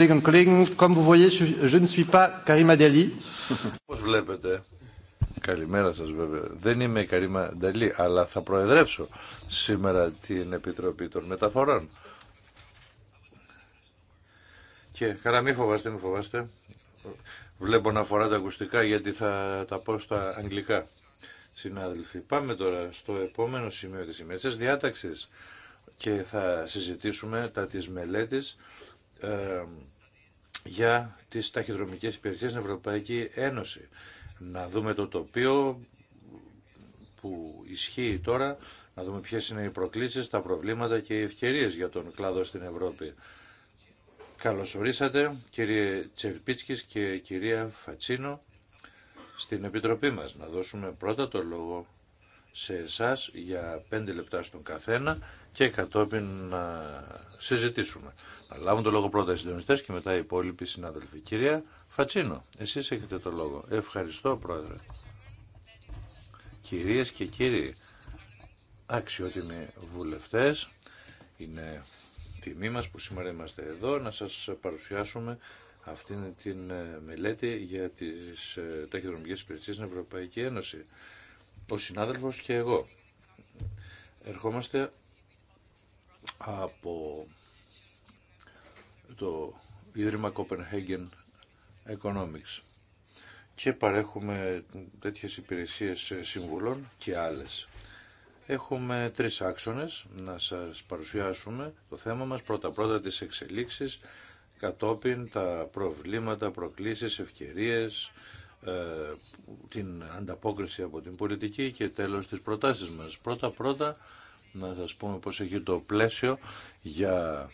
Όπως βλέπετε, καλημέρα σας βέβαια, δεν είμαι η Καρίμα Νταλή, αλλά θα προεδρεύσω σήμερα την Επιτροπή των Μεταφορών. Και καλά, μη φοβάστε, μη φοβάστε. Βλέπω να φοράτε ακουστικά γιατί θα τα πω στα αγγλικά. Συνάδελφοι, πάμε τώρα στο επόμενο σημείο της ημέρας διάταξης και θα συζητήσουμε τα της μελέτης ε, για τις ταχυδρομικές υπηρεσίες στην Ευρωπαϊκή Ένωση. Να δούμε το τοπίο που ισχύει τώρα, να δούμε ποιες είναι οι προκλήσεις, τα προβλήματα και οι ευκαιρίες για τον κλάδο στην Ευρώπη. Καλωσορίσατε ορίσατε κύριε Τσερπίτσκης και κυρία Φατσίνο στην Επιτροπή μας. Να δώσουμε πρώτα το λόγο σε εσάς για πέντε λεπτά στον καθένα και κατόπιν να συζητήσουμε. Να λάβουν το λόγο πρώτα οι συντονιστέ και μετά οι υπόλοιποι συνάδελφοι. Κυρία Φατσίνο, εσεί έχετε το λόγο. Ευχαριστώ, Πρόεδρε. Κυρίε και κύριοι, αξιότιμοι βουλευτέ, είναι τιμή μα που σήμερα είμαστε εδώ να σας παρουσιάσουμε αυτήν την ε, μελέτη για τις ε, ταχυδρομικές υπηρεσίες στην Ευρωπαϊκή Ένωση. Ο συνάδελφος και εγώ ερχόμαστε από το Ίδρυμα Copenhagen Economics και παρέχουμε τέτοιες υπηρεσίες συμβουλών και άλλες. Έχουμε τρεις άξονες να σας παρουσιάσουμε το θέμα μας. Πρώτα-πρώτα τις εξελίξεις, κατόπιν τα προβλήματα, προκλήσεις, ευκαιρίες, ε, την ανταπόκριση από την πολιτική και τέλος τις προτάσεις μας. Πρώτα-πρώτα να σας πούμε πώς έχει το πλαίσιο για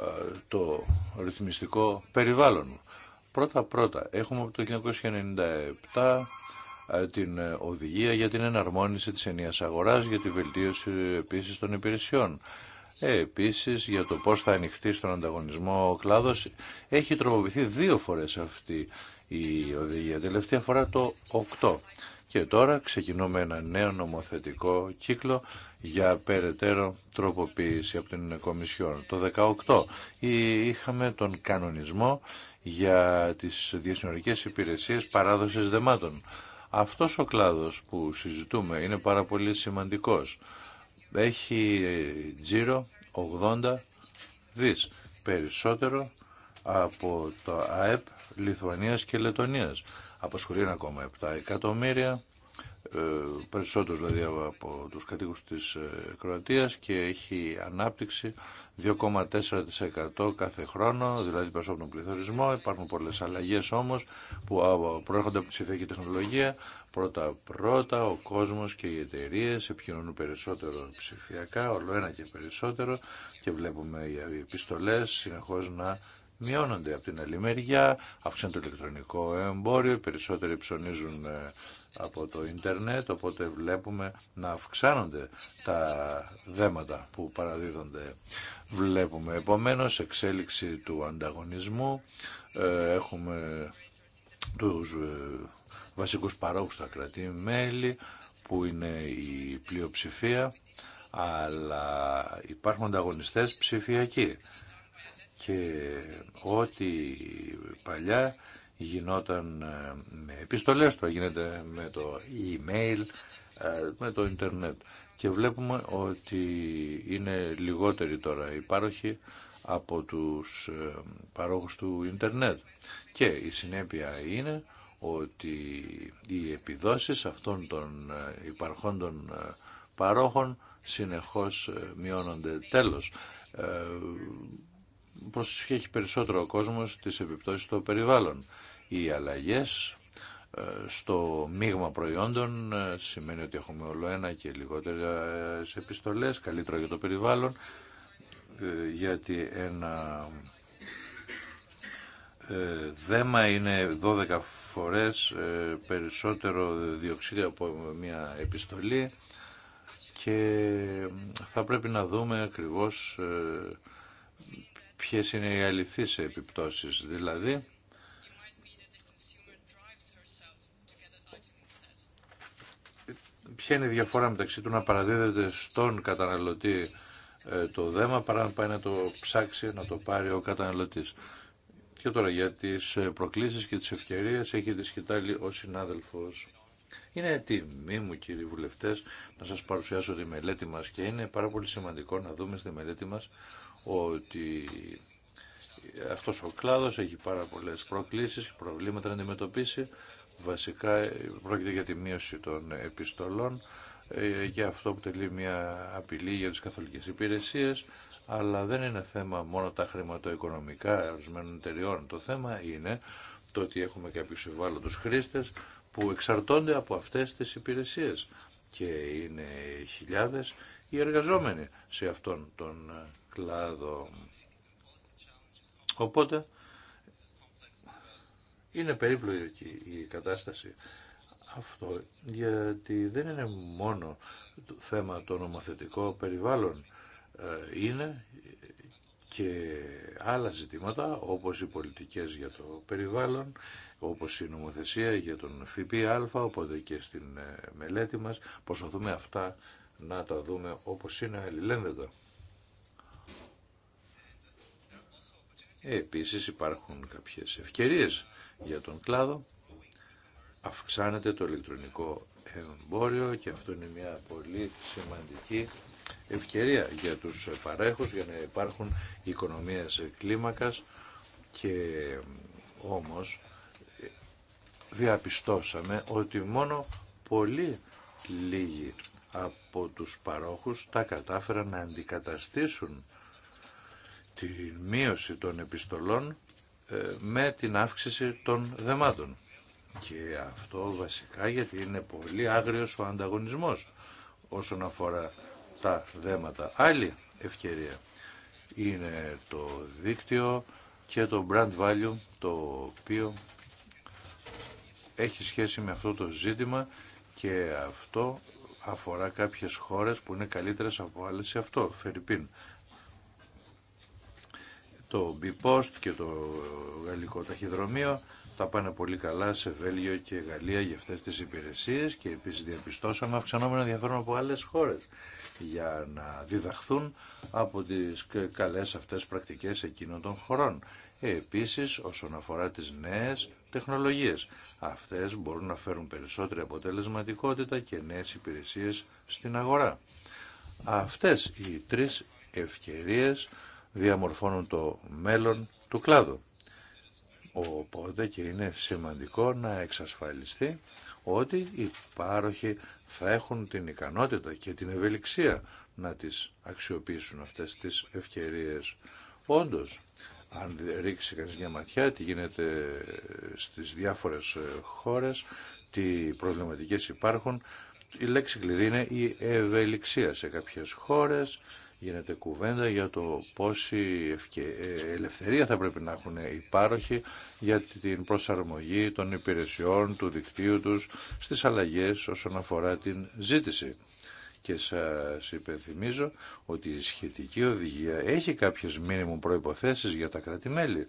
ε, το ρυθμιστικό περιβάλλον. Πρώτα-πρώτα, έχουμε από το 1997 ε, την ε, οδηγία για την εναρμόνιση της ενίας αγοράς, για τη βελτίωση επίσης των υπηρεσιών. Ε, επίσης, για το πώς θα ανοιχτεί στον ανταγωνισμό ο κλάδος, έχει τροποποιηθεί δύο φορές αυτή η οδηγία. Τελευταία φορά το 8. Και τώρα ξεκινούμε ένα νέο νομοθετικό κύκλο για περαιτέρω τροποποίηση από την Κομισιόν. Το 2018 είχαμε τον κανονισμό για τις διασυνορικές υπηρεσίες παράδοσης δεμάτων. Αυτός ο κλάδος που συζητούμε είναι πάρα πολύ σημαντικός. Έχει τζίρο 80 δις, περισσότερο από το ΑΕΠ Λιθουανίας και Λετωνίας απασχολεί 7 εκατομμύρια, ε, περισσότερους δηλαδή από τους κατοίκους της ε, Κροατίας και έχει ανάπτυξη 2,4% κάθε χρόνο, δηλαδή περισσότερο τον πληθωρισμό. Υπάρχουν πολλές αλλαγές όμως που προέρχονται από τη ψηφιακή τεχνολογία. Πρώτα-πρώτα ο κόσμος και οι εταιρείε επικοινωνούν περισσότερο ψηφιακά, όλο ένα και περισσότερο και βλέπουμε οι επιστολές συνεχώς να μειώνονται από την άλλη μεριά, αυξάνεται το ηλεκτρονικό εμπόριο, οι περισσότεροι ψωνίζουν ε, από το ίντερνετ, οπότε βλέπουμε να αυξάνονται τα δέματα που παραδίδονται. Βλέπουμε επομένως εξέλιξη του ανταγωνισμού, ε, έχουμε τους ε, βασικούς παρόχους στα κρατή-μέλη, που είναι η πλειοψηφία, αλλά υπάρχουν ανταγωνιστές ψηφιακοί και ό,τι παλιά γινόταν ε, με επιστολές, τώρα γίνεται με το email, ε, με το ίντερνετ. Και βλέπουμε ότι είναι λιγότεροι τώρα οι πάροχοι από τους ε, παρόχους του ίντερνετ. Και η συνέπεια είναι ότι οι επιδόσεις αυτών των υπαρχόντων παρόχων συνεχώς μειώνονται. Τέλος, έχει περισσότερο ο κόσμος τις επιπτώσεις στο περιβάλλον. Οι αλλαγές ε, στο μείγμα προϊόντων ε, σημαίνει ότι έχουμε όλο ένα και λιγότερες επιστολές, καλύτερο για το περιβάλλον, ε, γιατί ένα δέμα είναι 12 φορές περισσότερο διοξίδιο από μια επιστολή και θα πρέπει να δούμε ακριβώς ποιες είναι οι αληθείς επιπτώσεις. Δηλαδή, ποια είναι η διαφορά μεταξύ του να παραδίδεται στον καταναλωτή ε, το δέμα παρά να πάει να το ψάξει, να το πάρει ο καταναλωτής. Και τώρα για τις ε, προκλήσεις και τις ευκαιρίες έχει τη ο συνάδελφος. Είναι τιμή μου κύριοι βουλευτές να σας παρουσιάσω τη μελέτη μας και είναι πάρα πολύ σημαντικό να δούμε στη μελέτη μας ότι αυτός ο κλάδος έχει πάρα πολλές προκλήσεις, προβλήματα να αντιμετωπίσει. Βασικά πρόκειται για τη μείωση των επιστολών και ε, αυτό που τελεί μια απειλή για τις καθολικές υπηρεσίες, αλλά δεν είναι θέμα μόνο τα χρηματοοικονομικά ορισμένων εταιριών. Το θέμα είναι το ότι έχουμε κάποιους ευάλωτους χρήστες που εξαρτώνται από αυτές τις υπηρεσίες και είναι χιλιάδες οι εργαζόμενοι σε αυτόν τον ε, κλάδο. Οπότε είναι περίπλοκη η κατάσταση αυτό γιατί δεν είναι μόνο θέμα το νομοθετικό περιβάλλον ε, είναι και άλλα ζητήματα όπως οι πολιτικές για το περιβάλλον, όπως η νομοθεσία για τον ΦΠΑ, οπότε και στην ε, μελέτη μας προσπαθούμε αυτά να τα δούμε όπως είναι αλληλένδετα. Επίσης υπάρχουν κάποιες ευκαιρίες για τον κλάδο. Αυξάνεται το ηλεκτρονικό εμπόριο και αυτό είναι μια πολύ σημαντική ευκαιρία για τους παρέχους για να υπάρχουν οικονομίες κλίμακας και όμως διαπιστώσαμε ότι μόνο πολύ λίγοι από τους παρόχους τα κατάφεραν να αντικαταστήσουν τη μείωση των επιστολών ε, με την αύξηση των δεμάτων. Και αυτό βασικά γιατί είναι πολύ άγριος ο ανταγωνισμός όσον αφορά τα δέματα. Άλλη ευκαιρία είναι το δίκτυο και το brand value το οποίο έχει σχέση με αυτό το ζήτημα και αυτό αφορά κάποιες χώρες που είναι καλύτερες από άλλες σε αυτό, Φερρυπίν. Το Μπιπόστ και το γαλλικό ταχυδρομείο τα πάνε πολύ καλά σε Βέλγιο και Γαλλία για αυτές τις υπηρεσίες και επίσης διαπιστώσαμε αυξανόμενο ενδιαφέρον από άλλες χώρες για να διδαχθούν από τις καλές αυτές πρακτικές εκείνων των χωρών. Επίσης, όσον αφορά τις νέες τεχνολογίες, αυτές μπορούν να φέρουν περισσότερη αποτελεσματικότητα και νέες υπηρεσίες στην αγορά. Αυτές οι τρεις ευκαιρίες διαμορφώνουν το μέλλον του κλάδου. Οπότε και είναι σημαντικό να εξασφαλιστεί ότι οι πάροχοι θα έχουν την ικανότητα και την ευελιξία να τις αξιοποιήσουν αυτές τις ευκαιρίες. Όντως, αν ρίξει κανείς μια ματιά τι γίνεται στις διάφορες χώρες, τι προβληματικές υπάρχουν. Η λέξη κλειδί είναι η ευελιξία σε κάποιες χώρες, γίνεται κουβέντα για το πόση ε, ελευθερία θα πρέπει να έχουν οι πάροχοι για την προσαρμογή των υπηρεσιών, του δικτύου τους, στις αλλαγές όσον αφορά την ζήτηση και σας υπενθυμίζω ότι η σχετική οδηγία έχει κάποιες μήνυμου προϋποθέσεις για τα κράτη-μέλη.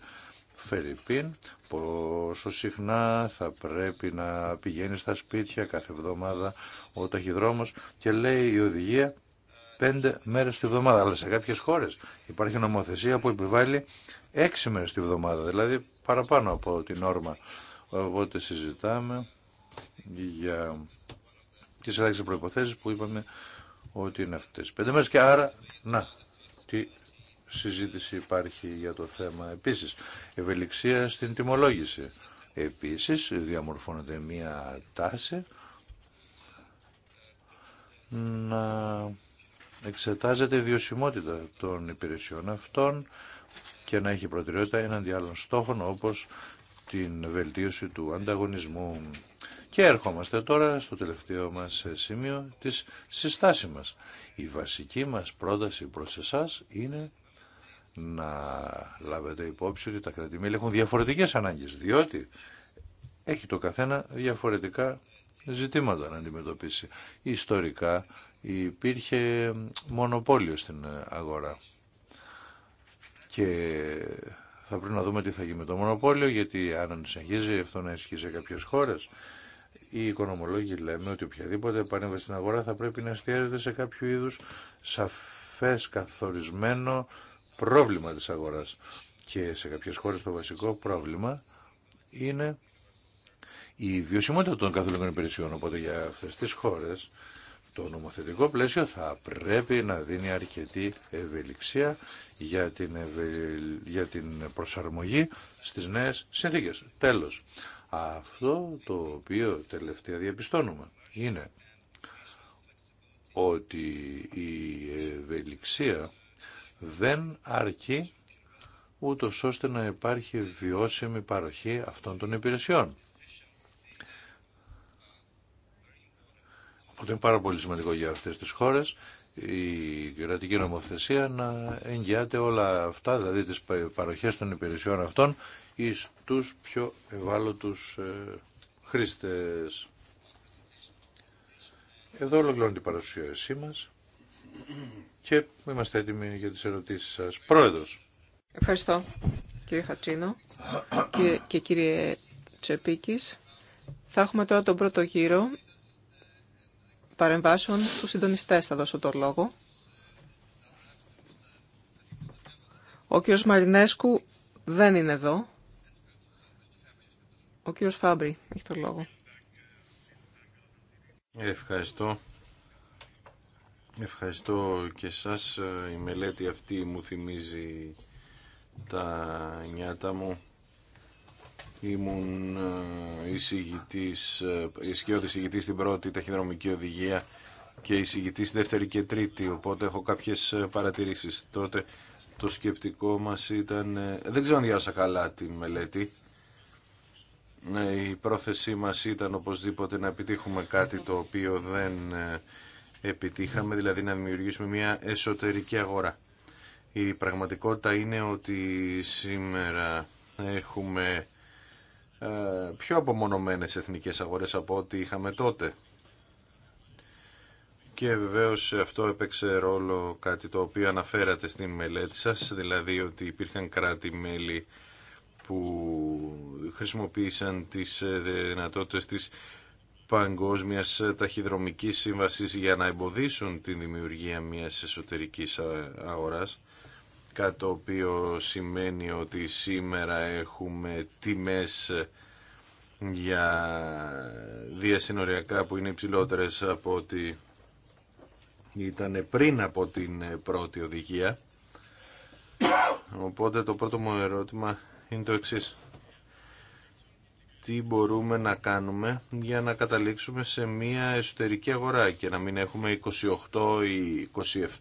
Φερρυπίν, πόσο συχνά θα πρέπει να πηγαίνει στα σπίτια κάθε εβδομάδα ο ταχυδρόμος και λέει η οδηγία πέντε μέρες τη εβδομάδα. Αλλά σε κάποιες χώρες υπάρχει νομοθεσία που επιβάλλει έξι μέρες τη βδομάδα, δηλαδή παραπάνω από την όρμα. Οπότε συζητάμε για τις ελάχιστε προποθέσει που είπαμε ότι είναι αυτές. Πέντε μέρες και άρα, να, τι συζήτηση υπάρχει για το θέμα επίσης. Ευελιξία στην τιμολόγηση. Επίσης διαμορφώνεται μία τάση να εξετάζεται η βιωσιμότητα των υπηρεσιών αυτών και να έχει προτεραιότητα έναντι άλλων στόχων όπως την βελτίωση του ανταγωνισμού. Και έρχομαστε τώρα στο τελευταίο μας σημείο της συστάσης μας. Η βασική μας πρόταση προς εσάς είναι να λάβετε υπόψη ότι τα κρατημέλη έχουν διαφορετικές ανάγκες, διότι έχει το καθένα διαφορετικά ζητήματα να αντιμετωπίσει. Ιστορικά υπήρχε μονοπόλιο στην αγορά και θα πρέπει να δούμε τι θα γίνει με το μονοπόλιο γιατί αν συνεχίζει αυτό να ισχύει σε κάποιες χώρες οι οικονομολόγοι λέμε ότι οποιαδήποτε επανέμβαση στην αγορά θα πρέπει να εστιάζεται σε κάποιο είδους σαφές καθορισμένο πρόβλημα της αγοράς. Και σε κάποιες χώρες το βασικό πρόβλημα είναι η βιωσιμότητα των καθολικών υπηρεσιών. Οπότε για αυτές τις χώρες το νομοθετικό πλαίσιο θα πρέπει να δίνει αρκετή ευελιξία για την, για την προσαρμογή στις νέες συνθήκες. Τέλος, αυτό το οποίο τελευταία διαπιστώνουμε είναι ότι η ευελιξία δεν αρκεί ούτω ώστε να υπάρχει βιώσιμη παροχή αυτών των υπηρεσιών. Οπότε είναι πάρα πολύ σημαντικό για αυτές τις χώρες η κρατική νομοθεσία να εγγυάται όλα αυτά, δηλαδή τις παροχές των υπηρεσιών αυτών εις τους πιο ευάλωτους ε, χρήστες. Εδώ ολοκληρώνει την παρουσίασή μας και είμαστε έτοιμοι για τις ερωτήσεις σας. Πρόεδρος. Ευχαριστώ κύριε Χατσίνο και, και κύριε Τσεπίκης. Θα έχουμε τώρα τον πρώτο γύρο παρεμβάσεων του συντονιστές θα δώσω τον λόγο. Ο κύριος Μαρινέσκου δεν είναι εδώ. Ο κύριος Φάμπρη έχει το λόγο. Ευχαριστώ. Ευχαριστώ και σας. Η μελέτη αυτή μου θυμίζει τα νιάτα μου. Ήμουν ε, εισηγητής, ε, εισηγητής στην πρώτη ταχυδρομική οδηγία και στη δεύτερη και τρίτη, οπότε έχω κάποιες ε, παρατηρήσεις. Τότε το σκεπτικό μας ήταν... Δεν ξέρω αν διάβασα καλά τη μελέτη. Ναι, η πρόθεσή μας ήταν οπωσδήποτε να επιτύχουμε κάτι το οποίο δεν ε, επιτύχαμε, δηλαδή να δημιουργήσουμε μια εσωτερική αγορά. Η πραγματικότητα είναι ότι σήμερα έχουμε ε, πιο απομονωμένες εθνικές αγορές από ό,τι είχαμε τότε. Και βεβαίως αυτό έπαιξε ρόλο κάτι το οποίο αναφέρατε στην μελέτη σας, δηλαδή ότι υπήρχαν κράτη-μέλη που χρησιμοποίησαν τις ε, δυνατότητες της παγκόσμιας ταχυδρομικής σύμβασης για να εμποδίσουν τη δημιουργία μιας εσωτερικής αγοράς κάτι το οποίο σημαίνει ότι σήμερα έχουμε τιμές για διασυνοριακά που είναι υψηλότερες από ό,τι ήταν πριν από την πρώτη οδηγία. Οπότε το πρώτο μου ερώτημα είναι το εξή. Τι μπορούμε να κάνουμε για να καταλήξουμε σε μια εσωτερική αγορά και να μην έχουμε 28 ή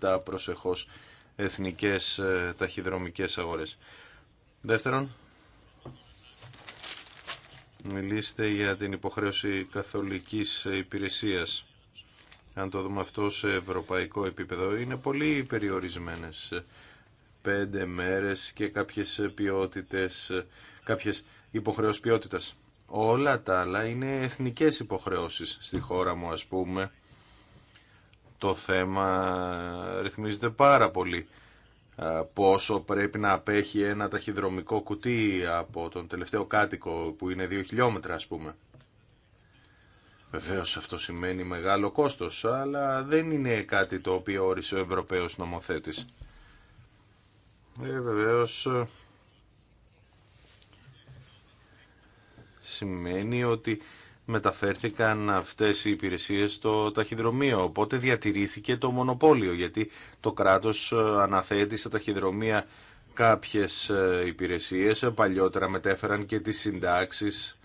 27 προσεχώς εθνικές ε, ταχυδρομικές αγορές. Δεύτερον, μιλήστε για την υποχρέωση καθολικής υπηρεσίας. Αν το δούμε αυτό σε ευρωπαϊκό επίπεδο, είναι πολύ περιορισμένες ε, πέντε μέρες και κάποιες ποιότητες, κάποιες υποχρεώσεις ποιότητας. Όλα τα άλλα είναι εθνικές υποχρεώσεις στη χώρα μου ας πούμε. Το θέμα ρυθμίζεται πάρα πολύ πόσο πρέπει να απέχει ένα ταχυδρομικό κουτί από τον τελευταίο κάτοικο που είναι δύο χιλιόμετρα ας πούμε. Βεβαίω αυτό σημαίνει μεγάλο κόστος, αλλά δεν είναι κάτι το οποίο όρισε ο Ευρωπαίος νομοθέτης. Ε, βεβαίως ε, σημαίνει ότι μεταφέρθηκαν αυτές οι υπηρεσίες στο ταχυδρομείο. Οπότε διατηρήθηκε το μονοπόλιο γιατί το κράτος ε, αναθέτει στα ταχυδρομεία κάποιες ε, υπηρεσίες. Παλιότερα μετέφεραν και τις συντάξεις.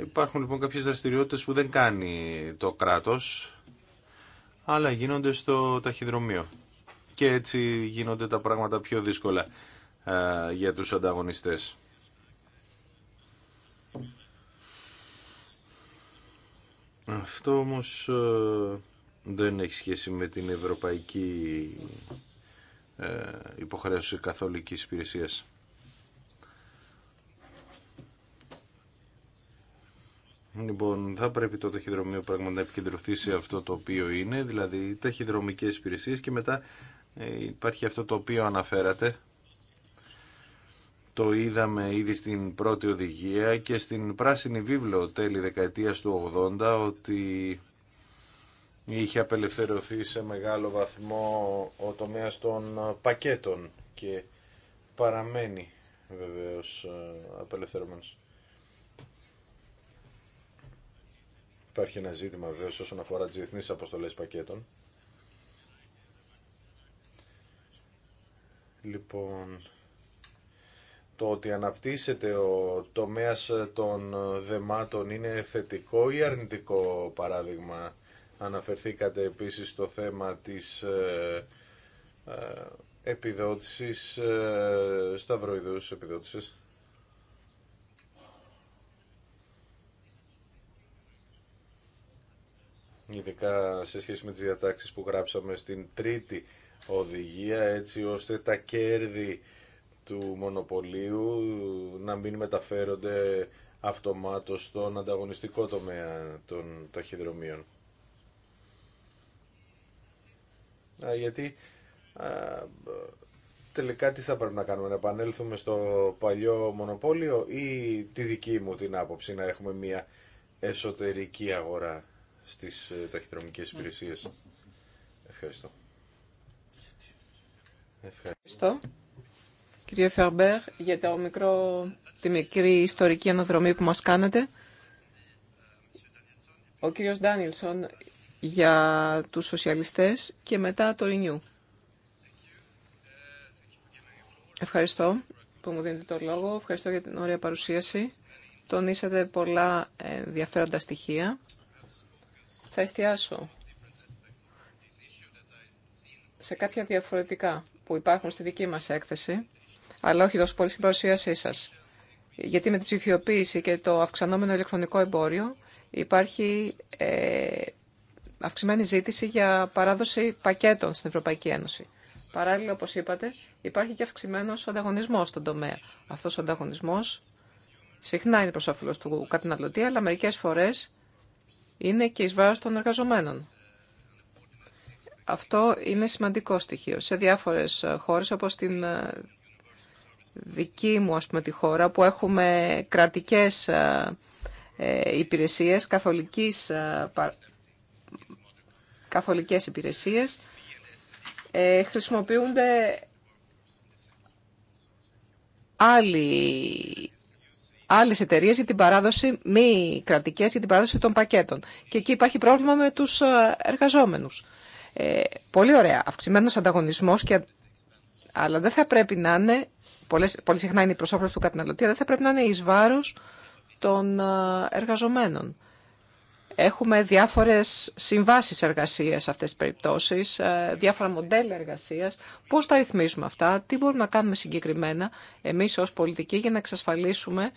Υπάρχουν λοιπόν κάποιες δραστηριότητες που δεν κάνει το κράτος αλλά γίνονται στο ταχυδρομείο και έτσι γίνονται τα πράγματα πιο δύσκολα ε, για τους ανταγωνιστές. Αυτό όμως ε, δεν έχει σχέση με την ευρωπαϊκή ε, υποχρέωση καθολικής υπηρεσίας. Λοιπόν, θα πρέπει το ταχυδρομείο πράγμα να επικεντρωθεί σε αυτό το οποίο είναι, δηλαδή ταχυδρομικές υπηρεσίες και μετά ε, υπάρχει αυτό το οποίο αναφέρατε. Το είδαμε ήδη στην πρώτη οδηγία και στην πράσινη βίβλο τέλη δεκαετίας του 80 ότι είχε απελευθερωθεί σε μεγάλο βαθμό ο τομέας των πακέτων και παραμένει βεβαίως ε, απελευθερωμένος. Υπάρχει ένα ζήτημα βεβαίως όσον αφορά τις διεθνείς αποστολές πακέτων Λοιπόν, το ότι αναπτύσσεται ο τομέας των δεμάτων είναι θετικό ή αρνητικό παράδειγμα. Αναφερθήκατε επίσης στο θέμα της ε, ε, επιδότησης, ε, σταυροειδούς επιδότησης. Ειδικά σε σχέση με τις διατάξεις που γράψαμε στην τρίτη οδηγία έτσι ώστε τα κέρδη του μονοπωλίου να μην μεταφέρονται αυτομάτως στον ανταγωνιστικό τομέα των ταχυδρομείων. Α, γιατί τελικά τι θα πρέπει να κάνουμε, να επανέλθουμε στο παλιό μονοπόλιο ή τη δική μου την άποψη να έχουμε μια εσωτερική αγορά στις ε, ταχυδρομικές υπηρεσίες. Ευχαριστώ. Ευχαριστώ. Κύριε Φερμπέρ, για το μικρό, τη μικρή ιστορική αναδρομή που μας κάνατε. Ο κύριος Ντάνιλσον για τους σοσιαλιστές και μετά το Ινιού. Ευχαριστώ που μου δίνετε το λόγο. Ευχαριστώ για την ωραία παρουσίαση. Τονίσατε πολλά ενδιαφέροντα στοιχεία. Θα εστιάσω σε κάποια διαφορετικά που υπάρχουν στη δική μας έκθεση, αλλά όχι τόσο πολύ στην παρουσίασή σας. Γιατί με την ψηφιοποίηση και το αυξανόμενο ηλεκτρονικό εμπόριο υπάρχει ε, αυξημένη ζήτηση για παράδοση πακέτων στην Ευρωπαϊκή Ένωση. Παράλληλα, όπως είπατε, υπάρχει και αυξημένος ανταγωνισμός στον τομέα. Αυτός ο ανταγωνισμός συχνά είναι προς του καταναλωτή, αλλά μερικές φορές είναι και εις βάρος των εργαζομένων. Αυτό είναι σημαντικό στοιχείο. Σε διάφορες ε, χώρες, όπως την ε, δική μου ας τη χώρα, που έχουμε κρατικές ε, υπηρεσίες, καθολικής, καθολικές υπηρεσίες, χρησιμοποιούνται άλλοι άλλε εταιρείε για την παράδοση, μη κρατικέ, για την παράδοση των πακέτων. Και εκεί υπάρχει πρόβλημα με του εργαζόμενου. Ε, πολύ ωραία, αυξημένο ανταγωνισμό, και... αλλά δεν θα πρέπει να είναι, πολλές, πολύ συχνά είναι η προσόφλωση του καταναλωτή, δεν θα πρέπει να είναι ει βάρο των ε, εργαζομένων. Έχουμε διάφορες συμβάσεις εργασίας σε αυτές τις περιπτώσεις, ε, διάφορα μοντέλα εργασίας. Πώς τα ρυθμίσουμε αυτά, τι μπορούμε να κάνουμε συγκεκριμένα εμείς ως πολιτικοί για να εξασφαλίσουμε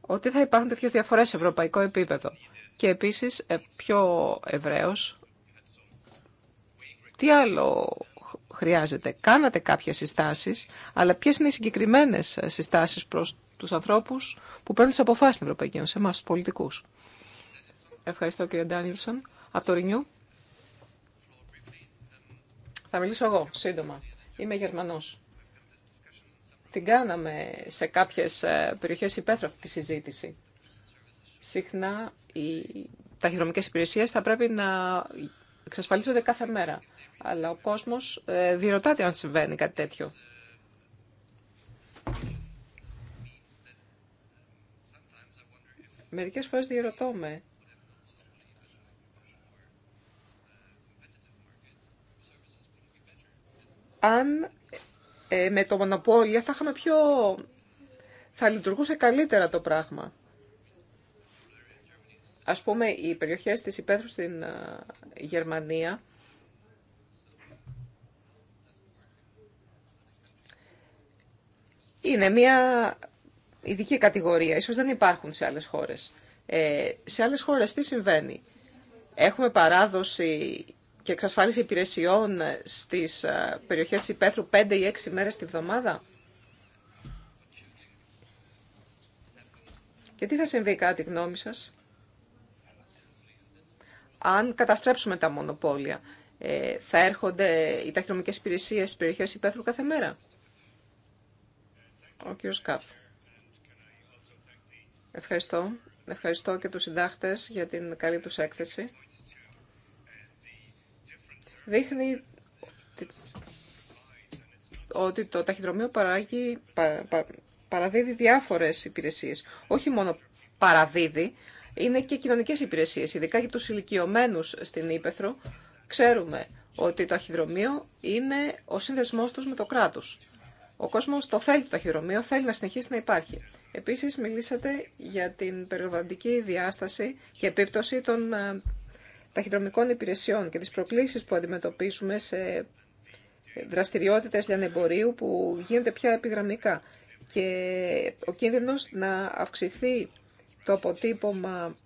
ότι θα υπάρχουν τέτοιες διαφορές σε ευρωπαϊκό επίπεδο. Και επίσης ε, πιο ευρέως τι άλλο χρειάζεται. Κάνατε κάποιες συστάσεις, αλλά ποιε είναι οι συγκεκριμένες ε, συστάσεις προς τους ανθρώπους που παίρνουν τις αποφάσεις στην Ευρωπαϊκή Ένωση, εμάς τους πολιτικούς. Ευχαριστώ κύριε Ντάνιλσον. Από το Ρινιού. Θα μιλήσω εγώ, σύντομα. Είμαι Γερμανός. Την κάναμε σε κάποιες ε, περιοχές υπαίθρα τη συζήτηση. Συχνά οι ταχυδρομικέ υπηρεσίες θα πρέπει να εξασφαλίζονται κάθε μέρα. Αλλά ο κόσμος ε, διερωτάται αν συμβαίνει κάτι τέτοιο. Μερικές φορές διερωτώ με. Αν ε, με το μονοπόλιο θα είχαμε πιο... θα λειτουργούσε καλύτερα το πράγμα. Ας πούμε, οι περιοχές της υπαίθρου στην ε, Γερμανία είναι μια ειδική κατηγορία. Ίσως δεν υπάρχουν σε άλλες χώρες. Ε, σε άλλες χώρες τι συμβαίνει. Έχουμε παράδοση και εξασφάλιση υπηρεσιών στις ε, περιοχές της υπαίθρου 5 ή 6 μέρες τη βδομάδα. Και τι θα συμβεί κάτι γνώμη σας αν καταστρέψουμε τα μονοπόλια, ε, θα έρχονται οι ταχυδρομικές υπηρεσίες στις περιοχές υπαίθρου κάθε μέρα. Ο κύριος Ευχαριστώ. Ευχαριστώ και τους συντάχτες για την καλή τους έκθεση. Δείχνει ότι το ταχυδρομείο παράγει, παραδίδει διάφορες υπηρεσίες. Όχι μόνο παραδίδει, είναι και κοινωνικέ υπηρεσίε, ειδικά για του ηλικιωμένου στην Ήπεθρο. Ξέρουμε ότι το ταχυδρομείο είναι ο σύνδεσμό του με το κράτο. Ο κόσμο το θέλει το ταχυδρομείο, θέλει να συνεχίσει να υπάρχει. Επίση, μιλήσατε για την περιβαλλοντική διάσταση και επίπτωση των ε, ταχυδρομικών υπηρεσιών και τι προκλήσει που αντιμετωπίζουμε σε δραστηριότητες λιανεμπορίου που γίνονται πια επιγραμμικά. Και ο κίνδυνος να αυξηθεί το αποτύπωμα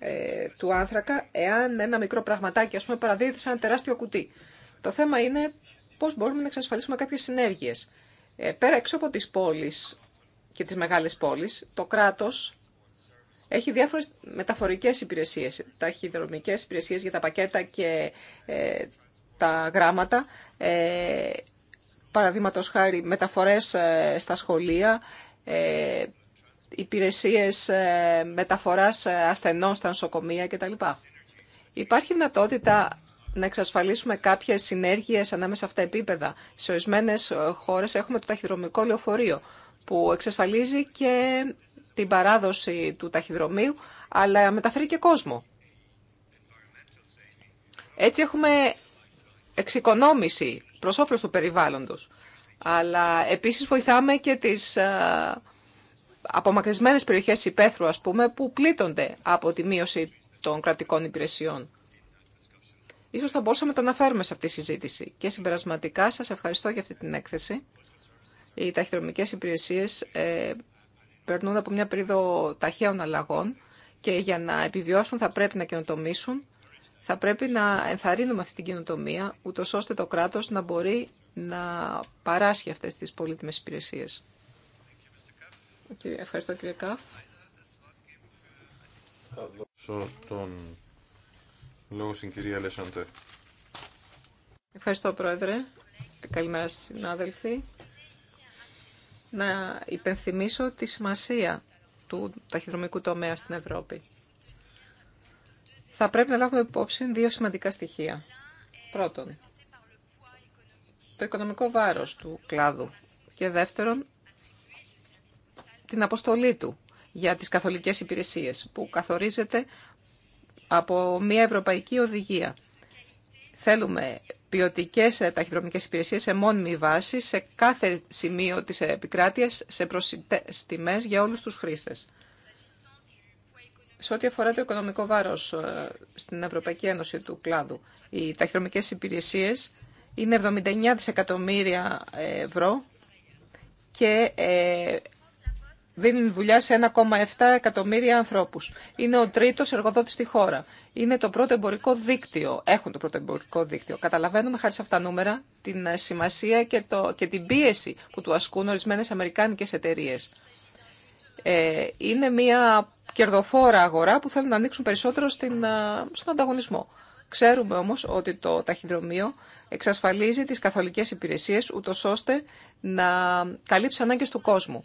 ε, του άνθρακα, εάν ένα μικρό πραγματάκι, ας πούμε, παραδίδεται σαν τεράστιο κουτί. Το θέμα είναι πώς μπορούμε να εξασφαλίσουμε κάποιες συνέργειες. Ε, πέρα έξω από τις πόλεις και τις μεγάλες πόλεις, το κράτος έχει διάφορες μεταφορικές υπηρεσίες, ταχυδρομικές υπηρεσίες για τα πακέτα και ε, τα γράμματα, ε, χάρη μεταφορές ε, στα σχολεία, ε, υπηρεσίες ε, μεταφοράς ε, ασθενών στα νοσοκομεία κτλ. Υπάρχει δυνατότητα να εξασφαλίσουμε κάποιε συνέργειε ανάμεσα αυτά τα επίπεδα. Σε ορισμένε ε, χώρε έχουμε το ταχυδρομικό λεωφορείο που εξασφαλίζει και την παράδοση του ταχυδρομείου, αλλά μεταφέρει και κόσμο. Έτσι έχουμε εξοικονόμηση προς όφελος του περιβάλλοντος. Αλλά επίσης βοηθάμε και τις απομακρυσμένες περιοχές υπαίθρου, ας πούμε, που πλήττονται από τη μείωση των κρατικών υπηρεσιών. Ίσως θα μπορούσαμε να το αναφέρουμε σε αυτή τη συζήτηση. Και συμπερασματικά σας ευχαριστώ για αυτή την έκθεση. Οι ταχυδρομικές υπηρεσίες ε, περνούν από μια περίοδο ταχαίων αλλαγών και για να επιβιώσουν θα πρέπει να καινοτομήσουν. Θα πρέπει να ενθαρρύνουμε αυτή την καινοτομία, ούτω ώστε το κράτος να μπορεί να παράσχει αυτές τις πολύτιμες υπηρεσίες. Ευχαριστώ κύριε Καφ. Θα δώσω τον λόγο στην κυρία Λεσάντε. Ευχαριστώ πρόεδρε. Καλημέρα συνάδελφοι. Να υπενθυμίσω τη σημασία του ταχυδρομικού τομέα στην Ευρώπη. Θα πρέπει να λάβουμε υπόψη δύο σημαντικά στοιχεία. Πρώτον, το οικονομικό βάρος του κλάδου και δεύτερον, την αποστολή του για τις καθολικές υπηρεσίες που καθορίζεται από μια ευρωπαϊκή οδηγία. Θέλουμε ποιοτικέ ε, ταχυδρομικέ υπηρεσίε σε μόνιμη βάση σε κάθε σημείο της επικράτειας, σε προσιτέ τιμέ για όλου τους χρήστε. Σε ό,τι αφορά το οικονομικό βάρο ε, στην Ευρωπαϊκή Ένωση του κλάδου, οι ταχυδρομικέ υπηρεσίε είναι 79 δισεκατομμύρια ευρώ και ε, δίνουν δουλειά σε 1,7 εκατομμύρια ανθρώπους. Είναι ο τρίτος εργοδότης στη χώρα. Είναι το πρώτο εμπορικό δίκτυο. Έχουν το πρώτο εμπορικό δίκτυο. Καταλαβαίνουμε χάρη σε αυτά τα νούμερα την ε, σημασία και, το, και την πίεση που του ασκούν ορισμένες αμερικάνικες εταιρείε. Ε, είναι μια κερδοφόρα αγορά που θέλουν να ανοίξουν περισσότερο στην, ε, στον ανταγωνισμό. Ξέρουμε όμως ότι το ταχυδρομείο εξασφαλίζει τις καθολικές υπηρεσίες ούτω ώστε να καλύψει ανάγκες του κόσμου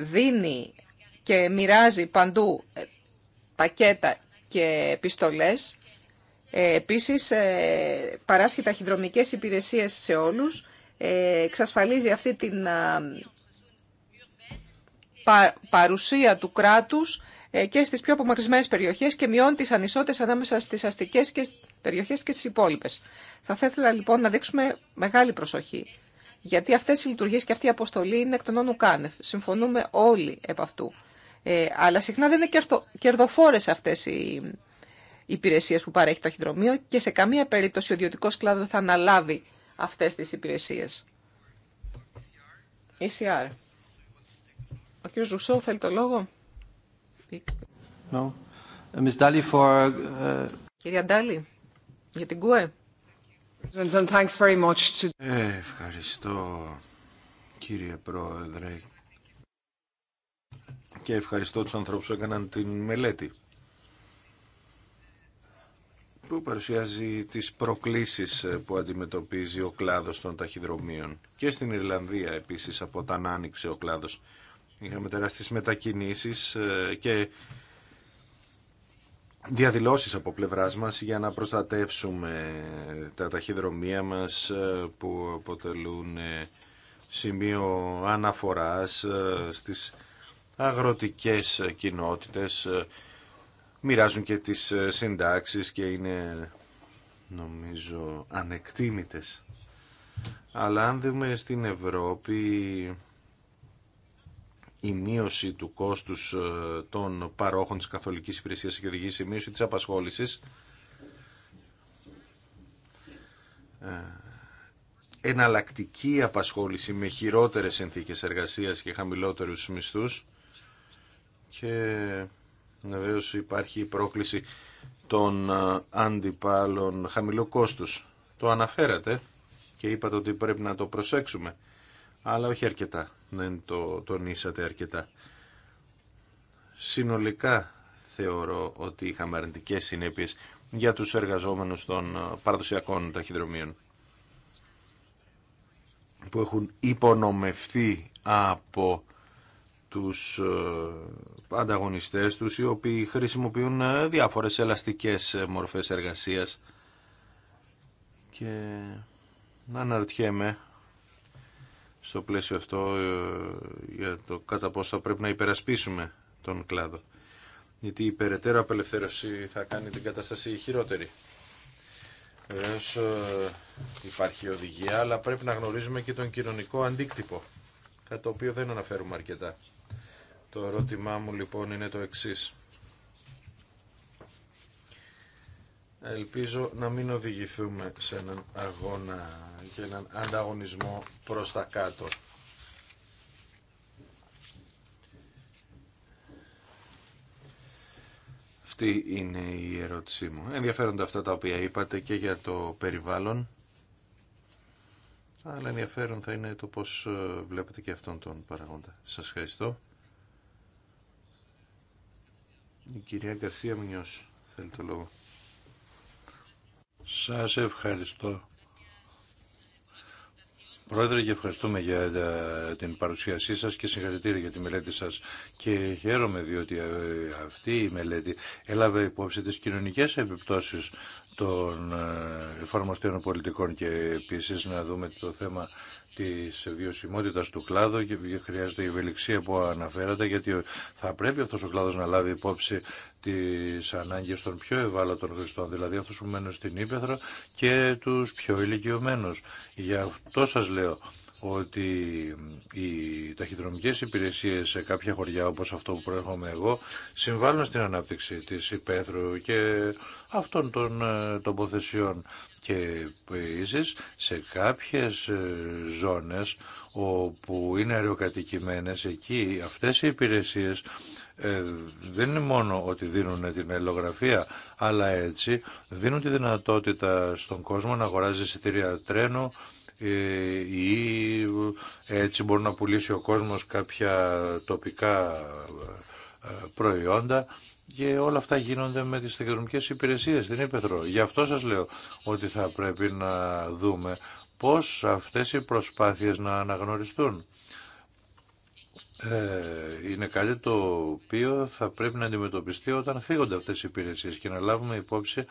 δίνει και μοιράζει παντού ε, πακέτα και επιστολές. Ε, επίσης, ε, παράσχει ταχυδρομικές υπηρεσίες σε όλους. Εξασφαλίζει αυτή την παρουσία του κράτους και στις πιο απομακρυσμένες περιοχές και μειώνει τις ανισότητες ανάμεσα στις αστικές και περιοχές και στις υπόλοιπες. Θα ήθελα λοιπόν να δείξουμε μεγάλη προσοχή γιατί αυτές οι λειτουργίες και αυτή η αποστολή είναι εκ των όνων κάνευ. Συμφωνούμε όλοι επ' αυτού. Ε, αλλά συχνά δεν είναι κερδοφόρε αυτές οι υπηρεσίες που παρέχει το αχυδρομείο και σε καμία περίπτωση ο ιδιωτικό κλάδο θα αναλάβει αυτές τις υπηρεσίες. ECR. Ε ο κύριος Ζουσό θέλει το λόγο. No. Uh, Κυρία Ντάλη, για την ΚΟΕ. Ε, ευχαριστώ κύριε Πρόεδρε και ευχαριστώ τους ανθρώπους που έκαναν την μελέτη που παρουσιάζει τις προκλήσεις που αντιμετωπίζει ο κλάδος των ταχυδρομείων. Και στην Ιρλανδία επίσης από όταν άνοιξε ο κλάδος. Είχαμε τεράστιες μετακινήσεις ε, και διαδηλώσεις από πλευράς μας για να προστατεύσουμε τα ταχυδρομεία μας ε, που αποτελούν ε, σημείο αναφοράς ε, στις αγροτικές κοινότητες μοιράζουν και τις συντάξεις και είναι νομίζω ανεκτήμητες αλλά αν δούμε στην Ευρώπη η μείωση του κόστους ε, των παρόχων της καθολικής υπηρεσίας και οδηγεί σε μείωση της απασχόλησης ε, εναλλακτική απασχόληση με χειρότερες συνθήκες εργασίας και χαμηλότερους μισθούς και βεβαίω υπάρχει η πρόκληση των ε, αντιπάλων χαμηλό κόστου. Το αναφέρατε και είπατε ότι πρέπει να το προσέξουμε αλλά όχι αρκετά. Δεν το τονίσατε αρκετά. Συνολικά θεωρώ ότι είχαμε αρνητικέ συνέπειε για τους εργαζόμενους των ε, παραδοσιακών ταχυδρομείων που έχουν υπονομευθεί από τους ε, ανταγωνιστές τους οι οποίοι χρησιμοποιούν ε, διάφορες ελαστικές μορφές εργασίας και να αναρωτιέμαι στο πλαίσιο αυτό ε, για το κατά πόσο θα πρέπει να υπερασπίσουμε τον κλάδο. Γιατί η περαιτέρω απελευθέρωση θα κάνει την κατάσταση χειρότερη. Βεβαίω ε, υπάρχει οδηγία, αλλά πρέπει να γνωρίζουμε και τον κοινωνικό αντίκτυπο, κατά το οποίο δεν αναφέρουμε αρκετά. Το ερώτημά μου λοιπόν είναι το εξής. Ελπίζω να μην οδηγηθούμε σε έναν αγώνα και έναν ανταγωνισμό προς τα κάτω. Αυτή είναι η ερώτησή μου. Ενδιαφέρονται αυτά τα οποία είπατε και για το περιβάλλον. Αλλά ενδιαφέρον θα είναι το πώς ε, βλέπετε και αυτόν τον παραγόντα. Σας ευχαριστώ. Η κυρία Γκαρσία Μινιός θέλει το λόγο. Σας ευχαριστώ. Πρόεδρε, και ευχαριστούμε για ε, την παρουσίασή σας και συγχαρητήρια για τη μελέτη σας. Και χαίρομαι διότι ε, αυτή η μελέτη έλαβε υπόψη τις κοινωνικές επιπτώσεις των ε, εφαρμοστέων πολιτικών και επίσης να δούμε το θέμα της βιωσιμότητας του κλάδου και χρειάζεται η ευελιξία που αναφέρατε γιατί θα πρέπει αυτός ο κλάδος να λάβει υπόψη τις ανάγκες των πιο ευάλωτων χρηστών, δηλαδή αυτούς που μένουν στην Ήπεθρο και τους πιο ηλικιωμένους. Γι' αυτό σας λέω ότι οι ταχυδρομικές υπηρεσίες σε κάποια χωριά όπως αυτό που προέρχομαι εγώ συμβάλλουν στην ανάπτυξη της υπαίθρου και αυτών των ε, τοποθεσιών και επίση σε κάποιες ε, ζώνες όπου είναι αεροκατοικημένες εκεί αυτές οι υπηρεσίες ε, δεν είναι μόνο ότι δίνουν την ελογραφία, αλλά έτσι δίνουν τη δυνατότητα στον κόσμο να αγοράζει εισιτήρια τρένου, ε, ή ε, έτσι μπορεί να πουλήσει ο κόσμος κάποια τοπικά ε, προϊόντα και όλα αυτά γίνονται με τις τεχνολογικές υπηρεσίες στην Ήπεθρο. Γι' αυτό σας λέω ότι θα πρέπει να δούμε πώς αυτές οι προσπάθειες να αναγνωριστούν. Ε, είναι κάτι το οποίο θα πρέπει να αντιμετωπιστεί όταν φύγονται αυτές οι υπηρεσίες και να λάβουμε υπόψη, ε,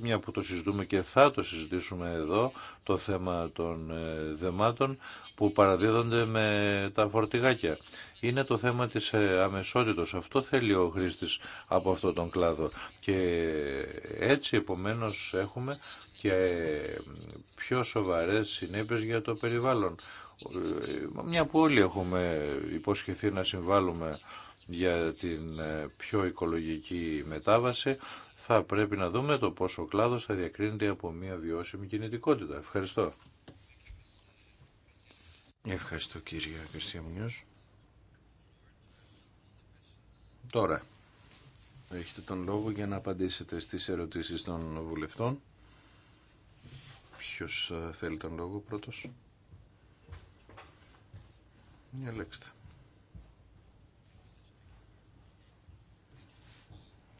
μια που το συζητούμε και θα το συζητήσουμε εδώ, το θέμα των ε, δεμάτων που παραδίδονται με τα φορτηγάκια. Είναι το θέμα της αμεσότητος. Αυτό θέλει ο χρήστης από αυτό τον κλάδο. Και έτσι επομένως έχουμε και πιο σοβαρές συνέπειες για το περιβάλλον μια που όλοι έχουμε υποσχεθεί να συμβάλλουμε για την ε, πιο οικολογική μετάβαση, θα πρέπει να δούμε το πόσο κλάδος θα διακρίνεται από μια βιώσιμη κινητικότητα. Ευχαριστώ. Ευχαριστώ κύριε Κριστιαμινιός. Τώρα, έχετε τον λόγο για να απαντήσετε στις ερωτήσεις των βουλευτών. Ποιος ε, θέλει τον λόγο πρώτος.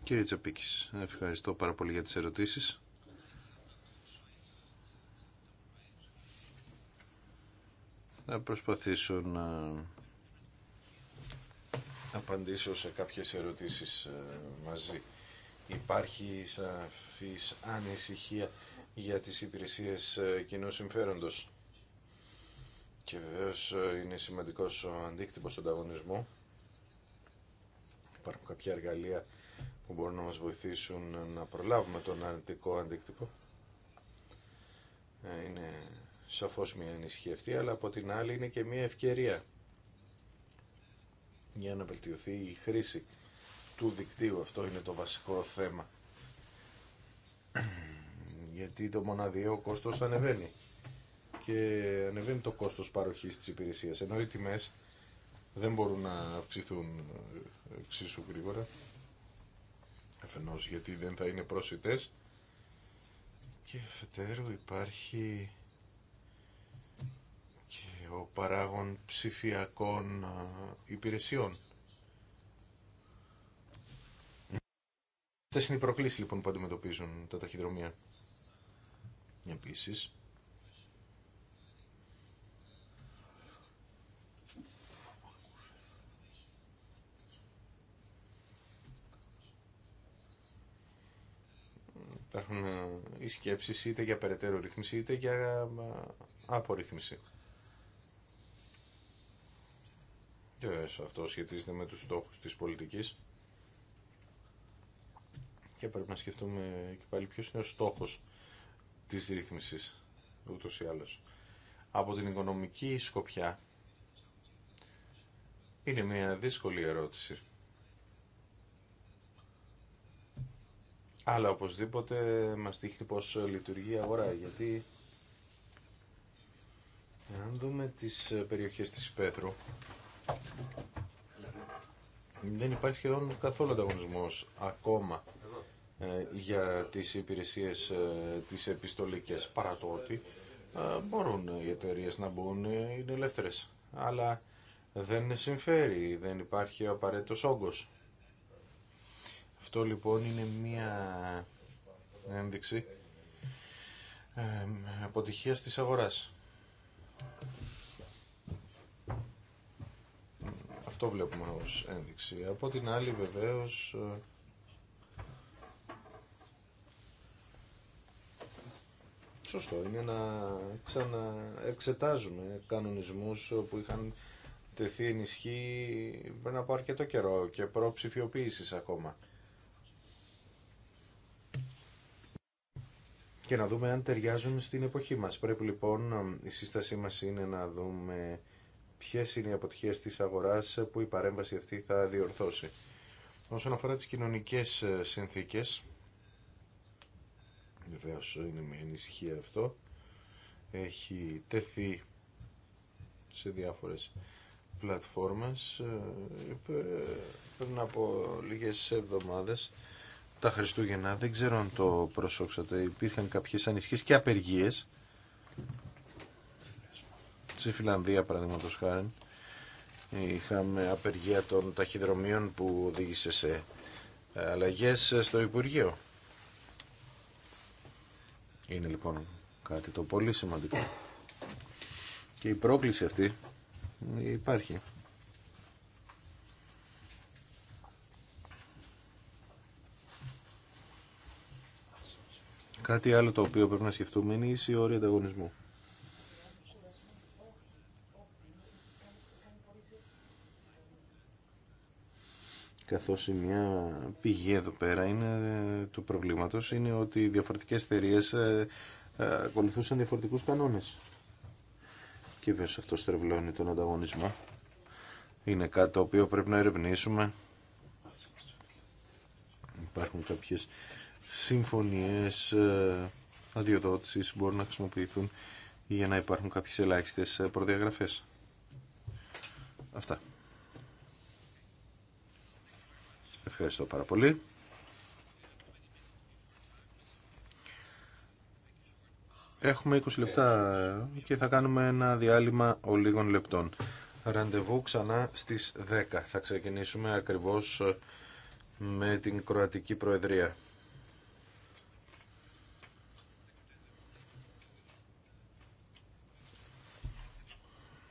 Κύριε Τσαπίκης, ευχαριστώ πάρα πολύ για τις ερωτήσεις. Θα προσπαθήσω να απαντήσω σε κάποιες ερωτήσεις ε, μαζί. Υπάρχει σαφής ανησυχία για τις υπηρεσίες ε, κοινού συμφέροντος. Και βεβαίω ε, είναι σημαντικό ο αντίκτυπο του ανταγωνισμού. Υπάρχουν κάποια εργαλεία που μπορούν να μας βοηθήσουν να προλάβουμε τον αντικό αντίκτυπο. Ε, είναι σαφώς μια ενισχύ αλλά από την άλλη είναι και μια ευκαιρία για να βελτιωθεί η χρήση του δικτύου. Αυτό είναι το βασικό θέμα. Γιατί το μοναδιαίο κόστος ανεβαίνει και ανεβαίνει το κόστος παροχής της υπηρεσίας. Ενώ οι τιμές δεν μπορούν να αυξηθούν ε, εξίσου γρήγορα, αφενός γιατί δεν θα είναι πρόσιτες. Και εφετέρου υπάρχει και ο παράγων ψηφιακών ε, υπηρεσιών. Αυτές είναι οι προκλήσεις λοιπόν που αντιμετωπίζουν τα ταχυδρομεία. Επίσης, Υπάρχουν ε, οι σκέψεις είτε για περαιτέρω ρύθμιση είτε για ε, απορρίθμιση. Και αυτό σχετίζεται με τους στόχους της πολιτικής. Και πρέπει να σκεφτούμε και πάλι ποιος είναι ο στόχος της ρύθμισης ούτως ή άλλως. Από την οικονομική σκοπιά είναι μια δύσκολη ερώτηση. Αλλά οπωσδήποτε μας δείχνει πώς λειτουργεί η αγορά, γιατί αν δούμε τις περιοχές της Υπέθρου, δεν υπάρχει σχεδόν καθόλου ανταγωνισμό ακόμα ε, για τις υπηρεσίες ε, τις επιστολικές παρά το ότι ε, μπορούν οι εταιρείε να μπουν, είναι ελεύθερες. Αλλά δεν συμφέρει, δεν υπάρχει ο απαραίτητος όγκος. Αυτό λοιπόν είναι μία ένδειξη αποτυχίας της αγοράς. Αυτό βλέπουμε ως ένδειξη. Από την άλλη βεβαίως ε, Σωστό είναι να ξαναεξετάζουμε κανονισμούς που είχαν τεθεί ενισχύ πριν από αρκετό καιρό και προψηφιοποίησης ακόμα. και να δούμε αν ταιριάζουν στην εποχή μας. Πρέπει λοιπόν, η σύστασή μας είναι να δούμε ποιες είναι οι αποτυχίες της αγοράς που η παρέμβαση αυτή θα διορθώσει. Όσον αφορά τις κοινωνικές ε, συνθήκες, βεβαίω είναι μια ανησυχία αυτό, έχει τεθεί σε διάφορες πλατφόρμες ε, πριν από λίγες εβδομάδες τα Χριστούγεννα, δεν ξέρω αν το προσώξατε, υπήρχαν κάποιες ανισχύσεις και απεργίες στη Φιλανδία παραδείγματος χάρη είχαμε απεργία των ταχυδρομείων που οδήγησε σε ε, αλλαγές στο Υπουργείο. Είναι λοιπόν κάτι το πολύ σημαντικό. Και η πρόκληση αυτή υπάρχει. Κάτι άλλο το οποίο πρέπει να σκεφτούμε είναι η ανταγωνισμού. καθώς η μια πηγή εδώ πέρα είναι, ε, του προβλήματος είναι ότι οι διαφορετικές εταιρείε ε, ε, ακολουθούσαν διαφορετικούς κανόνες. Και βέβαια αυτό στρεβλώνει τον ανταγωνισμό. Είναι κάτι το οποίο πρέπει να ερευνήσουμε. Υπάρχουν κάποιες συμφωνίες ε, αδειοδότησης μπορούν να χρησιμοποιηθούν για να υπάρχουν κάποιες ελάχιστες ε, προδιαγραφές. Αυτά. Ευχαριστώ πάρα πολύ. Έχουμε 20 λεπτά ε, και θα κάνουμε ένα διάλειμμα ολίγων λεπτών. Ραντεβού ξανά στις 10. Θα ξεκινήσουμε ακριβώς με την Κροατική Προεδρία.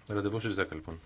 Ραντεβού στι 10 λοιπόν.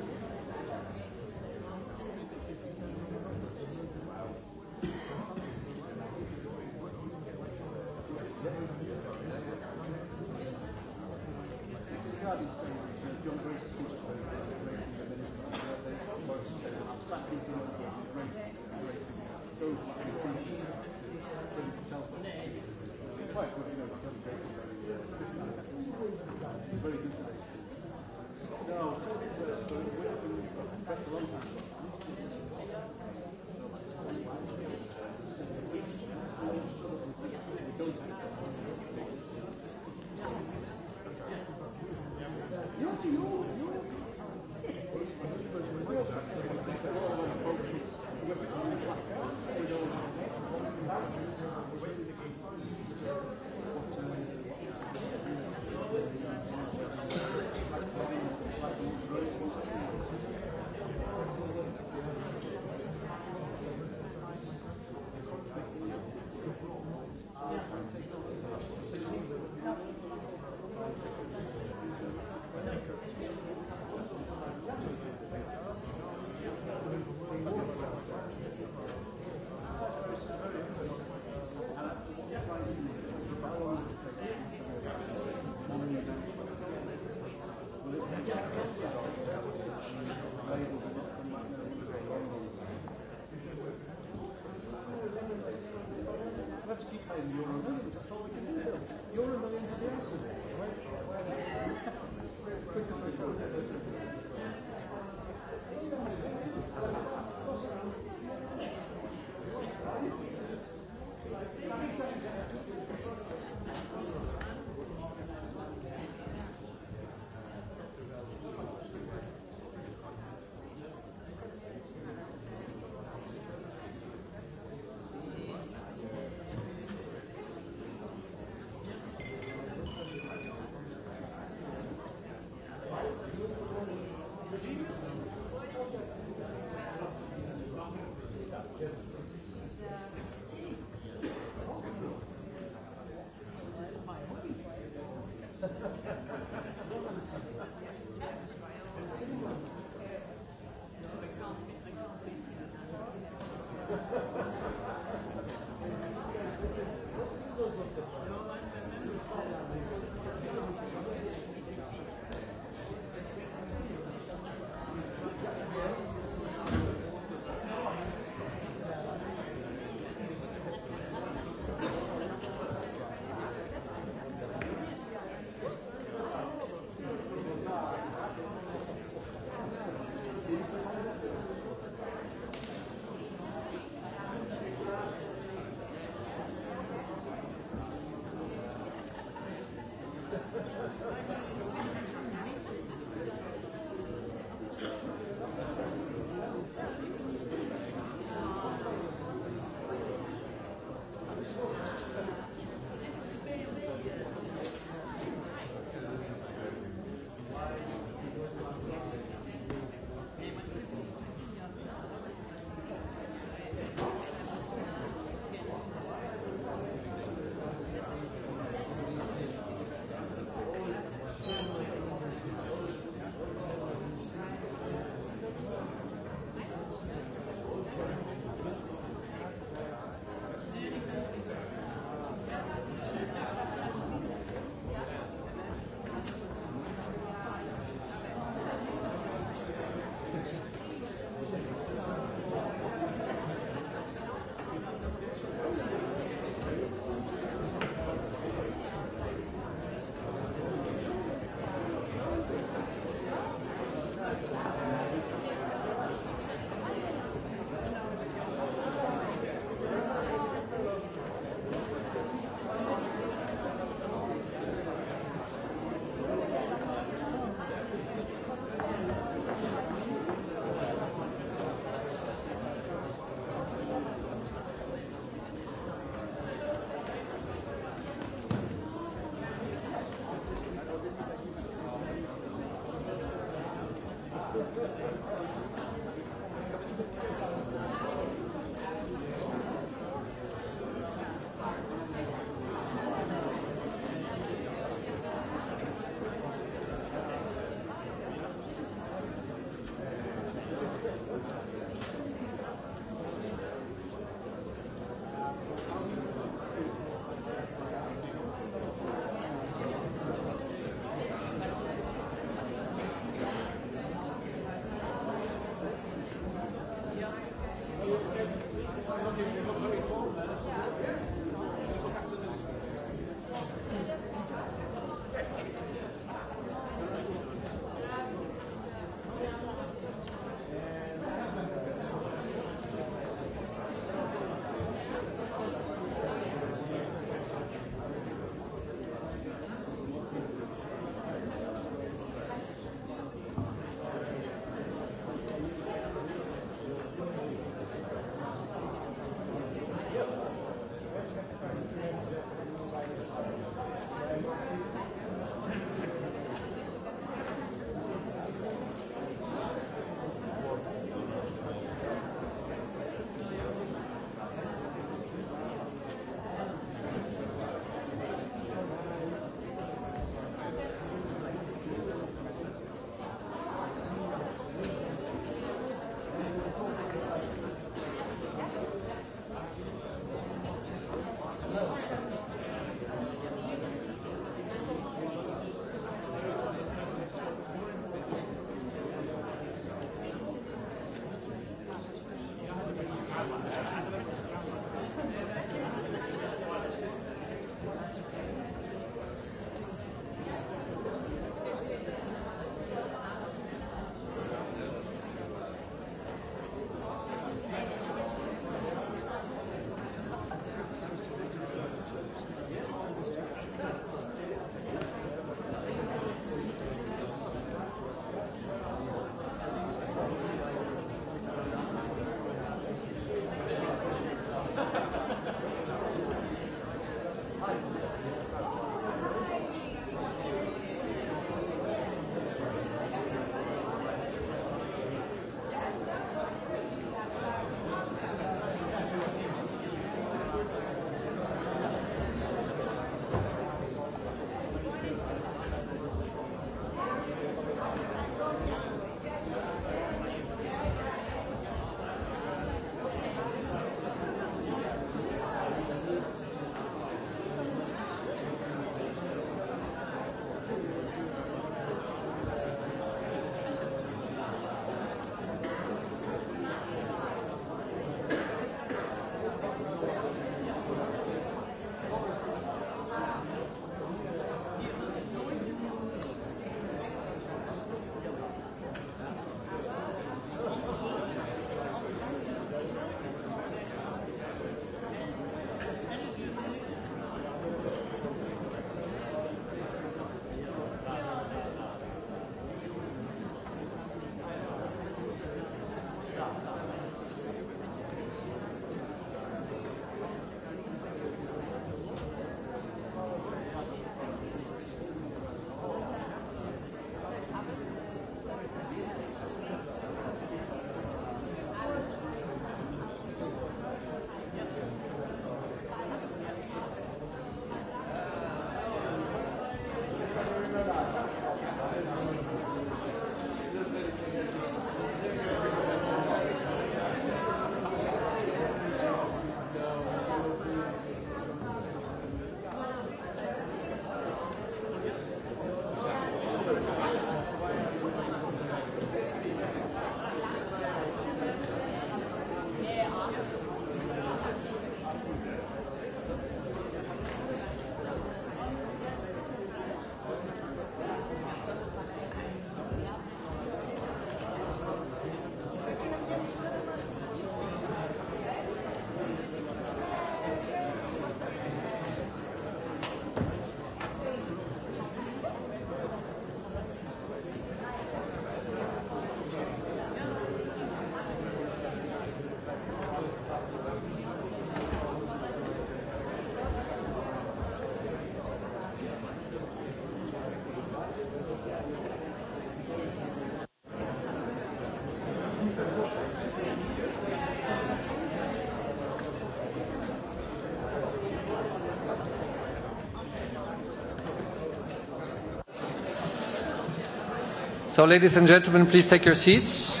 So, ladies and gentlemen, please take your seats.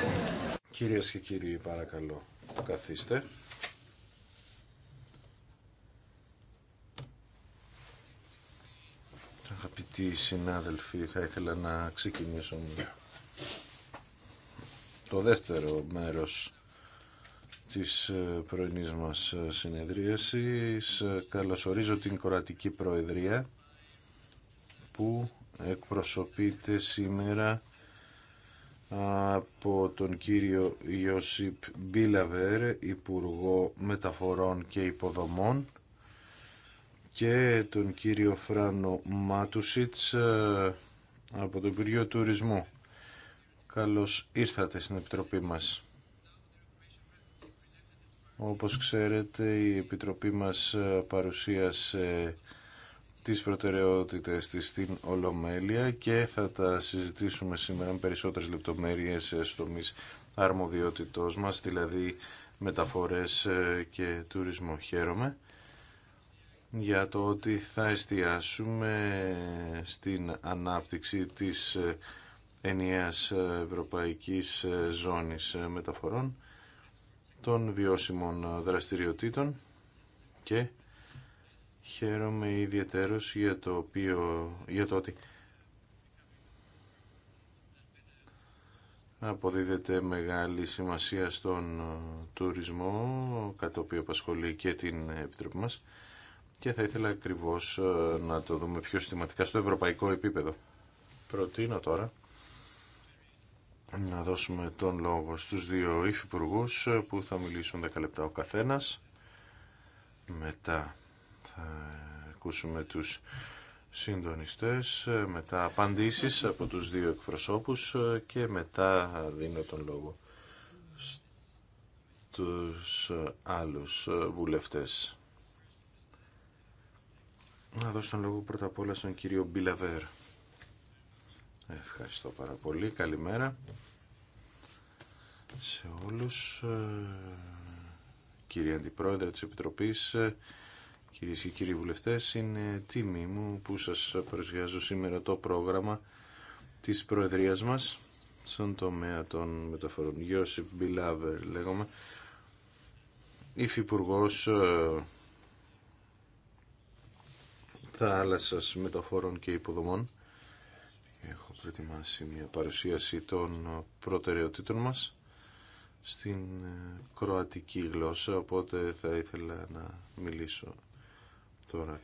Κυρίες και κύριοι, παρακαλώ, καθίστε. Αγαπητοί συνάδελφοι, θα ήθελα να ξεκινήσω το δεύτερο μέρος της ε, πρωινής μας ε, συνεδρίασης. Ε, καλωσορίζω την Κορατική Προεδρία που εκπροσωπείται σήμερα από τον κύριο Ιωσίπ Μπίλαβερ, Υπουργό Μεταφορών και Υποδομών και τον κύριο Φράνο Μάτουσιτς ε, από το Υπουργείο Τουρισμού. Καλώς ήρθατε στην Επιτροπή μας. Όπως ξέρετε η Επιτροπή μας ε, παρουσίασε τις προτεραιότητες της στην Ολομέλεια και θα τα συζητήσουμε σήμερα με περισσότερες λεπτομέρειες στο μης αρμοδιότητός μας, δηλαδή μεταφορές ε, και τουρισμό. Χαίρομαι για το ότι θα εστιάσουμε στην ανάπτυξη της ε, ενιαίας ε, ευρωπαϊκής ζώνης μεταφορών των βιώσιμων δραστηριοτήτων και Χαίρομαι ιδιαίτερος για το, οποίο, για το ότι αποδίδεται μεγάλη σημασία στον ε, τουρισμό, κατά το οποίο απασχολεί και την Επιτροπή μας και θα ήθελα ακριβώς ε, να το δούμε πιο συστηματικά στο ευρωπαϊκό επίπεδο. Προτείνω τώρα να δώσουμε τον λόγο στους δύο υφυπουργούς ε, που θα μιλήσουν 10 λεπτά ο καθένας. Μετά θα ακούσουμε τους συντονιστές, ε, μετά απαντήσεις από τους δύο εκπροσώπους ε, και μετά δίνω τον λόγο στους άλλους ε, βουλευτές. Να δώσω τον λόγο πρώτα απ' όλα στον κύριο Μπιλαβέρ. Ευχαριστώ πάρα πολύ. Καλημέρα σε όλους. Κύριε Αντιπρόεδρε της Επιτροπής, Κυρίε και κύριοι βουλευτές, είναι τιμή μου που σας παρουσιάζω σήμερα το πρόγραμμα της Προεδρίας μας στον τομέα των μεταφορών. Γιώση Μπιλάβερ λέγομαι, υφυπουργός ε, θάλασσα μεταφορών και υποδομών. Έχω προετοιμάσει μια παρουσίαση των προτεραιοτήτων μας στην ε, κροατική γλώσσα, οπότε θα ήθελα να μιλήσω τώρα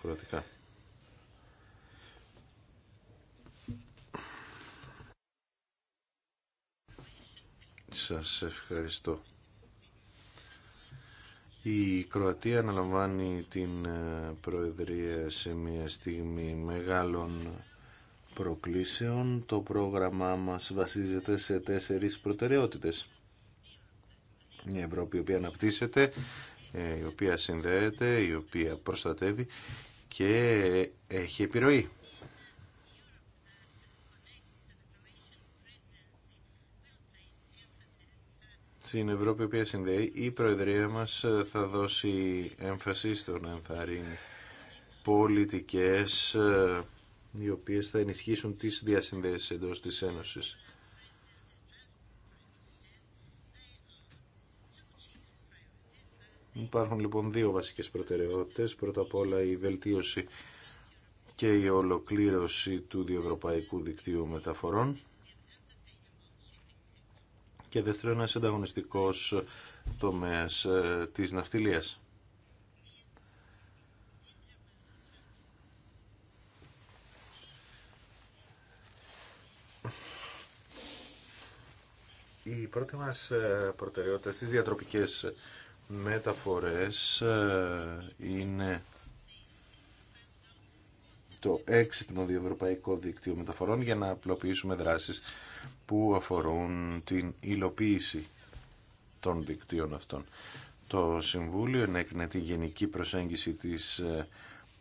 Σας ευχαριστώ. Η Κροατία αναλαμβάνει την ε, Προεδρία σε μια στιγμή μεγάλων προκλήσεων. Το πρόγραμμά μας βασίζεται σε τέσσερις προτεραιότητες. Μια Ευρώπη η οποία αναπτύσσεται, ε, η οποία συνδέεται, η οποία προστατεύει και έχει επιρροή. Στην Ευρώπη, η οποία συνδέει, η Προεδρία μας θα δώσει έμφαση στο να ενθαρρύνει πολιτικές ε, οι οποίες θα ενισχύσουν τις διασυνδέσεις εντός της Ένωσης. Υπάρχουν λοιπόν δύο βασικές προτεραιότητες. Πρώτα απ' όλα η βελτίωση και η ολοκλήρωση του διευρωπαϊκού δικτύου μεταφορών και δεύτερον ένας ανταγωνιστικός τομέας ε, της ναυτιλίας. Η πρώτη μας ε, προτεραιότητα στις διατροπικές μεταφορές ε, είναι το έξυπνο διευρωπαϊκό δίκτυο μεταφορών για να απλοποιήσουμε δράσεις που αφορούν την υλοποίηση των δικτύων αυτών. Το Συμβούλιο ενέκρινε τη γενική προσέγγιση της ε,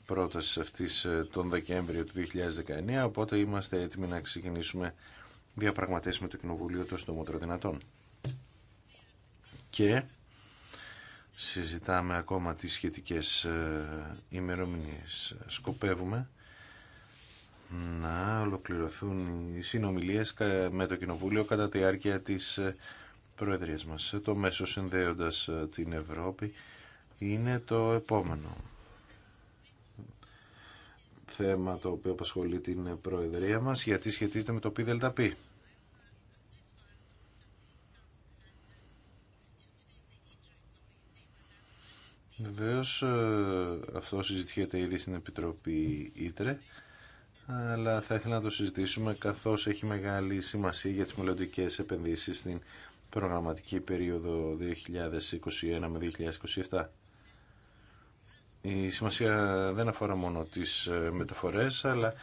πρότασης αυτής ε, τον Δεκέμβριο του 2019, οπότε είμαστε έτοιμοι να ξεκινήσουμε διαπραγματεύσει με το Κοινοβουλίο των στομότερο δυνατόν. Και συζητάμε ακόμα τις σχετικές ε, ημερομηνίες. Σκοπεύουμε να ολοκληρωθούν οι συνομιλίες με το Κοινοβούλιο κατά τη διάρκεια της ε, Προεδρίας μας. Το μέσο συνδέοντας ε, την Ευρώπη είναι το επόμενο θέμα το οποίο απασχολεί την Προεδρία μας γιατί σχετίζεται με το ΠΔΠ. Βεβαίω ε, αυτό συζητιέται ήδη στην Επιτροπή Ήτρε, αλλά θα ήθελα να το συζητήσουμε καθώς έχει μεγάλη σημασία για τις μελλοντικέ επενδύσεις στην προγραμματική περίοδο 2021 2027. Η σημασία δεν αφορά μόνο τις ε, μεταφορές, αλλά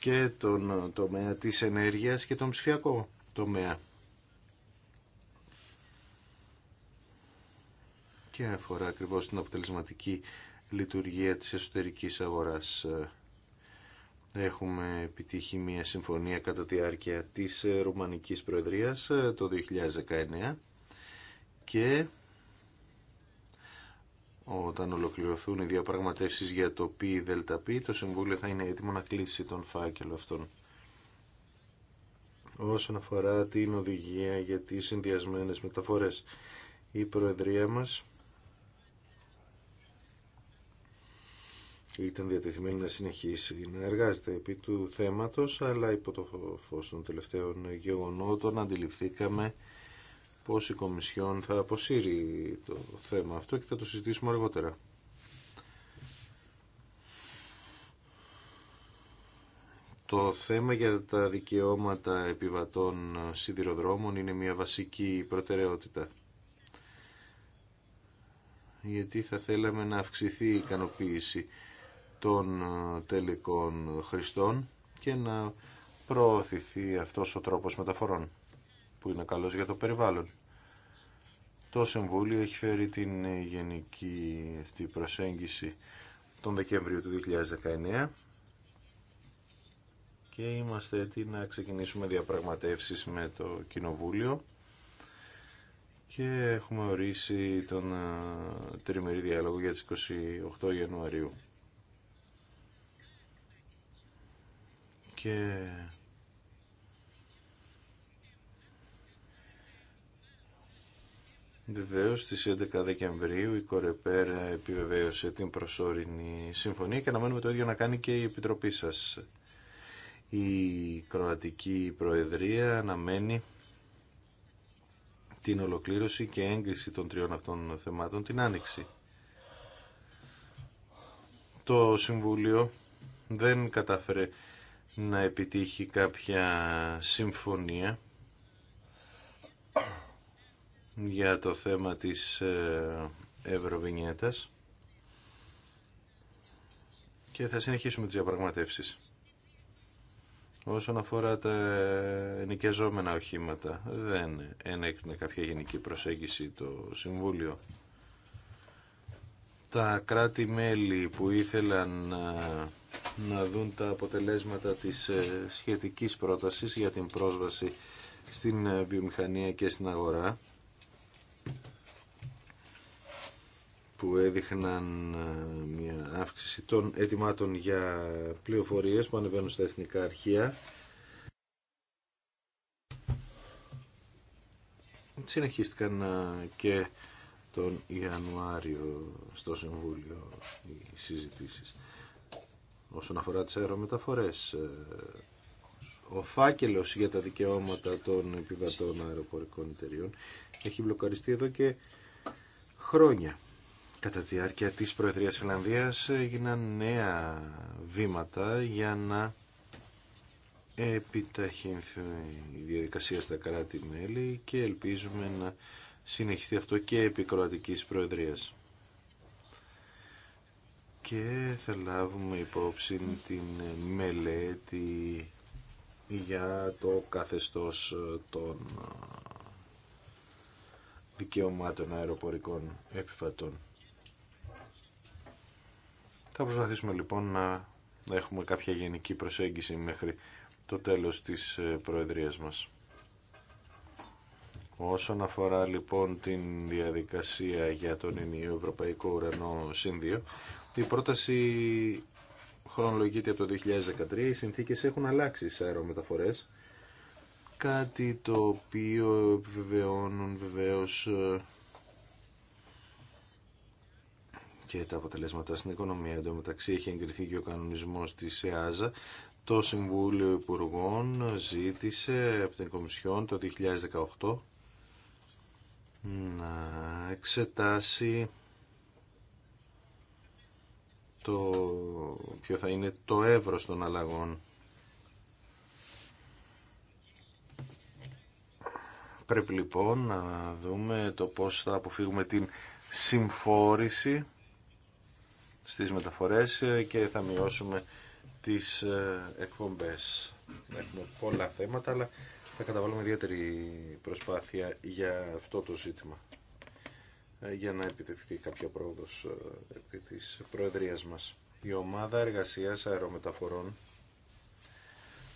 και τον τομέα της ενέργειας και τον ψηφιακό τομέα. και αφορά ακριβώς την αποτελεσματική λειτουργία της εσωτερικής αγοράς. Έχουμε επιτύχει μια συμφωνία κατά τη διάρκεια της Ρουμανικής Προεδρίας ε, το 2019 και όταν ολοκληρωθούν οι διαπραγματεύσεις για το ΠΔΠ, το Συμβούλιο θα είναι έτοιμο να κλείσει τον φάκελο αυτόν. Όσον αφορά την οδηγία για τις συνδυασμένες μεταφορές, η Προεδρία μας ήταν διατεθειμένη να συνεχίσει να εργάζεται επί του θέματος, αλλά υπό το φως των τελευταίων γεγονότων αντιληφθήκαμε πως η Κομισιόν θα αποσύρει το θέμα αυτό και θα το συζητήσουμε αργότερα. Το θέμα για τα δικαιώματα επιβατών σιδηροδρόμων είναι μια βασική προτεραιότητα. Γιατί θα θέλαμε να αυξηθεί η ικανοποίηση των ε, τελικών χρηστών και να προωθηθεί αυτός ο τρόπος μεταφορών που είναι καλός για το περιβάλλον. Το Συμβούλιο έχει φέρει την γενική αυτή προσέγγιση τον Δεκέμβριο του 2019 και είμαστε έτοιμοι να ξεκινήσουμε διαπραγματεύσεις με το Κοινοβούλιο και έχουμε ορίσει τον ε, τριμερή διάλογο για τις 28 Ιανουαρίου. και Βεβαίω στις 11 Δεκεμβρίου η Κορεπέρ επιβεβαίωσε την προσωρινή συμφωνία και αναμένουμε το ίδιο να κάνει και η Επιτροπή σας. Η Κροατική Προεδρία αναμένει την ολοκλήρωση και έγκριση των τριών αυτών θεμάτων την Άνοιξη. Το Συμβούλιο δεν κατάφερε να επιτύχει κάποια συμφωνία για το θέμα της ε, Ευρωβινιέτας και θα συνεχίσουμε τις διαπραγματεύσεις. Όσον αφορά τα ενοικιαζόμενα οχήματα, δεν ενέκρινε κάποια γενική προσέγγιση το Συμβούλιο. Τα κράτη-μέλη που ήθελαν να να δουν τα αποτελέσματα της ε, σχετικής πρότασης για την πρόσβαση στην ε, βιομηχανία και στην αγορά που έδειχναν ε, μια αύξηση των ετοιμάτων για πληροφορίες που ανεβαίνουν στα εθνικά αρχεία. Συνεχίστηκαν και τον Ιανουάριο στο Συμβούλιο οι συζητήσεις όσον αφορά τις αερομεταφορές. Ε, ο φάκελος για τα δικαιώματα των επιβατών αεροπορικών εταιριών έχει μπλοκαριστεί εδώ και χρόνια. Κατά τη διάρκεια της Προεδρίας Φιλανδίας έγιναν νέα βήματα για να επιταχυνθεί η διαδικασία στα κράτη-μέλη και ελπίζουμε να συνεχιστεί αυτό και επί Κροατικής Προεδρίας και θα λάβουμε υπόψη την μελέτη για το καθεστώς των ε, δικαιωμάτων αεροπορικών επιφατών. Θα προσπαθήσουμε λοιπόν να έχουμε κάποια γενική προσέγγιση μέχρι το τέλος της ε, Προεδρίας μας. Όσον αφορά λοιπόν την διαδικασία για τον ενιαίο Ευρωπαϊκό Ουρανό Σύνδιο, η πρόταση χρονολογείται από το 2013. Οι συνθήκες έχουν αλλάξει σε αερομεταφορές. Κάτι το οποίο επιβεβαιώνουν βεβαίω. Ε, και τα αποτελέσματα στην οικονομία. Εν τω μεταξύ έχει εγκριθεί και ο κανονισμός της ΕΑΖΑ. Το Συμβούλιο Υπουργών ζήτησε από την Κομισιόν το 2018 να εξετάσει το ποιο θα είναι το εύρος των αλλαγών. Πρέπει λοιπόν να δούμε το πώς θα αποφύγουμε την συμφόρηση στις μεταφορές και θα μειώσουμε τις ε, εκπομπές. Έχουμε πολλά θέματα, αλλά θα καταβάλουμε ιδιαίτερη προσπάθεια για αυτό το ζήτημα. Ε, για να επιτευχθεί κάποια πρόοδος ε, επί της Προεδρίας μας. Η ομάδα εργασίας αερομεταφορών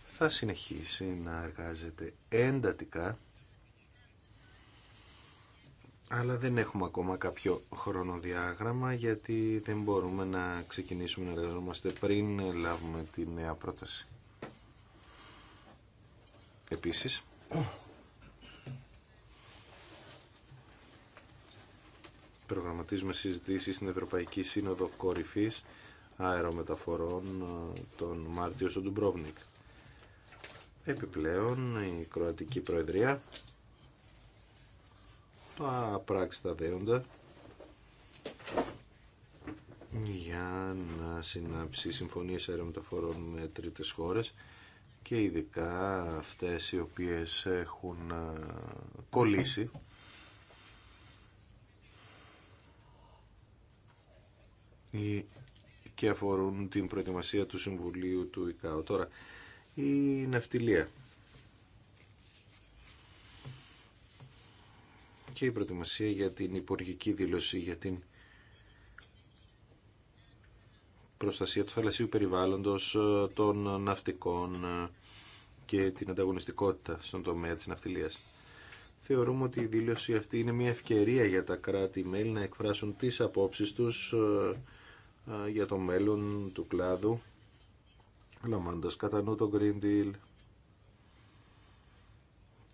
θα συνεχίσει να εργάζεται εντατικά αλλά δεν έχουμε ακόμα κάποιο χρονοδιάγραμμα γιατί δεν μπορούμε να ξεκινήσουμε να εργαζόμαστε πριν λάβουμε τη νέα πρόταση. Επίσης, προγραμματίζουμε συζητήσεις στην Ευρωπαϊκή Σύνοδο Κορυφής Αερομεταφορών ε, τον Μάρτιο στον Ντουμπρόβνικ. Επιπλέον η Κροατική Προεδρία θα πράξει τα δέοντα για να συνάψει συμφωνίες αερομεταφορών με τρίτες χώρες και ειδικά αυτές οι οποίες έχουν ε, κολλήσει και αφορούν την προετοιμασία του Συμβουλίου του ΙΚΑΟ. Τώρα, η ναυτιλία. Και η προετοιμασία για την υπουργική δήλωση για την προστασία του θαλασσίου περιβάλλοντος, ε, των ναυτικών ε, και την ανταγωνιστικότητα στον τομέα της ναυτιλίας. Θεωρούμε ότι η δήλωση αυτή είναι μια ευκαιρία για τα κράτη-μέλη να εκφράσουν τις απόψεις τους ε, για το μέλλον του κλάδου, λαμβάνοντας κατά νου το Green Deal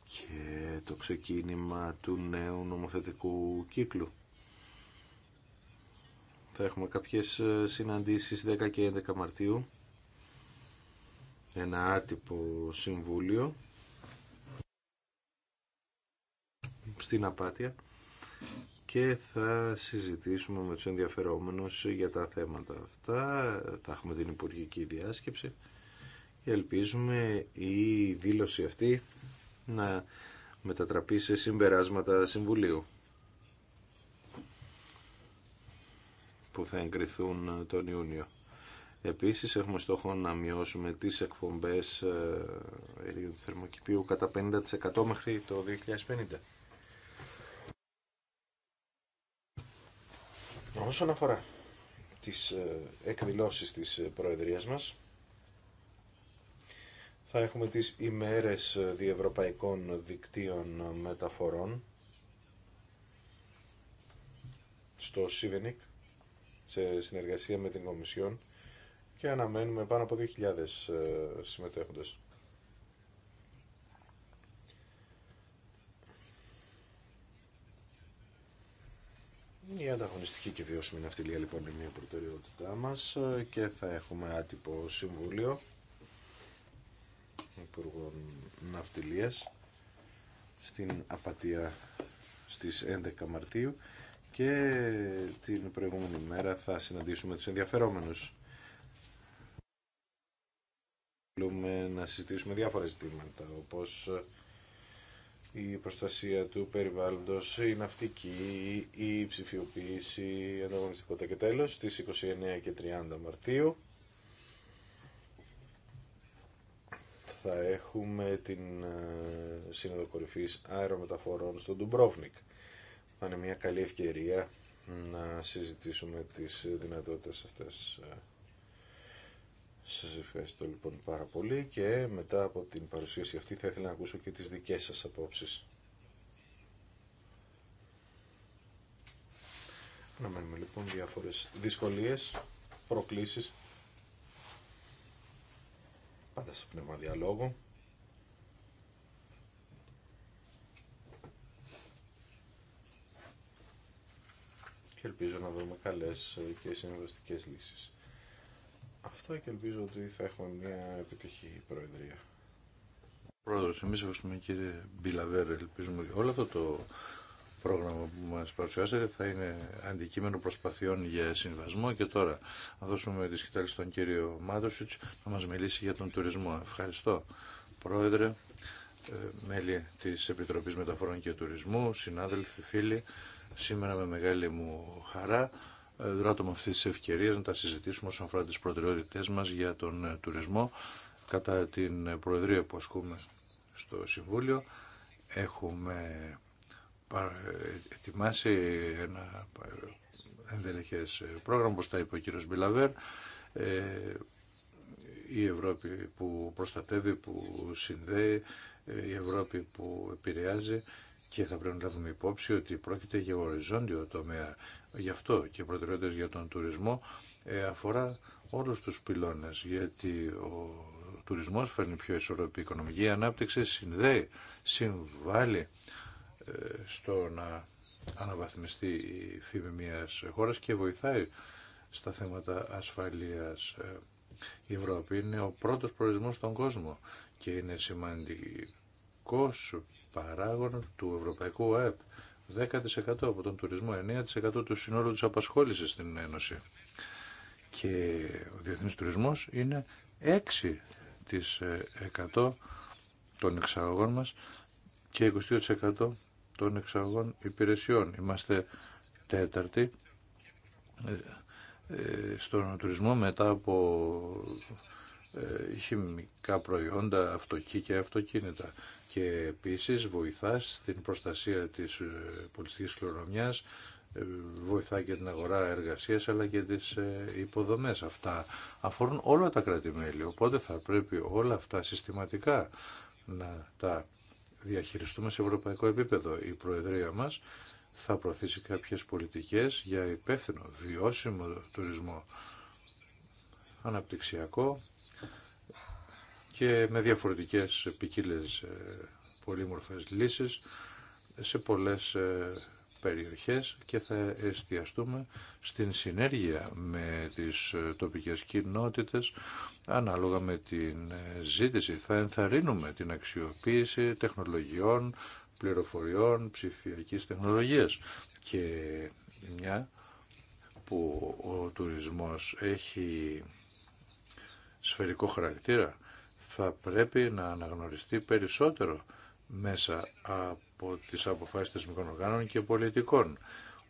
και το ξεκίνημα του νέου νομοθετικού κύκλου. Θα έχουμε κάποιες ε, συναντήσεις 10 και 11 Μαρτίου, ένα άτυπο συμβούλιο στην Απάτια και θα συζητήσουμε με τους ενδιαφερόμενους για τα θέματα αυτά. Θα έχουμε την Υπουργική Διάσκεψη και ελπίζουμε η δήλωση αυτή να μετατραπεί σε συμπεράσματα Συμβουλίου που θα εγκριθούν τον Ιούνιο. Επίσης έχουμε στόχο να μειώσουμε τις εκπομπές ε, αερίου του θερμοκηπίου κατά 50% μέχρι το 2050. Όσον αφορά τις ε, εκδηλώσεις της ε, Προεδρίας μας, θα έχουμε τις ημέρες ε, διευρωπαϊκών δικτύων μεταφορών στο ΣΥΒΕΝΙΚ σε συνεργασία με την Κομισιόν και αναμένουμε πάνω από 2.000 συμμετέχοντες. Η ανταγωνιστική και βιώσιμη ναυτιλία λοιπόν είναι μια προτεραιότητά μας και θα έχουμε άτυπο συμβούλιο Υπουργών Ναυτιλίας στην Απατία στις 11 Μαρτίου και την προηγούμενη μέρα θα συναντήσουμε τους ενδιαφερόμενους. Θέλουμε να συζητήσουμε διάφορα ζητήματα όπως η προστασία του περιβάλλοντος, η ναυτική, η ψηφιοποίηση, η ανταγωνιστικότητα και τέλος, στις 29 και 30 Μαρτίου. Θα έχουμε την ε, Σύνοδο Κορυφής Αερομεταφορών στο Ντουμπρόβνικ. Θα είναι μια καλή ευκαιρία να συζητήσουμε τις δυνατότητες αυτές ε, σας ευχαριστώ λοιπόν πάρα πολύ και μετά από την παρουσίαση αυτή θα ήθελα να ακούσω και τις δικές σας απόψεις. Αναμένουμε λοιπόν διάφορες δυσκολίες, προκλήσεις, πάντα σε πνεύμα διαλόγου. Και ελπίζω να δούμε καλές και συμβαστικές λύσεις. Αυτό και ελπίζω ότι θα έχουμε μια επιτυχή Προεδρία. Πρόεδρο, εμεί ευχαριστούμε κύριε Μπιλαβέρ, ελπίζουμε όλο αυτό το πρόγραμμα που μα παρουσιάσατε θα είναι αντικείμενο προσπαθειών για συμβασμό και τώρα να δώσουμε τη σκητάλη στον κύριο Μάντοσιτ να μα μιλήσει για τον τουρισμό. Ευχαριστώ πρόεδρε, ε, μέλη τη Επιτροπή Μεταφορών και Τουρισμού, συνάδελφοι, φίλοι. Σήμερα με μεγάλη μου χαρά δράτωμα αυτή τη ευκαιρία να τα συζητήσουμε όσον αφορά τι προτεραιότητε μας για τον ε, τουρισμό κατά την ε, Προεδρία που ασκούμε στο Συμβούλιο. Έχουμε ε, ετοιμάσει ένα ενδελεχές πρόγραμμα, όπω τα είπε ο κύριο Μπιλαβέρ, η Ευρώπη που προστατεύει, που συνδέει, η Ευρώπη που επηρεάζει και θα πρέπει να λάβουμε υπόψη ότι πρόκειται για οριζόντιο τομέα. Γι' αυτό και προτεραιότητες για τον τουρισμό ε, αφορά όλους τους πυλώνες, γιατί ο τουρισμός φέρνει πιο ισορροπή οικονομική ανάπτυξη, συνδέει, συμβάλλει ε, στο να αναβαθμιστεί η φήμη μιας χώρας και βοηθάει στα θέματα ασφαλείας. Ε. Η Ευρώπη είναι ο πρώτος προορισμός στον κόσμο και είναι σημαντικός παράγων του Ευρωπαϊκού ΑΕΠ. 10% από τον τουρισμό, 9% του συνόλου της απασχόλησης στην Ένωση. Και ο διεθνής τουρισμός είναι 6% των εξαγωγών μας και 22% των εξαγωγών υπηρεσιών. Είμαστε τέταρτοι ε, ε, στον τουρισμό μετά από ε, χημικά προϊόντα, αυτοκή και αυτοκίνητα. Και επίσης βοηθά στην προστασία της ε, πολιτικής κληρονομιάς, ε, βοηθά και την αγορά εργασίας αλλά και τις υποδομές αυτά. Αφορούν όλα τα κρατη οπότε θα πρέπει όλα αυτά συστηματικά να τα διαχειριστούμε σε ευρωπαϊκό επίπεδο. Η Προεδρία μας θα προωθήσει κάποιες πολιτικές για υπεύθυνο, βιώσιμο τουρισμό αναπτυξιακό και με διαφορετικές ποικίλε ε, πολύμορφες λύσεις σε πολλές ε, περιοχές και θα εστιαστούμε στην συνέργεια με τις ε, τοπικές κοινότητες ανάλογα με την ζήτηση. Θα ενθαρρύνουμε την αξιοποίηση τεχνολογιών, πληροφοριών, ψηφιακής τεχνολογίας και μια που ο τουρισμός έχει σφαιρικό χαρακτήρα θα πρέπει να αναγνωριστεί περισσότερο μέσα από τις αποφάσεις θεσμικών οργάνων και πολιτικών.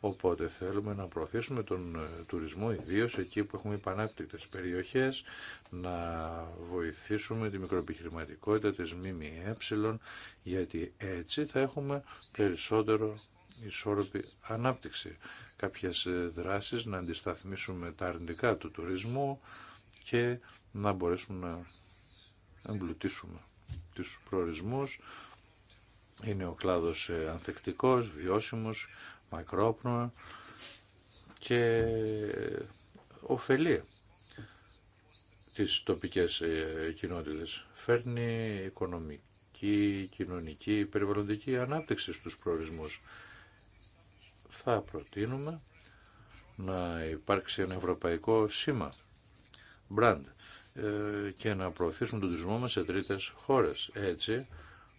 Οπότε θέλουμε να προωθήσουμε τον ε, τουρισμό, ιδίω εκεί που έχουμε υπανάπτυκτες περιοχές, να βοηθήσουμε τη μικροεπιχειρηματικότητα της ΜΜΕ, γιατί έτσι θα έχουμε περισσότερο ισόρροπη ανάπτυξη. Κάποιες ε, δράσεις να αντισταθμίσουμε τα αρνητικά του τουρισμού και να μπορέσουμε να εμπλουτίσουμε τους προορισμούς. Είναι ο κλάδος ε, ανθεκτικός, βιώσιμος, μακρόπνοα και ωφελεί τις τοπικές ε, κοινότητες. Φέρνει οικονομική, κοινωνική, περιβαλλοντική ανάπτυξη στους προορισμούς. Θα προτείνουμε να υπάρξει ένα ευρωπαϊκό σήμα, brand, ε, και να προωθήσουμε τον τουρισμό μας σε τρίτες χώρες. Έτσι,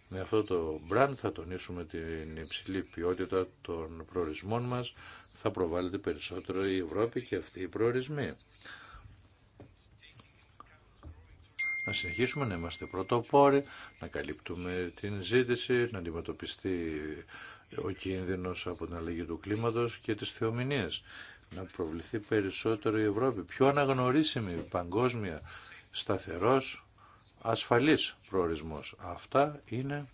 με αυτό το μπραντ θα τονίσουμε την υψηλή ποιότητα των προορισμών μας, θα προβάλλεται περισσότερο η Ευρώπη και αυτοί οι προορισμοί. Να συνεχίσουμε να είμαστε πρωτοπόροι, να καλύπτουμε την ζήτηση, να αντιμετωπιστεί ο κίνδυνος από την αλλαγή του κλίματος και τις θεομηνίες να προβληθεί περισσότερο η Ευρώπη, πιο αναγνωρίσιμη, παγκόσμια, σταθερός, ασφαλής προορισμός. Αυτά είναι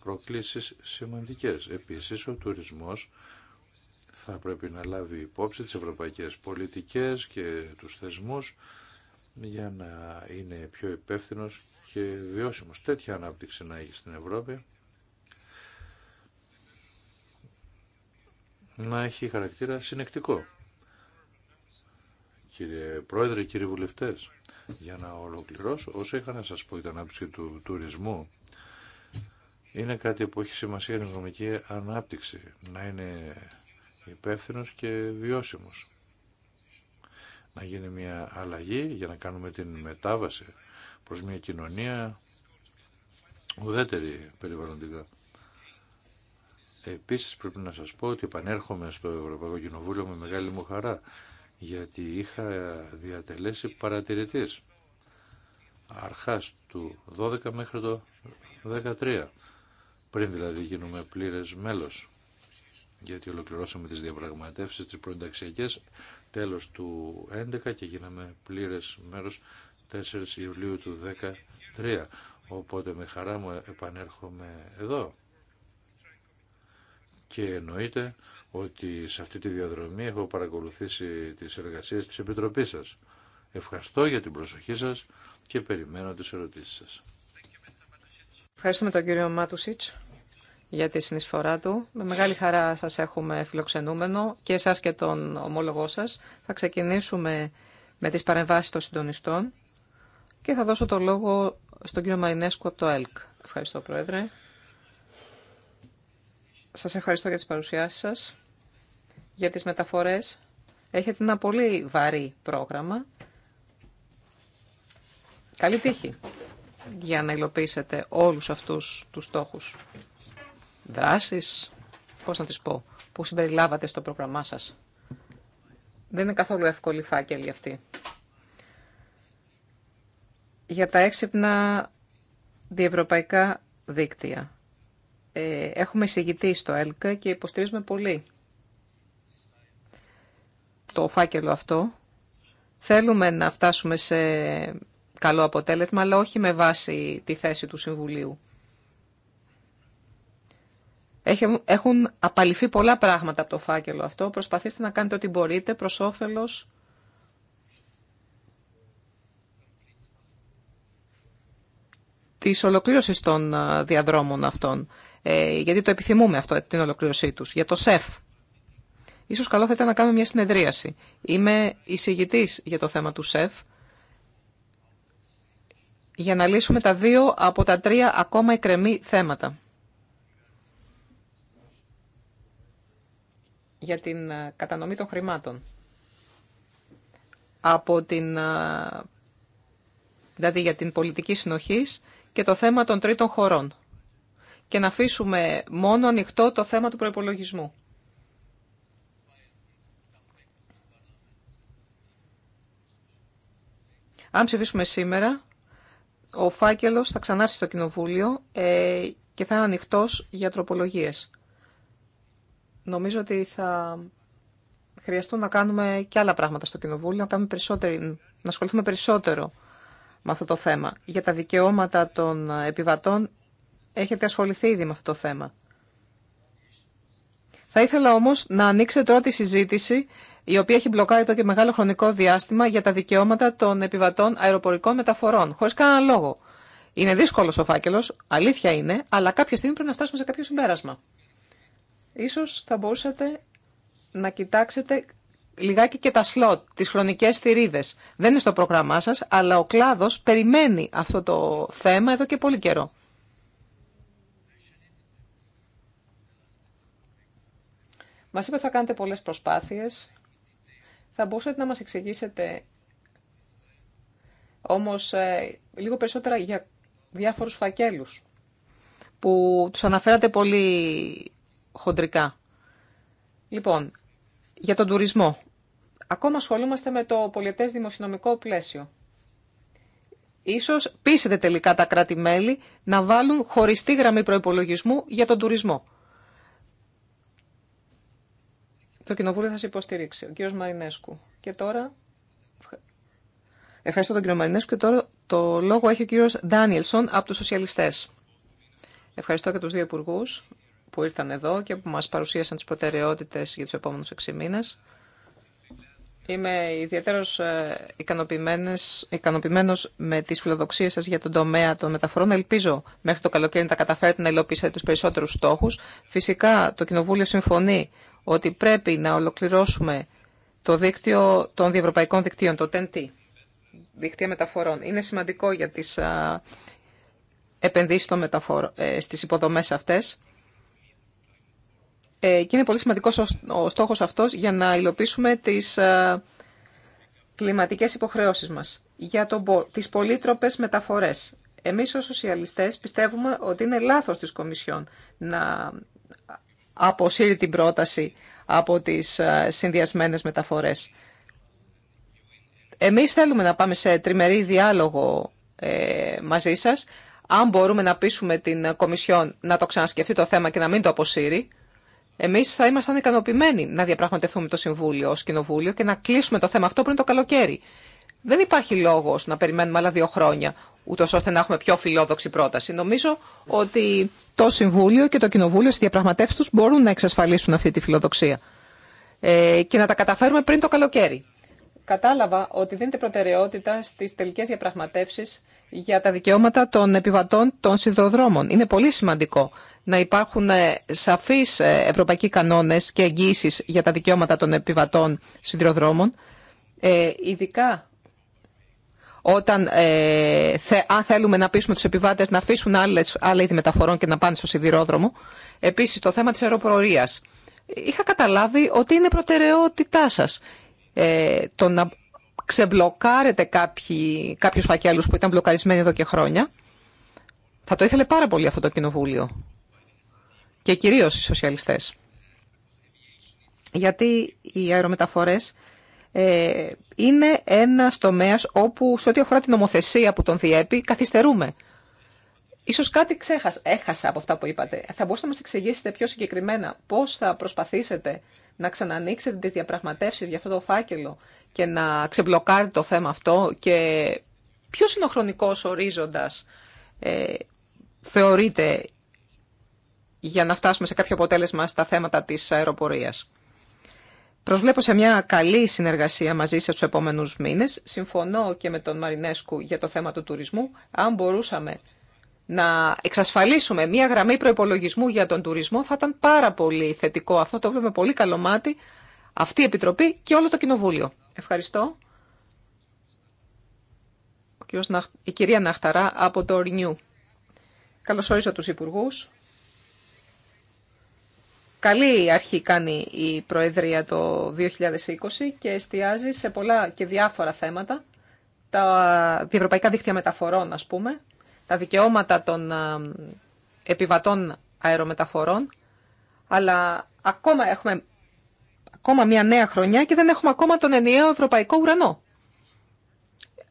προκλήσεις σημαντικές. Επίσης, ο τουρισμός θα πρέπει να λάβει υπόψη τις ευρωπαϊκές πολιτικές και τους θεσμούς για να είναι πιο υπεύθυνος και βιώσιμος. Τέτοια ανάπτυξη να έχει στην Ευρώπη να έχει χαρακτήρα συνεκτικό. Κύριε Πρόεδρε, κύριοι βουλευτές, για να ολοκληρώσω, όσο είχα να σας πω για την ανάπτυξη του τουρισμού, είναι κάτι που έχει σημασία η οικονομική ανάπτυξη, να είναι υπεύθυνο και βιώσιμος. Να γίνει μια αλλαγή για να κάνουμε την μετάβαση προς μια κοινωνία ουδέτερη περιβαλλοντικά. Επίση, πρέπει να σα πω ότι επανέρχομαι στο Ευρωπαϊκό Κοινοβούλιο με μεγάλη μου χαρά γιατί είχα διατελέσει παρατηρητή αρχά του 12 μέχρι το 13 πριν δηλαδή γίνουμε πλήρε μέλο γιατί ολοκληρώσαμε τις διαπραγματεύσει, τις προενταξιακές τέλο του 11 και γίναμε πλήρε μέρο 4 Ιουλίου του 13 οπότε με χαρά μου επανέρχομαι εδώ και εννοείται ότι σε αυτή τη διαδρομή έχω παρακολουθήσει τις εργασίες της Επιτροπής σας. Ευχαριστώ για την προσοχή σας και περιμένω τις ερωτήσεις σας. Ευχαριστούμε τον κύριο Μάτουσιτς για τη συνεισφορά του. Με μεγάλη χαρά σας έχουμε φιλοξενούμενο και εσάς και τον ομόλογό σας. Θα ξεκινήσουμε με τις παρεμβάσεις των συντονιστών και θα δώσω το λόγο στον κύριο Μαρινέσκου από το ΕΛΚ. Ευχαριστώ, Πρόεδρε. Σας ευχαριστώ για τις παρουσιάσεις σας, για τις μεταφορές. Έχετε ένα πολύ βαρύ πρόγραμμα. Καλή τύχη για να υλοποιήσετε όλους αυτούς τους στόχους. Δράσεις, πώς να τις πω, που συμπεριλάβατε στο πρόγραμμά σας. Δεν είναι καθόλου εύκολη φάκελη αυτή. Για τα έξυπνα διευρωπαϊκά δίκτυα. Ε, έχουμε εισηγηθεί στο ΕΛΚΑ και υποστηρίζουμε πολύ το φάκελο αυτό. Θέλουμε να φτάσουμε σε καλό αποτέλεσμα, αλλά όχι με βάση τη θέση του Συμβουλίου. Έχουν απαλληφθεί πολλά πράγματα από το φάκελο αυτό. Προσπαθήστε να κάνετε ό,τι μπορείτε προς όφελος της ολοκλήρωσης των διαδρόμων αυτών. Ε, γιατί το επιθυμούμε αυτό, την ολοκλήρωσή τους. Για το ΣΕΦ. Ίσως καλό θα ήταν να κάνουμε μια συνεδρίαση. Είμαι εισηγητής για το θέμα του ΣΕΦ για να λύσουμε τα δύο από τα τρία ακόμα εκρεμή θέματα. Για την ε, κατανομή των χρημάτων. Από την, ε, δηλαδή για την πολιτική συνοχής και το θέμα των τρίτων χωρών και να αφήσουμε μόνο ανοιχτό το θέμα του προϋπολογισμού. Αν ψηφίσουμε σήμερα, ο φάκελος θα ξανάρθει στο Κοινοβούλιο ε, και θα είναι ανοιχτός για τροπολογίες. Νομίζω ότι θα χρειαστούν να κάνουμε και άλλα πράγματα στο Κοινοβούλιο, να, κάνουμε να ασχοληθούμε περισσότερο με αυτό το θέμα. Για τα δικαιώματα των επιβατών έχετε ασχοληθεί ήδη με αυτό το θέμα. Θα ήθελα όμως να ανοίξετε τώρα τη συζήτηση η οποία έχει μπλοκάρει το και μεγάλο χρονικό διάστημα για τα δικαιώματα των επιβατών αεροπορικών μεταφορών, χωρίς κανέναν λόγο. Είναι δύσκολο ο φάκελο, αλήθεια είναι, αλλά κάποια στιγμή πρέπει να φτάσουμε σε κάποιο συμπέρασμα. Ίσως θα μπορούσατε να κοιτάξετε λιγάκι και τα σλότ, τις χρονικές θηρίδες. Δεν είναι στο πρόγραμμά σας, αλλά ο κλάδος περιμένει αυτό το θέμα εδώ και πολύ καιρό. Μα είπε θα κάνετε πολλές προσπάθειες. Θα μπορούσατε να μας εξηγήσετε όμως ε, λίγο περισσότερα για διάφορους φακέλους που τους αναφέρατε πολύ χοντρικά. Λοιπόν, για τον τουρισμό. Ακόμα ασχολούμαστε με το πολιτες δημοσιονομικό πλαίσιο. Ίσως πείσετε τελικά τα κράτη-μέλη να βάλουν χωριστή γραμμή προϋπολογισμού για τον τουρισμό. Το Κοινοβούλιο θα σε υποστηρίξει. Ο κύριο Μαρινέσκου. Και τώρα... Ευχαριστώ τον κύριο Μαρινέσκου και τώρα το λόγο έχει ο κύριο Ντάνιελσον από του Σοσιαλιστέ. Ευχαριστώ και του δύο υπουργού που ήρθαν εδώ και που μα παρουσίασαν τι προτεραιότητε για του επόμενου 6 μήνε. Είμαι ιδιαίτερο ε, ικανοποιημένο με τι φιλοδοξίε σα για τον τομέα των μεταφορών. Ελπίζω μέχρι το καλοκαίρι να τα καταφέρετε να υλοποιήσετε του περισσότερου στόχου. Φυσικά το Κοινοβούλιο συμφωνεί ότι πρέπει να ολοκληρώσουμε το δίκτυο των διευρωπαϊκών δικτύων, το TEN-T, δίκτυα μεταφορών. Είναι σημαντικό για τις α, επενδύσεις των μεταφορ, ε, στις υποδομές αυτές. Ε, και είναι πολύ σημαντικός ο, στόχος αυτός για να υλοποιήσουμε τις α, κλιματικές υποχρεώσεις μας. Για το, τις πολύτροπες μεταφορές. Εμείς ως σοσιαλιστές πιστεύουμε ότι είναι λάθος της Κομισιόν να αποσύρει την πρόταση από τις ε, συνδυασμένες μεταφορές. Εμείς θέλουμε να πάμε σε τριμερή διάλογο ε, μαζί σας. Αν μπορούμε να πείσουμε την Κομισιόν να το ξανασκεφτεί το θέμα και να μην το αποσύρει, εμείς θα ήμασταν ικανοποιημένοι να διαπραγματευτούμε το Συμβούλιο ως Κοινοβούλιο και να κλείσουμε το θέμα αυτό πριν το καλοκαίρι. Δεν υπάρχει λόγος να περιμένουμε άλλα δύο χρόνια, ούτως ώστε να έχουμε πιο φιλόδοξη πρόταση. Νομίζω ότι το Συμβούλιο και το Κοινοβούλιο στις διαπραγματεύσεις τους μπορούν να εξασφαλίσουν αυτή τη φιλοδοξία ε, και να τα καταφέρουμε πριν το καλοκαίρι. Κατάλαβα ότι δίνεται προτεραιότητα στις τελικές διαπραγματεύσεις για τα δικαιώματα των επιβατών των σιδηροδρόμων. Είναι πολύ σημαντικό να υπάρχουν ε, σαφείς ε, ευρωπαϊκοί κανόνες και εγγύησεις για τα δικαιώματα των επιβατών σιδηροδρόμων, ε, ειδικά όταν, ε, αν θέλουμε να πείσουμε τους επιβάτες να αφήσουν άλλες, άλλα είδη μεταφορών και να πάνε στο σιδηρόδρομο. Επίσης, το θέμα της αεροπορίας. Είχα καταλάβει ότι είναι προτεραιότητά σας ε, το να ξεμπλοκάρετε κάποιοι, κάποιους φακέλους που ήταν μπλοκαρισμένοι εδώ και χρόνια. Θα το ήθελε πάρα πολύ αυτό το κοινοβούλιο και κυρίως οι σοσιαλιστές. Γιατί οι αερομεταφορές ε, είναι ένα τομέα όπου σε ό,τι αφορά την νομοθεσία που τον διέπει, καθυστερούμε. Ίσως κάτι ξέχασα, έχασα από αυτά που είπατε. Θα μπορούσατε να μα εξηγήσετε πιο συγκεκριμένα πώς θα προσπαθήσετε να ξανανοίξετε τι διαπραγματεύσεις για αυτό το φάκελο και να ξεμπλοκάρετε το θέμα αυτό και ποιο είναι ο χρονικός ορίζοντας ε, θεωρείτε για να φτάσουμε σε κάποιο αποτέλεσμα στα θέματα της αεροπορίας. Προσβλέπω σε μια καλή συνεργασία μαζί σας τους επόμενους μήνες. Συμφωνώ και με τον Μαρινέσκου για το θέμα του τουρισμού. Αν μπορούσαμε να εξασφαλίσουμε μια γραμμή προϋπολογισμού για τον τουρισμό θα ήταν πάρα πολύ θετικό. Αυτό το βλέπουμε πολύ καλό μάτι αυτή η Επιτροπή και όλο το Κοινοβούλιο. Ευχαριστώ. Ο κύριος, η κυρία Ναχταρά από το Ρινιού. Καλωσορίζω τους Υπουργούς. Καλή αρχή κάνει η Προεδρία το 2020 και εστιάζει σε πολλά και διάφορα θέματα. Τα ευρωπαϊκά δίκτυα μεταφορών, ας πούμε, τα δικαιώματα των επιβατών αερομεταφορών, αλλά ακόμα έχουμε ακόμα μια νέα χρονιά και δεν έχουμε ακόμα τον ενιαίο ευρωπαϊκό ουρανό.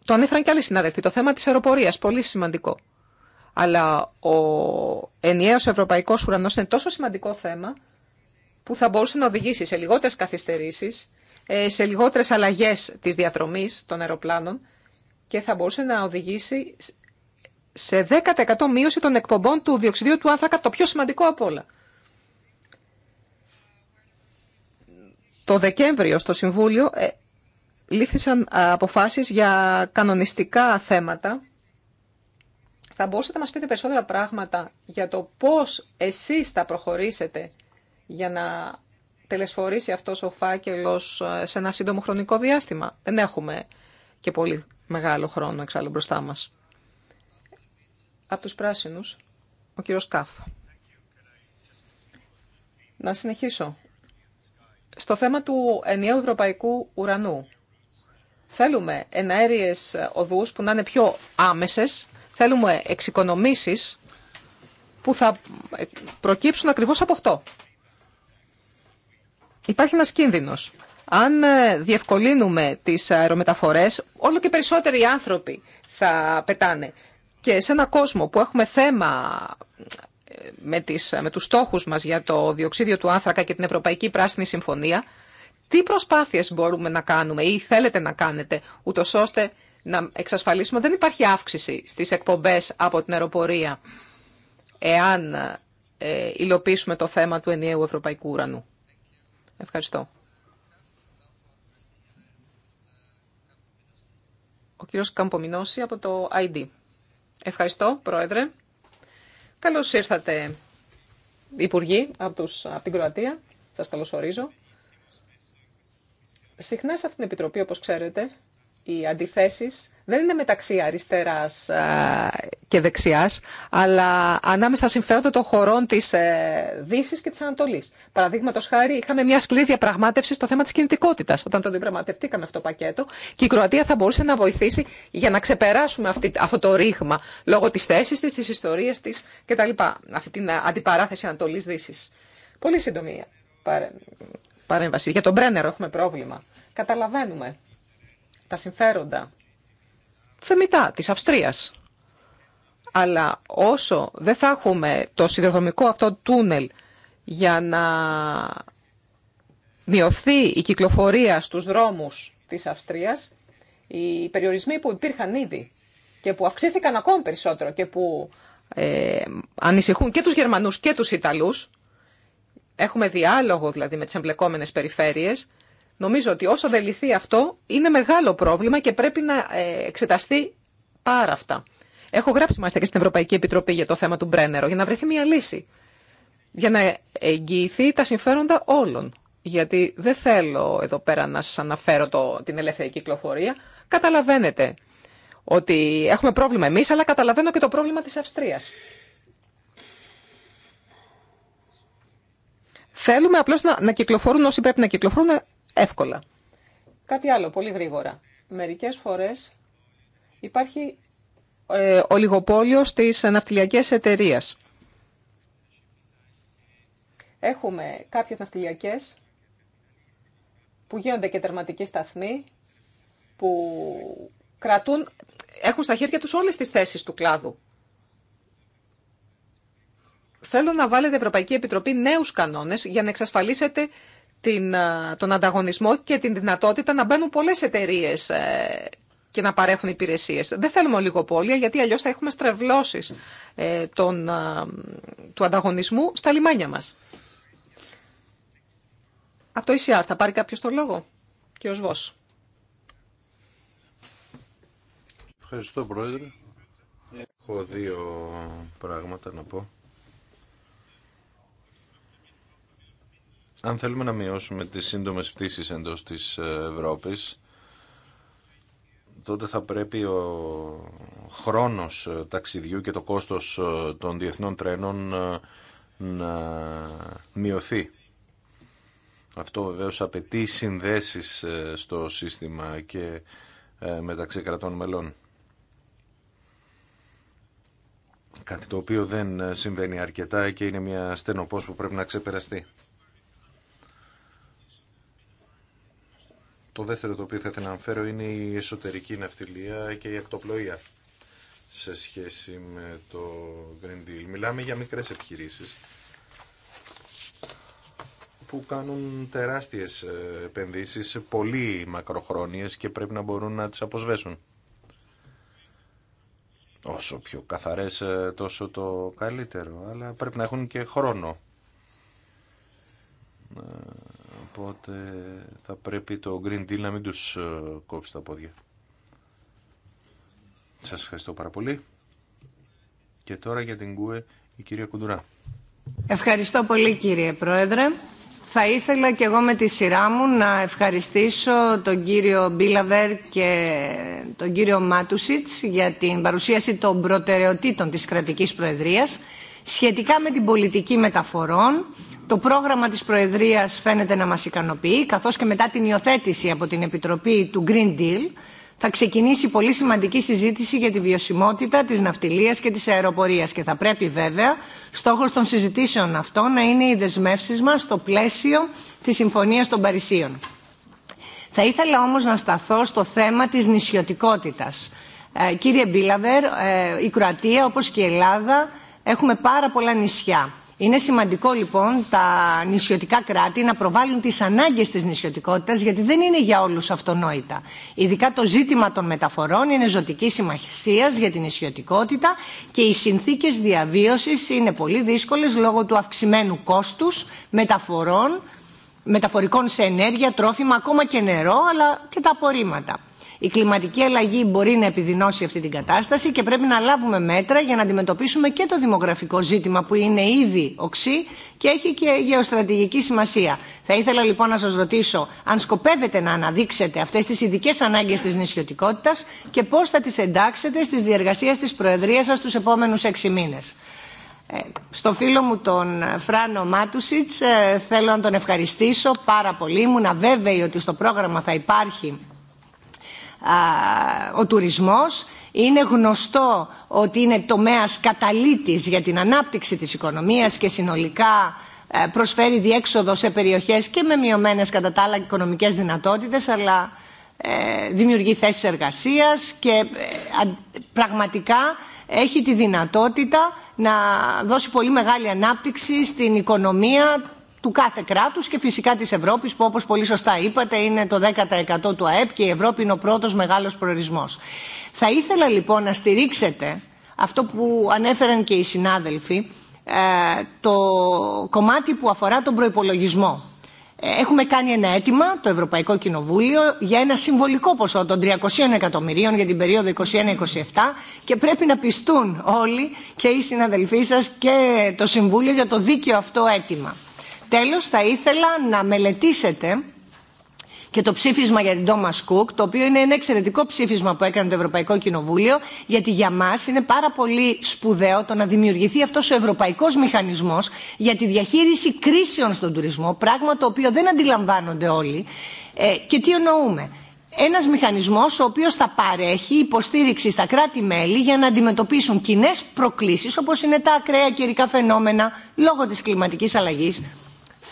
Το ανέφεραν και άλλοι συναδελφοί. Το θέμα της αεροπορίας, πολύ σημαντικό. Αλλά ο ενιαίος ευρωπαϊκός ουρανός είναι τόσο σημαντικό θέμα που θα μπορούσε να οδηγήσει σε λιγότερες καθυστερήσεις, ε, σε λιγότερες αλλαγές της διαδρομής των αεροπλάνων και θα μπορούσε να οδηγήσει σε 10% μείωση των εκπομπών του διοξιδίου του άνθρακα, το πιο σημαντικό από όλα. Το Δεκέμβριο στο Συμβούλιο ε, λήφθησαν ε, αποφάσεις για κανονιστικά θέματα. Θα μπορούσατε να μας πείτε περισσότερα πράγματα για το πώς εσείς θα προχωρήσετε για να τελεσφορήσει αυτός ο φάκελος ε, σε ένα σύντομο χρονικό διάστημα. Δεν έχουμε και πολύ μεγάλο χρόνο εξάλλου μπροστά μας. Από τους πράσινους, ο κύριος Κάφ. Να συνεχίσω. Στο θέμα του ενιαίου ευρωπαϊκού ουρανού. Θέλουμε εναέριες οδούς που να είναι πιο άμεσες. Θέλουμε εξοικονομήσεις που θα προκύψουν ακριβώς από αυτό υπάρχει ένας κίνδυνος. Αν ε, διευκολύνουμε τις αερομεταφορές, όλο και περισσότεροι άνθρωποι θα πετάνε. Και σε ένα κόσμο που έχουμε θέμα ε, με, τις, με τους στόχους μας για το διοξίδιο του άνθρακα και την Ευρωπαϊκή Πράσινη Συμφωνία, τι προσπάθειες μπορούμε να κάνουμε ή θέλετε να κάνετε, ούτως ώστε να εξασφαλίσουμε δεν υπάρχει αύξηση στις εκπομπές από την αεροπορία, εάν ε, υλοποιήσουμε το θέμα του ενιαίου ευρωπαϊκού ουρανού. Ευχαριστώ. Ο κύριος Καμπομινώση από το ID. Ευχαριστώ, Πρόεδρε. Καλώς ήρθατε, Υπουργοί, από, τους, από την Κροατία. Σας καλωσορίζω. Συχνά σε αυτήν την Επιτροπή, όπως ξέρετε, οι αντιθέσεις δεν είναι μεταξύ αριστεράς ε, και δεξιάς, αλλά ανάμεσα συμφέροντα των χωρών της ε, Δύσης και της Ανατολής. Παραδείγματο χάρη, είχαμε μια σκληρή διαπραγμάτευση στο θέμα της κινητικότητας, όταν το διπραγματευτήκαμε αυτό το πακέτο, και η Κροατία θα μπορούσε να βοηθήσει για να ξεπεράσουμε αυτή, αυτό το ρήγμα, λόγω της θέσης της, της ιστορίας της κτλ. Αυτή την ε, αντιπαράθεση Ανατολής-Δύσης. Πολύ σύντομη παρέμβαση. Για τον Μπρένερο έχουμε πρόβλημα. Καταλαβαίνουμε τα συμφέροντα θεμητά της Αυστρίας. Αλλά όσο δεν θα έχουμε το σιδηροδρομικό αυτό τούνελ για να μειωθεί η κυκλοφορία στους δρόμους της Αυστρίας, οι περιορισμοί που υπήρχαν ήδη και που αυξήθηκαν ακόμη περισσότερο και που ε, ανησυχούν και τους Γερμανούς και τους Ιταλούς, έχουμε διάλογο δηλαδή με τις εμπλεκόμενες περιφέρειες Νομίζω ότι όσο δεν λυθεί αυτό, είναι μεγάλο πρόβλημα και πρέπει να ε, εξεταστεί πάρα αυτά. Έχω γράψει μάλιστα και στην Ευρωπαϊκή Επιτροπή για το θέμα του Μπρένερο, για να βρεθεί μια λύση. Για να εγγυηθεί τα συμφέροντα όλων. Γιατί δεν θέλω εδώ πέρα να σας αναφέρω το, την ελεύθερη κυκλοφορία. Καταλαβαίνετε ότι έχουμε πρόβλημα εμείς, αλλά καταλαβαίνω και το πρόβλημα της Αυστρίας. Θέλουμε απλώς να, να κυκλοφορούν όσοι πρέπει να κυκλοφορούν, εύκολα. Κάτι άλλο, πολύ γρήγορα. Μερικές φορές υπάρχει ε, ολιγοπόλιο στις ναυτιλιακές εταιρείε. Έχουμε κάποιες ναυτιλιακές που γίνονται και τερματικοί σταθμοί, που κρατούν, έχουν στα χέρια τους όλες τις θέσεις του κλάδου. Θέλω να βάλετε Ευρωπαϊκή Επιτροπή νέους κανόνες για να εξασφαλίσετε την, τον ανταγωνισμό και την δυνατότητα να μπαίνουν πολλές εταιρείε ε, και να παρέχουν υπηρεσίες. Δεν θέλουμε ολιγοπόλια γιατί αλλιώς θα έχουμε στρεβλώσεις ε, του ανταγωνισμού στα λιμάνια μας. Από το ECR θα πάρει κάποιος το λόγο. Κύριος Βός. Ευχαριστώ Πρόεδρε. Έχω δύο πράγματα να πω. Αν θέλουμε να μειώσουμε τις σύντομες πτήσεις εντός της ε, Ευρώπης, τότε θα πρέπει ο χρόνος ε, ταξιδιού και το κόστος ε, των διεθνών τρένων να μειωθεί. Αυτό βεβαίως απαιτεί συνδέσεις στο σύστημα και μεταξύ κρατών μελών. Κάτι το οποίο δεν συμβαίνει αρκετά και είναι μια στενοπός που πρέπει να ξεπεραστεί. Το δεύτερο το οποίο θα ήθελα να αναφέρω είναι η εσωτερική ναυτιλία και η ακτοπλοεία σε σχέση με το Green Deal. Μιλάμε για μικρές επιχειρήσεις που κάνουν τεράστιες ε, επενδύσεις, πολύ μακροχρόνιες και πρέπει να μπορούν να τις αποσβέσουν. Όσο πιο καθαρές ε, τόσο το καλύτερο, αλλά πρέπει να έχουν και χρόνο ε, Οπότε θα πρέπει το Green Deal να μην τους ε, κόψει τα πόδια. Σας ευχαριστώ πάρα πολύ. Και τώρα για την ΚΟΕ η κυρία Κουντουρά. Ευχαριστώ πολύ κύριε Πρόεδρε. Θα ήθελα και εγώ με τη σειρά μου να ευχαριστήσω τον κύριο Μπίλαβερ και τον κύριο Μάτουσιτς για την παρουσίαση των προτεραιοτήτων της κρατικής προεδρίας Σχετικά με την πολιτική μεταφορών, το πρόγραμμα της Προεδρίας φαίνεται να μας ικανοποιεί, καθώς και μετά την υιοθέτηση από την Επιτροπή του Green Deal, θα ξεκινήσει πολύ σημαντική συζήτηση για τη βιωσιμότητα της ναυτιλίας και της αεροπορίας και θα πρέπει βέβαια στόχος των συζητήσεων αυτών να είναι οι δεσμεύσεις μας στο πλαίσιο της Συμφωνίας των Παρισίων. Θα ήθελα όμως να σταθώ στο θέμα της νησιωτικότητας. Ε, κύριε Μπίλαβερ, ε, η Κροατία όπως και η Ελλάδα Έχουμε πάρα πολλά νησιά. Είναι σημαντικό λοιπόν τα νησιωτικά κράτη να προβάλλουν τις ανάγκες της νησιωτικότητας γιατί δεν είναι για όλους αυτονόητα. Ειδικά το ζήτημα των μεταφορών είναι ζωτική σημασία για την νησιωτικότητα και οι συνθήκες διαβίωσης είναι πολύ δύσκολες λόγω του αυξημένου κόστους μεταφορών, μεταφορικών σε ενέργεια, τρόφιμα, ακόμα και νερό αλλά και τα απορρίμματα. Η κλιματική αλλαγή μπορεί να επιδεινώσει αυτή την κατάσταση και πρέπει να λάβουμε μέτρα για να αντιμετωπίσουμε και το δημογραφικό ζήτημα που είναι ήδη οξύ και έχει και γεωστρατηγική σημασία. Θα ήθελα λοιπόν να σας ρωτήσω αν σκοπεύετε να αναδείξετε αυτές τις ειδικέ ανάγκες της νησιωτικότητας και πώς θα τις εντάξετε στις διεργασίες της Προεδρίας σας τους επόμενους έξι μήνες. Ε, στο φίλο μου τον Φράνο Μάτουσιτς ε, θέλω να τον ευχαριστήσω πάρα πολύ. Ήμουν βέβαιη ότι στο πρόγραμμα θα υπάρχει ο τουρισμός. Είναι γνωστό ότι είναι τομέας καταλήτης για την ανάπτυξη της οικονομίας και συνολικά ε, προσφέρει διέξοδο σε περιοχές και με μειωμένες κατά τα άλλα οικονομικές δυνατότητες, αλλά ε, δημιουργεί θέσεις εργασίας και ε, πραγματικά έχει τη δυνατότητα να δώσει πολύ μεγάλη ανάπτυξη στην οικονομία του κάθε κράτους και φυσικά της Ευρώπης που όπως πολύ σωστά είπατε είναι το 10% του ΑΕΠ και η Ευρώπη είναι ο πρώτος μεγάλος προορισμός. Θα ήθελα λοιπόν να στηρίξετε αυτό που ανέφεραν και οι συνάδελφοι ε, το κομμάτι που αφορά τον προϋπολογισμό. Ε, έχουμε κάνει ένα αίτημα, το Ευρωπαϊκό Κοινοβούλιο, για ένα συμβολικό ποσό των 300 εκατομμυρίων για την περίοδο 2021-2027 και πρέπει να πιστούν όλοι και οι συναδελφοί σας και το Συμβούλιο για το δίκαιο αυτό αίτημα. Τέλος, θα ήθελα να μελετήσετε και το ψήφισμα για την Thomas Cook, το οποίο είναι ένα εξαιρετικό ψήφισμα που έκανε το Ευρωπαϊκό Κοινοβούλιο, γιατί για μα είναι πάρα πολύ σπουδαίο το να δημιουργηθεί αυτό ο ευρωπαϊκό μηχανισμό για τη διαχείριση κρίσεων στον τουρισμό, πράγμα το οποίο δεν αντιλαμβάνονται όλοι. Ε, και τι εννοούμε. Ένα μηχανισμό ο οποίο θα παρέχει υποστήριξη στα κράτη-μέλη για να αντιμετωπίσουν κοινέ προκλήσει, όπω είναι τα ακραία καιρικά φαινόμενα λόγω τη κλιματική αλλαγή,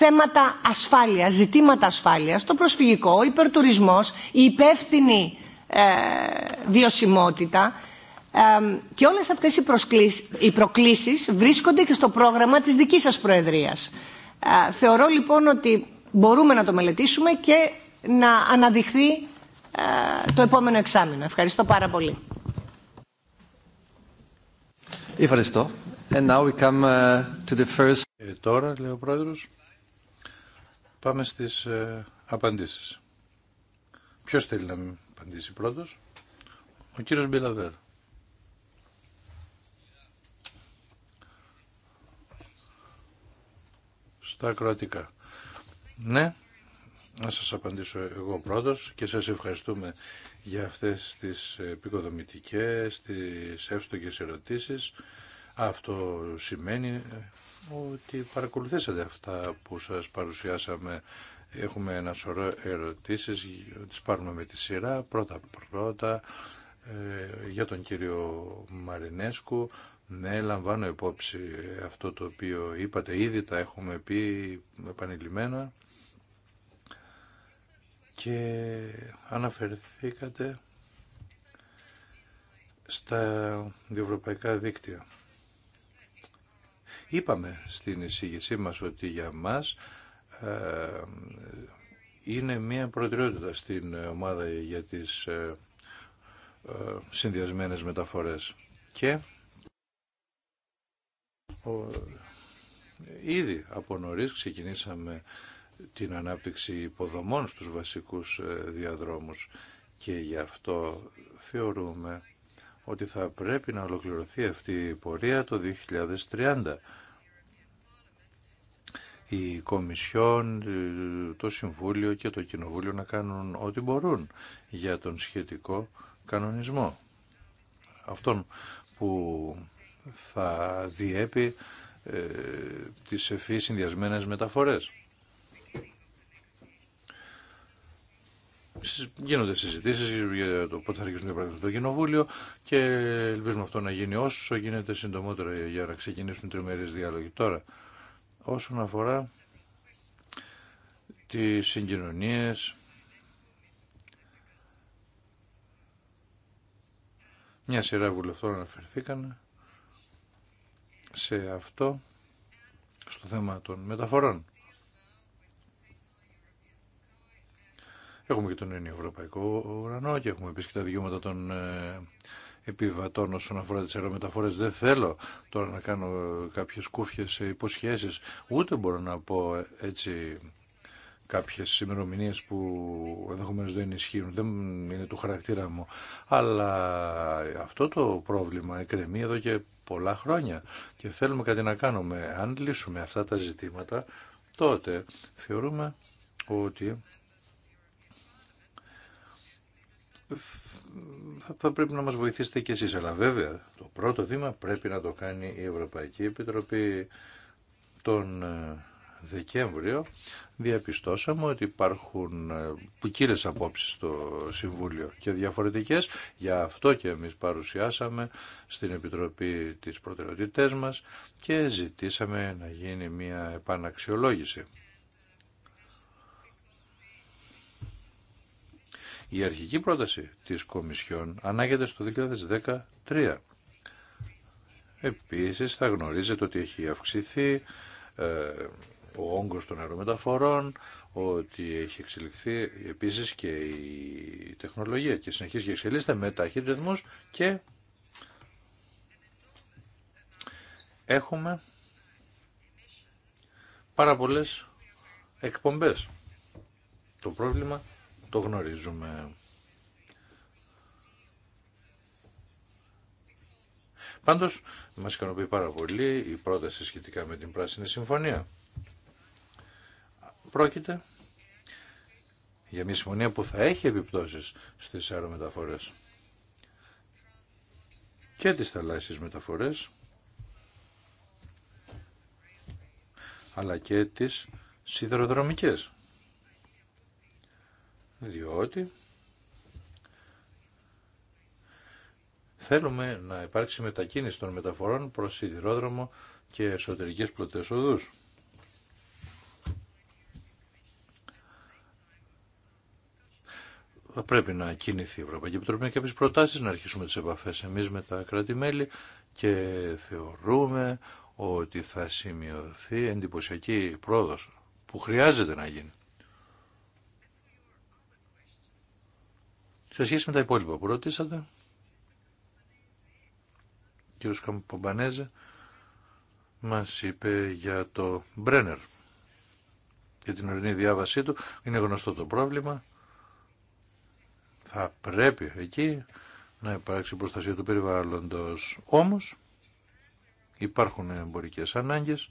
θέματα ασφάλειας, ζητήματα ασφάλειας, το προσφυγικό, ο υπερτουρισμός, η υπεύθυνη ε, βιωσιμότητα και όλες αυτές οι, οι προκλήσεις βρίσκονται και στο πρόγραμμα της δικής σας Προεδρίας. Ε, θεωρώ λοιπόν ότι μπορούμε να το μελετήσουμε και να αναδειχθεί ε, το επόμενο εξάμεινο. Ευχαριστώ πάρα πολύ. Ευχαριστώ. And ε, τώρα, λέει ο Πρόεδρος, Πάμε στις ε, απαντήσεις. Ποιος θέλει να απαντήσει πρώτος? Ο κύριος Μπιλαβέρ. Στα κροατικά. Ναι, να σας απαντήσω εγώ πρώτος και σας ευχαριστούμε για αυτές τις επικοδομητικές, τις εύστοκες ερωτήσεις. Αυτό σημαίνει ότι παρακολουθήσατε αυτά που σας παρουσιάσαμε. Έχουμε ένα σωρό ερωτήσεις, τις πάρουμε με τη σειρά. Πρώτα-πρώτα ε, για τον κύριο Μαρινέσκου. Ναι, λαμβάνω υπόψη αυτό το οποίο είπατε ήδη, τα έχουμε πει επανειλημμένα. Και αναφερθήκατε στα διευρωπαϊκά δίκτυα. Είπαμε στην εισήγησή μας ότι για μας ε, είναι μια προτεραιότητα στην ομάδα για τις ε, ε, συνδυασμένες μεταφορές. Και ο, ήδη από νωρίς ξεκινήσαμε την ανάπτυξη υποδομών στους βασικούς ε, διαδρόμους και γι' αυτό θεωρούμε ότι θα πρέπει να ολοκληρωθεί αυτή η πορεία το 2030. Η Κομισιόν, το Συμβούλιο και το Κοινοβούλιο να κάνουν ό,τι μπορούν για τον σχετικό κανονισμό. Αυτόν που θα διέπει ε, τις ευφύ συνδυασμένες μεταφορές. Γίνονται συζητήσει για το πότε θα αρχίσουν οι πράγματα στο Κοινοβούλιο και ελπίζουμε αυτό να γίνει όσο γίνεται συντομότερα για να ξεκινήσουν τριμερεί διάλογοι. Τώρα, όσον αφορά τι συγκοινωνίε. Μια σειρά βουλευτών αναφερθήκαν σε αυτό στο θέμα των μεταφορών. Έχουμε και τον Ευρωπαϊκό Ουρανό και έχουμε επίση και τα δικαιώματα των ε, επιβατών όσον αφορά τις αερομεταφορές. Δεν θέλω τώρα να κάνω κάποιες κούφιες υποσχέσεις, ούτε μπορώ να πω ε, έτσι κάποιες ημερομηνίε που ενδεχομένω δεν ισχύουν, δεν είναι του χαρακτήρα μου. Αλλά αυτό το πρόβλημα εκρεμεί εδώ και πολλά χρόνια και θέλουμε κάτι να κάνουμε. Αν λύσουμε αυτά τα ζητήματα, τότε θεωρούμε ότι θα πρέπει να μας βοηθήσετε κι εσείς. Αλλά βέβαια το πρώτο βήμα πρέπει να το κάνει η Ευρωπαϊκή Επιτροπή τον ε, Δεκέμβριο. Διαπιστώσαμε ότι υπάρχουν ε, ποικίλες απόψεις στο Συμβούλιο και διαφορετικές. Γι' αυτό και εμείς παρουσιάσαμε στην Επιτροπή τις προτεραιότητές μας και ζητήσαμε να γίνει μια επαναξιολόγηση. Η αρχική πρόταση της Κομισιόν ανάγεται στο 2013. Επίσης θα γνωρίζετε ότι έχει αυξηθεί ε, ο όγκος των αερομεταφορών, ότι έχει εξελιχθεί επίσης και η τεχνολογία και συνεχίζει και εξελίσσεται με ταχύτητα ρυθμούς και έχουμε πάρα πολλές εκπομπές. Το πρόβλημα το γνωρίζουμε. Πάντως, μας ικανοποιεί πάρα πολύ η πρόταση σχετικά με την Πράσινη Συμφωνία. Πρόκειται για μια συμφωνία που θα έχει επιπτώσεις στις αερομεταφορές και τις θαλάσσιες μεταφορές αλλά και τις σιδηροδρομικές διότι θέλουμε να υπάρξει μετακίνηση των μεταφορών προς σιδηρόδρομο και εσωτερικές πλωτές οδούς. πρέπει να κινηθεί η Ευρωπαϊκή Επιτροπή με κάποιες προτάσεις, να αρχίσουμε τις επαφές εμείς με τα κράτη-μέλη και θεωρούμε ότι θα σημειωθεί εντυπωσιακή πρόοδος που χρειάζεται να γίνει. Σε σχέση με τα υπόλοιπα που ρωτήσατε, ο κ. Καμπομπανέζε μας είπε για το Μπρένερ και την ορεινή διάβασή του. Είναι γνωστό το πρόβλημα. Θα πρέπει εκεί να υπάρξει προστασία του περιβάλλοντος. Όμως υπάρχουν εμπορικές ανάγκες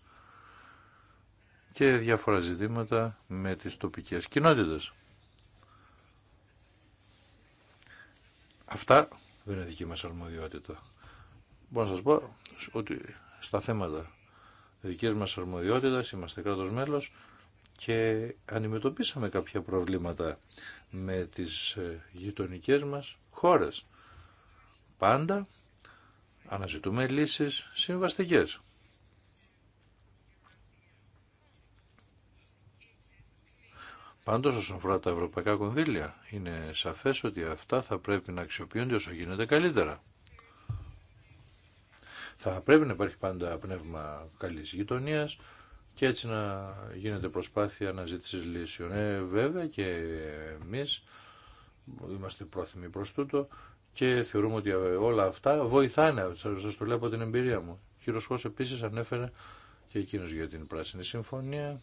και διάφορα ζητήματα με τις τοπικές κοινότητες. Αυτά δεν είναι δική μας αρμοδιότητα. Μπορώ να σας πω ότι στα θέματα δικής μας αρμοδιότητας είμαστε κράτος μέλος και αντιμετωπίσαμε κάποια προβλήματα με τις ε, γειτονικές μας χώρες. Πάντα αναζητούμε λύσεις συμβαστικές. Πάντως όσον αφορά τα ευρωπαϊκά κονδύλια είναι σαφές ότι αυτά θα πρέπει να αξιοποιούνται όσο γίνεται καλύτερα. Θα πρέπει να υπάρχει πάντα πνεύμα καλής γειτονίας και έτσι να γίνεται προσπάθεια αναζήτησης λύσεων. Ε, βέβαια και εμείς είμαστε πρόθυμοι προς τούτο και θεωρούμε ότι όλα αυτά βοηθάνε, σας το λέω από την εμπειρία μου. Ο κύριος επίσης ανέφερε και εκείνος για την Πράσινη Συμφωνία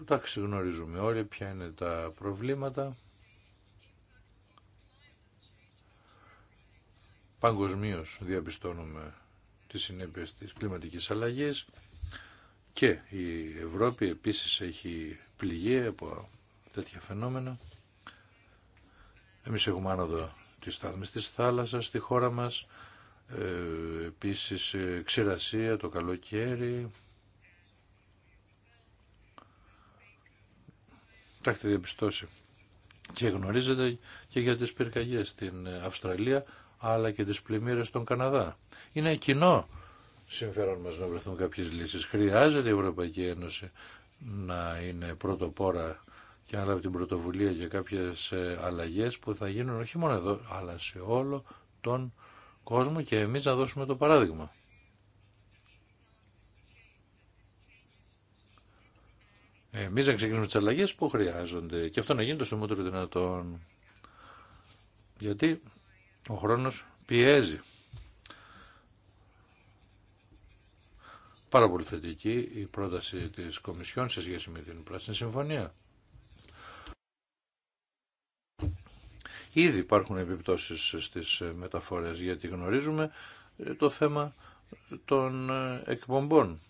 Εντάξει, γνωρίζουμε όλοι ποια είναι τα προβλήματα. Παγκοσμίω διαπιστώνουμε τις συνέπειες της κλιματικής αλλαγής και η Ευρώπη επίσης έχει πληγεί από τέτοια φαινόμενα. Εμείς έχουμε άνοδο της στάθμης της θάλασσας στη χώρα μας, ε, επίσης ε, ξηρασία το καλοκαίρι, τα έχετε διαπιστώσει και γνωρίζεται και για τις πυρκαγιές στην Αυστραλία αλλά και τις πλημμύρες στον Καναδά. Είναι κοινό συμφέρον μας να βρεθούν κάποιες λύσεις. Χρειάζεται η Ευρωπαϊκή Ένωση να είναι πρωτοπόρα και να λάβει την πρωτοβουλία για κάποιες ε, αλλαγές που θα γίνουν όχι μόνο εδώ αλλά σε όλο τον κόσμο και εμείς να δώσουμε το παράδειγμα. Εμεί να ξεκινήσουμε τι αλλαγέ που χρειάζονται και αυτό να γίνει το του δυνατόν. Γιατί ο χρόνο πιέζει. Πάρα πολύ θετική η πρόταση της Κομισιόν σε σχέση με την Πράσινη Συμφωνία. Ήδη υπάρχουν επιπτώσεις στις μεταφορές γιατί γνωρίζουμε ε, το θέμα των ε, εκπομπών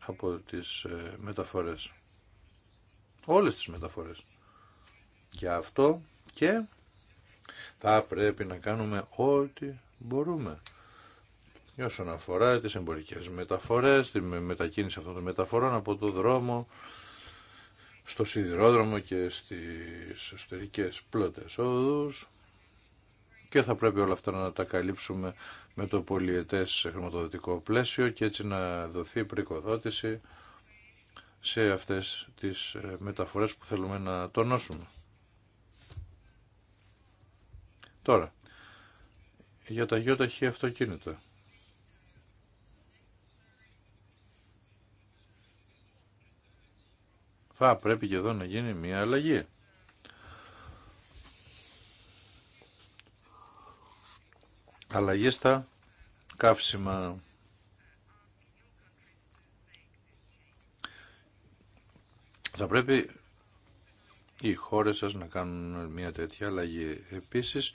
από τις ε, μεταφορές. Όλες τις μεταφορές. Και αυτό και θα πρέπει να κάνουμε ό,τι μπορούμε. για όσον αφορά τις εμπορικές μεταφορές, τη μετακίνηση αυτών των μεταφορών από το δρόμο, στο σιδηρόδρομο και στις εσωτερικές πλώτες όδους και θα πρέπει όλα αυτά να τα καλύψουμε με το πολιετές χρηματοδοτικό πλαίσιο και έτσι να δοθεί πρικοδότηση σε αυτές τις ε, μεταφορές που θέλουμε να τονώσουμε. Τώρα, για τα γιοταχή αυτοκίνητα. Θα πρέπει και εδώ να γίνει μια αλλαγή. Αλλαγή στα καύσιμα. Θα πρέπει οι χώρες σας να κάνουν μια τέτοια αλλαγή. Επίσης,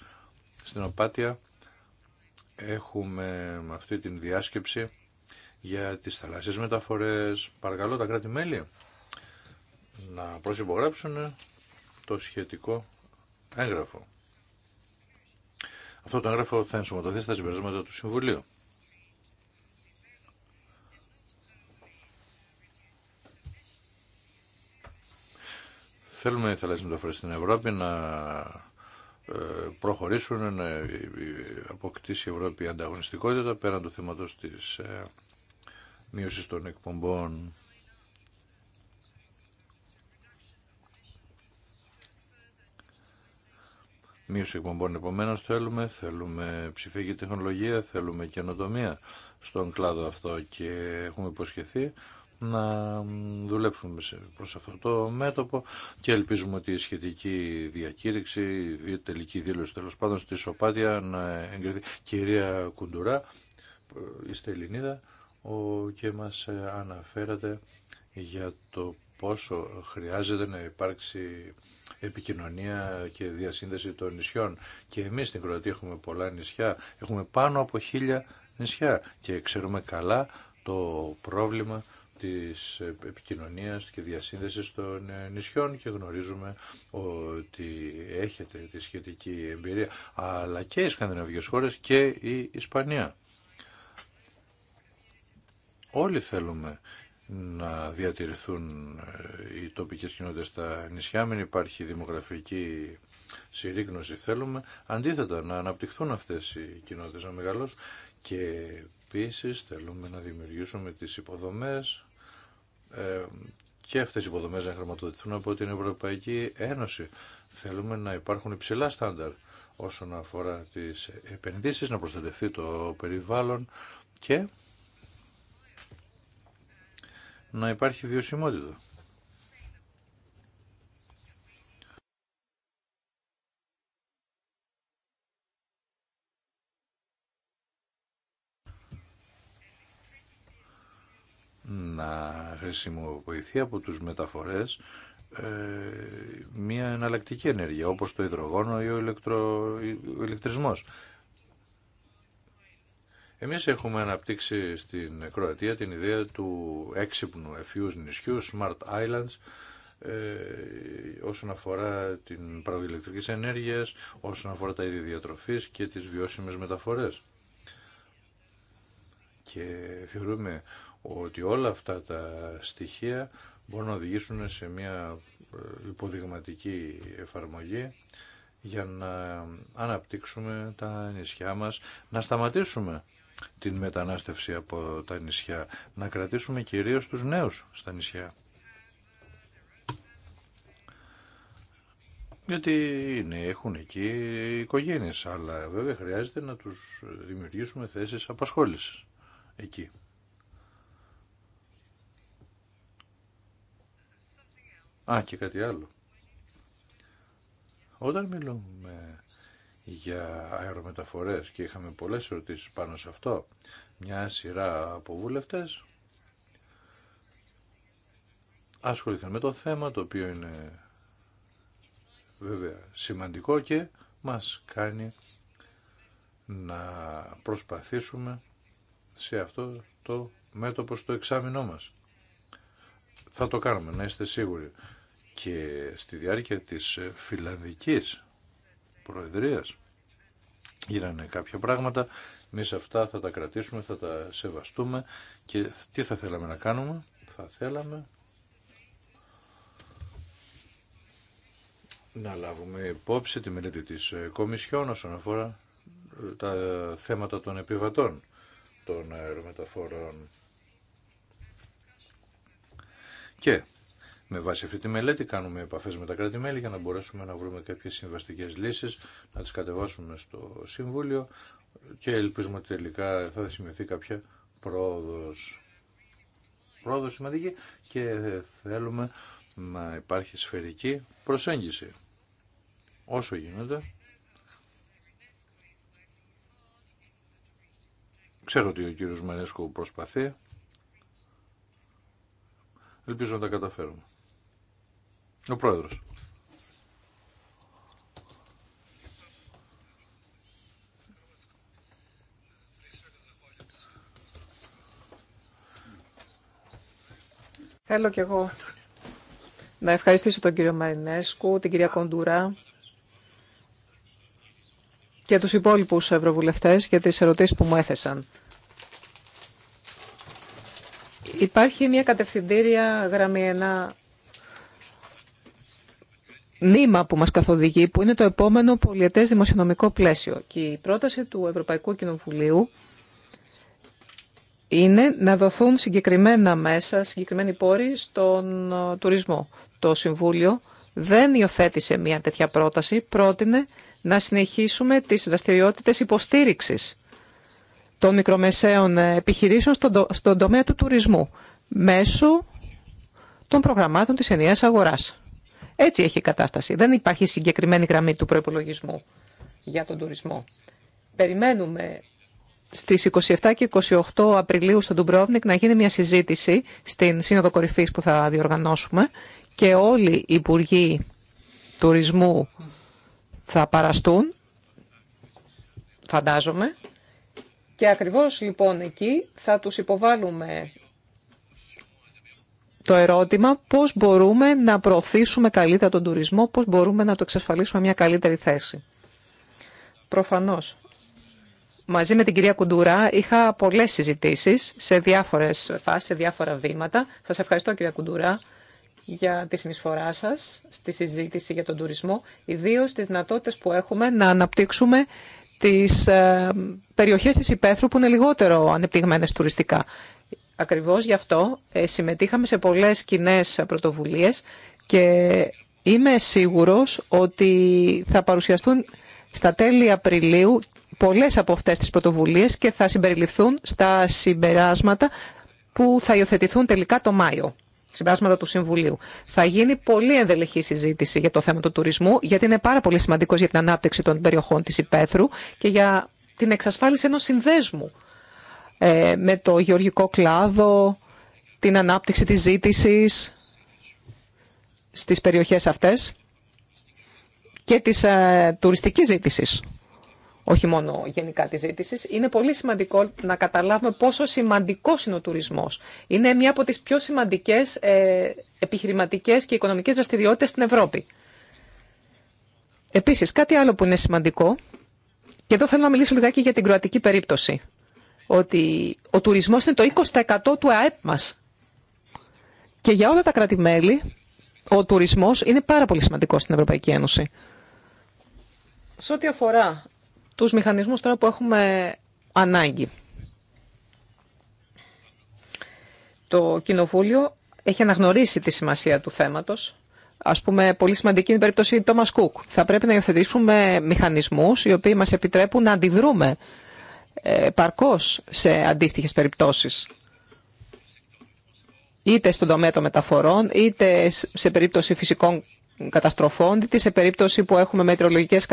στην Οπάτια έχουμε αυτή την διάσκεψη για τις θαλάσσιες μεταφορές. Παρακαλώ τα κράτη-μέλη να προσυπογράψουν το σχετικό έγγραφο. Αυτό το έγγραφο θα ενσωματωθεί στα συμπεράσματα του Συμβουλίου. Θέλουμε οι θαλάσσιες μεταφορές στην Ευρώπη να ε, προχωρήσουν, να αποκτήσει η Ευρώπη ανταγωνιστικότητα πέραν του θέματος της ε, μείωσης των εκπομπών. Μείωση εκπομπών επομένω θέλουμε, θέλουμε ψηφιακή τεχνολογία, θέλουμε καινοτομία στον κλάδο αυτό και έχουμε υποσχεθεί να δουλέψουμε προς αυτό το μέτωπο και ελπίζουμε ότι η σχετική διακήρυξη, η τελική δήλωση τέλος πάντων στη Σοπάτια να εγκριθεί. Κυρία Κουντουρά, είστε Ελληνίδα και μας αναφέρατε για το πόσο χρειάζεται να υπάρξει επικοινωνία και διασύνδεση των νησιών. Και εμείς στην Κροατία έχουμε πολλά νησιά, έχουμε πάνω από χίλια νησιά και ξέρουμε καλά το πρόβλημα της επικοινωνίας και διασύνδεσης των ε, νησιών και γνωρίζουμε ότι έχετε τη σχετική εμπειρία αλλά και οι σκανδιναβικές χώρες και η Ισπανία. Όλοι θέλουμε να διατηρηθούν ε, οι τοπικές κοινότητες στα νησιά, μην υπάρχει δημογραφική συρρήγνωση θέλουμε, αντίθετα να αναπτυχθούν αυτές οι κοινότητες να μεγαλώσουν και επίση θέλουμε να δημιουργήσουμε τις υποδομές ε, και αυτές οι υποδομές να χρηματοδοτηθούν από την Ευρωπαϊκή Ένωση. Θέλουμε να υπάρχουν υψηλά στάνταρ όσον αφορά τις επενδύσεις, να προστατευτεί το περιβάλλον και να υπάρχει βιωσιμότητα. να χρησιμοποιηθεί από τους μεταφορές ε, μια εναλλακτική ενέργεια όπως το υδρογόνο ή ο, ηλεκτρο, ο ηλεκτρισμός. Εμείς έχουμε αναπτύξει στην Κροατία την ιδέα του έξυπνου εφιούς νησιού, Smart Islands, ε, όσον αφορά την παραγωγή ηλεκτρικής ενέργειας, όσον αφορά τα είδη διατροφής και τις βιώσιμες μεταφορές. Και θεωρούμε ότι όλα αυτά τα στοιχεία μπορούν να οδηγήσουν σε μια ε, υποδειγματική εφαρμογή για να αναπτύξουμε τα νησιά μας, να σταματήσουμε την μετανάστευση από τα νησιά, να κρατήσουμε κυρίως τους νέους στα νησιά. Γιατί ναι, έχουν εκεί οικογένειες, αλλά βέβαια χρειάζεται να τους δημιουργήσουμε θέσεις απασχόλησης εκεί. Α, και κάτι άλλο. Όταν μιλούμε για αερομεταφορές και είχαμε πολλές ερωτήσεις πάνω σε αυτό, μια σειρά από βουλευτές ασχολήθηκαν με το θέμα, το οποίο είναι βέβαια σημαντικό και μας κάνει να προσπαθήσουμε σε αυτό το μέτωπο στο εξάμεινό μας. Θα το κάνουμε, να είστε σίγουροι και στη διάρκεια της Φιλανδικής Προεδρίας γίνανε κάποια πράγματα. Εμεί αυτά θα τα κρατήσουμε, θα τα σεβαστούμε και τι θα θέλαμε να κάνουμε. Θα θέλαμε να λάβουμε υπόψη τη μελέτη της Κομισιόν όσον αφορά ε, τα θέματα των επιβατών των αερομεταφορών. Και με βάση αυτή τη μελέτη κάνουμε επαφές με τα κράτη-μέλη για να μπορέσουμε να βρούμε κάποιες συμβαστικές λύσεις, να τις κατεβάσουμε στο Συμβούλιο και ελπίζουμε ότι τελικά θα σημειωθεί κάποια πρόοδος. Πρόοδος σημαντική και θέλουμε να υπάρχει σφαιρική προσέγγιση. Όσο γίνεται. Ξέρω ότι ο κύριος Μανέσκο προσπαθεί. Ελπίζω να τα καταφέρουμε. Ο πρόεδρος. Θέλω κι εγώ να ευχαριστήσω τον κύριο Μαρινέσκου, την κυρία Κοντουρά και τους υπόλοιπους ευρωβουλευτές για τις ερωτήσεις που μου έθεσαν. Υπάρχει μια κατευθυντήρια γραμμή, ένα νήμα που μας καθοδηγεί, που είναι το επόμενο πολιετές δημοσιονομικό πλαίσιο. Και η πρόταση του Ευρωπαϊκού Κοινοβουλίου είναι να δοθούν συγκεκριμένα μέσα, συγκεκριμένοι πόροι στον ε, τουρισμό. Το Συμβούλιο δεν υιοθέτησε μια τέτοια πρόταση, πρότεινε να συνεχίσουμε τις δραστηριότητες υποστήριξης των μικρομεσαίων ε, επιχειρήσεων στον, τομέα του τουρισμού μέσω των προγραμμάτων της ενιαίας αγοράς. Έτσι έχει η κατάσταση. Δεν υπάρχει συγκεκριμένη γραμμή του προπολογισμού για τον τουρισμό. Περιμένουμε στις 27 και 28 Απριλίου στον Ντουμπρόβνικ να γίνει μια συζήτηση στην Σύνοδο Κορυφής που θα διοργανώσουμε και όλοι οι Υπουργοί Τουρισμού θα παραστούν, φαντάζομαι. Και ακριβώς λοιπόν εκεί θα τους υποβάλουμε το ερώτημα πώς μπορούμε να προωθήσουμε καλύτερα τον τουρισμό, πώς μπορούμε να το εξασφαλίσουμε μια καλύτερη θέση. Προφανώς. Μαζί με την κυρία Κουντουρά είχα πολλές συζητήσεις σε διάφορες φάσεις, σε διάφορα βήματα. Σας ευχαριστώ κυρία Κουντουρά για τη συνεισφορά σας στη συζήτηση για τον τουρισμό, ιδίω τις δυνατότητες που έχουμε να αναπτύξουμε τις ε, περιοχές της Υπέθρου που είναι λιγότερο ανεπτυγμένες τουριστικά. Ακριβώς γι' αυτό ε, συμμετείχαμε σε πολλές κοινέ πρωτοβουλίες και είμαι σίγουρος ότι θα παρουσιαστούν στα τέλη Απριλίου πολλές από αυτές τις πρωτοβουλίες και θα συμπεριληφθούν στα συμπεράσματα που θα υιοθετηθούν τελικά το Μάιο. Συμπεράσματα του Συμβουλίου. Θα γίνει πολύ ενδελεχή συζήτηση για το θέμα του τουρισμού, γιατί είναι πάρα πολύ σημαντικό για την ανάπτυξη των περιοχών τη Υπέθρου και για την εξασφάλιση ενό συνδέσμου ε, με το γεωργικό κλάδο, την ανάπτυξη της ζήτησης στις περιοχές αυτές και της ε, τουριστικής ζήτησης, όχι μόνο γενικά της ζήτησης. Είναι πολύ σημαντικό να καταλάβουμε πόσο σημαντικός είναι ο τουρισμός. Είναι μία από τις πιο σημαντικές ε, επιχειρηματικές και οικονομικές δραστηριότητες στην Ευρώπη. Επίσης, κάτι άλλο που είναι σημαντικό, και εδώ θέλω να μιλήσω λιγάκι για την κροατική περίπτωση ότι ο τουρισμός είναι το 20% του ΑΕΠ μας. Και για όλα τα κράτη-μέλη, ο τουρισμός είναι πάρα πολύ σημαντικός στην Ευρωπαϊκή Ένωση. Σε ό,τι αφορά τους μηχανισμούς τώρα που έχουμε ανάγκη. Το Κοινοβούλιο έχει αναγνωρίσει τη σημασία του θέματος. Ας πούμε, πολύ σημαντική είναι η περίπτωση Thomas Cook. Θα πρέπει να υιοθετήσουμε μηχανισμούς οι οποίοι μας επιτρέπουν να αντιδρούμε ε, παρκώς σε αντίστοιχες περιπτώσεις. Είτε στον τομέα των μεταφορών, είτε σε περίπτωση φυσικών καταστροφών, είτε σε περίπτωση που έχουμε μετρολογικές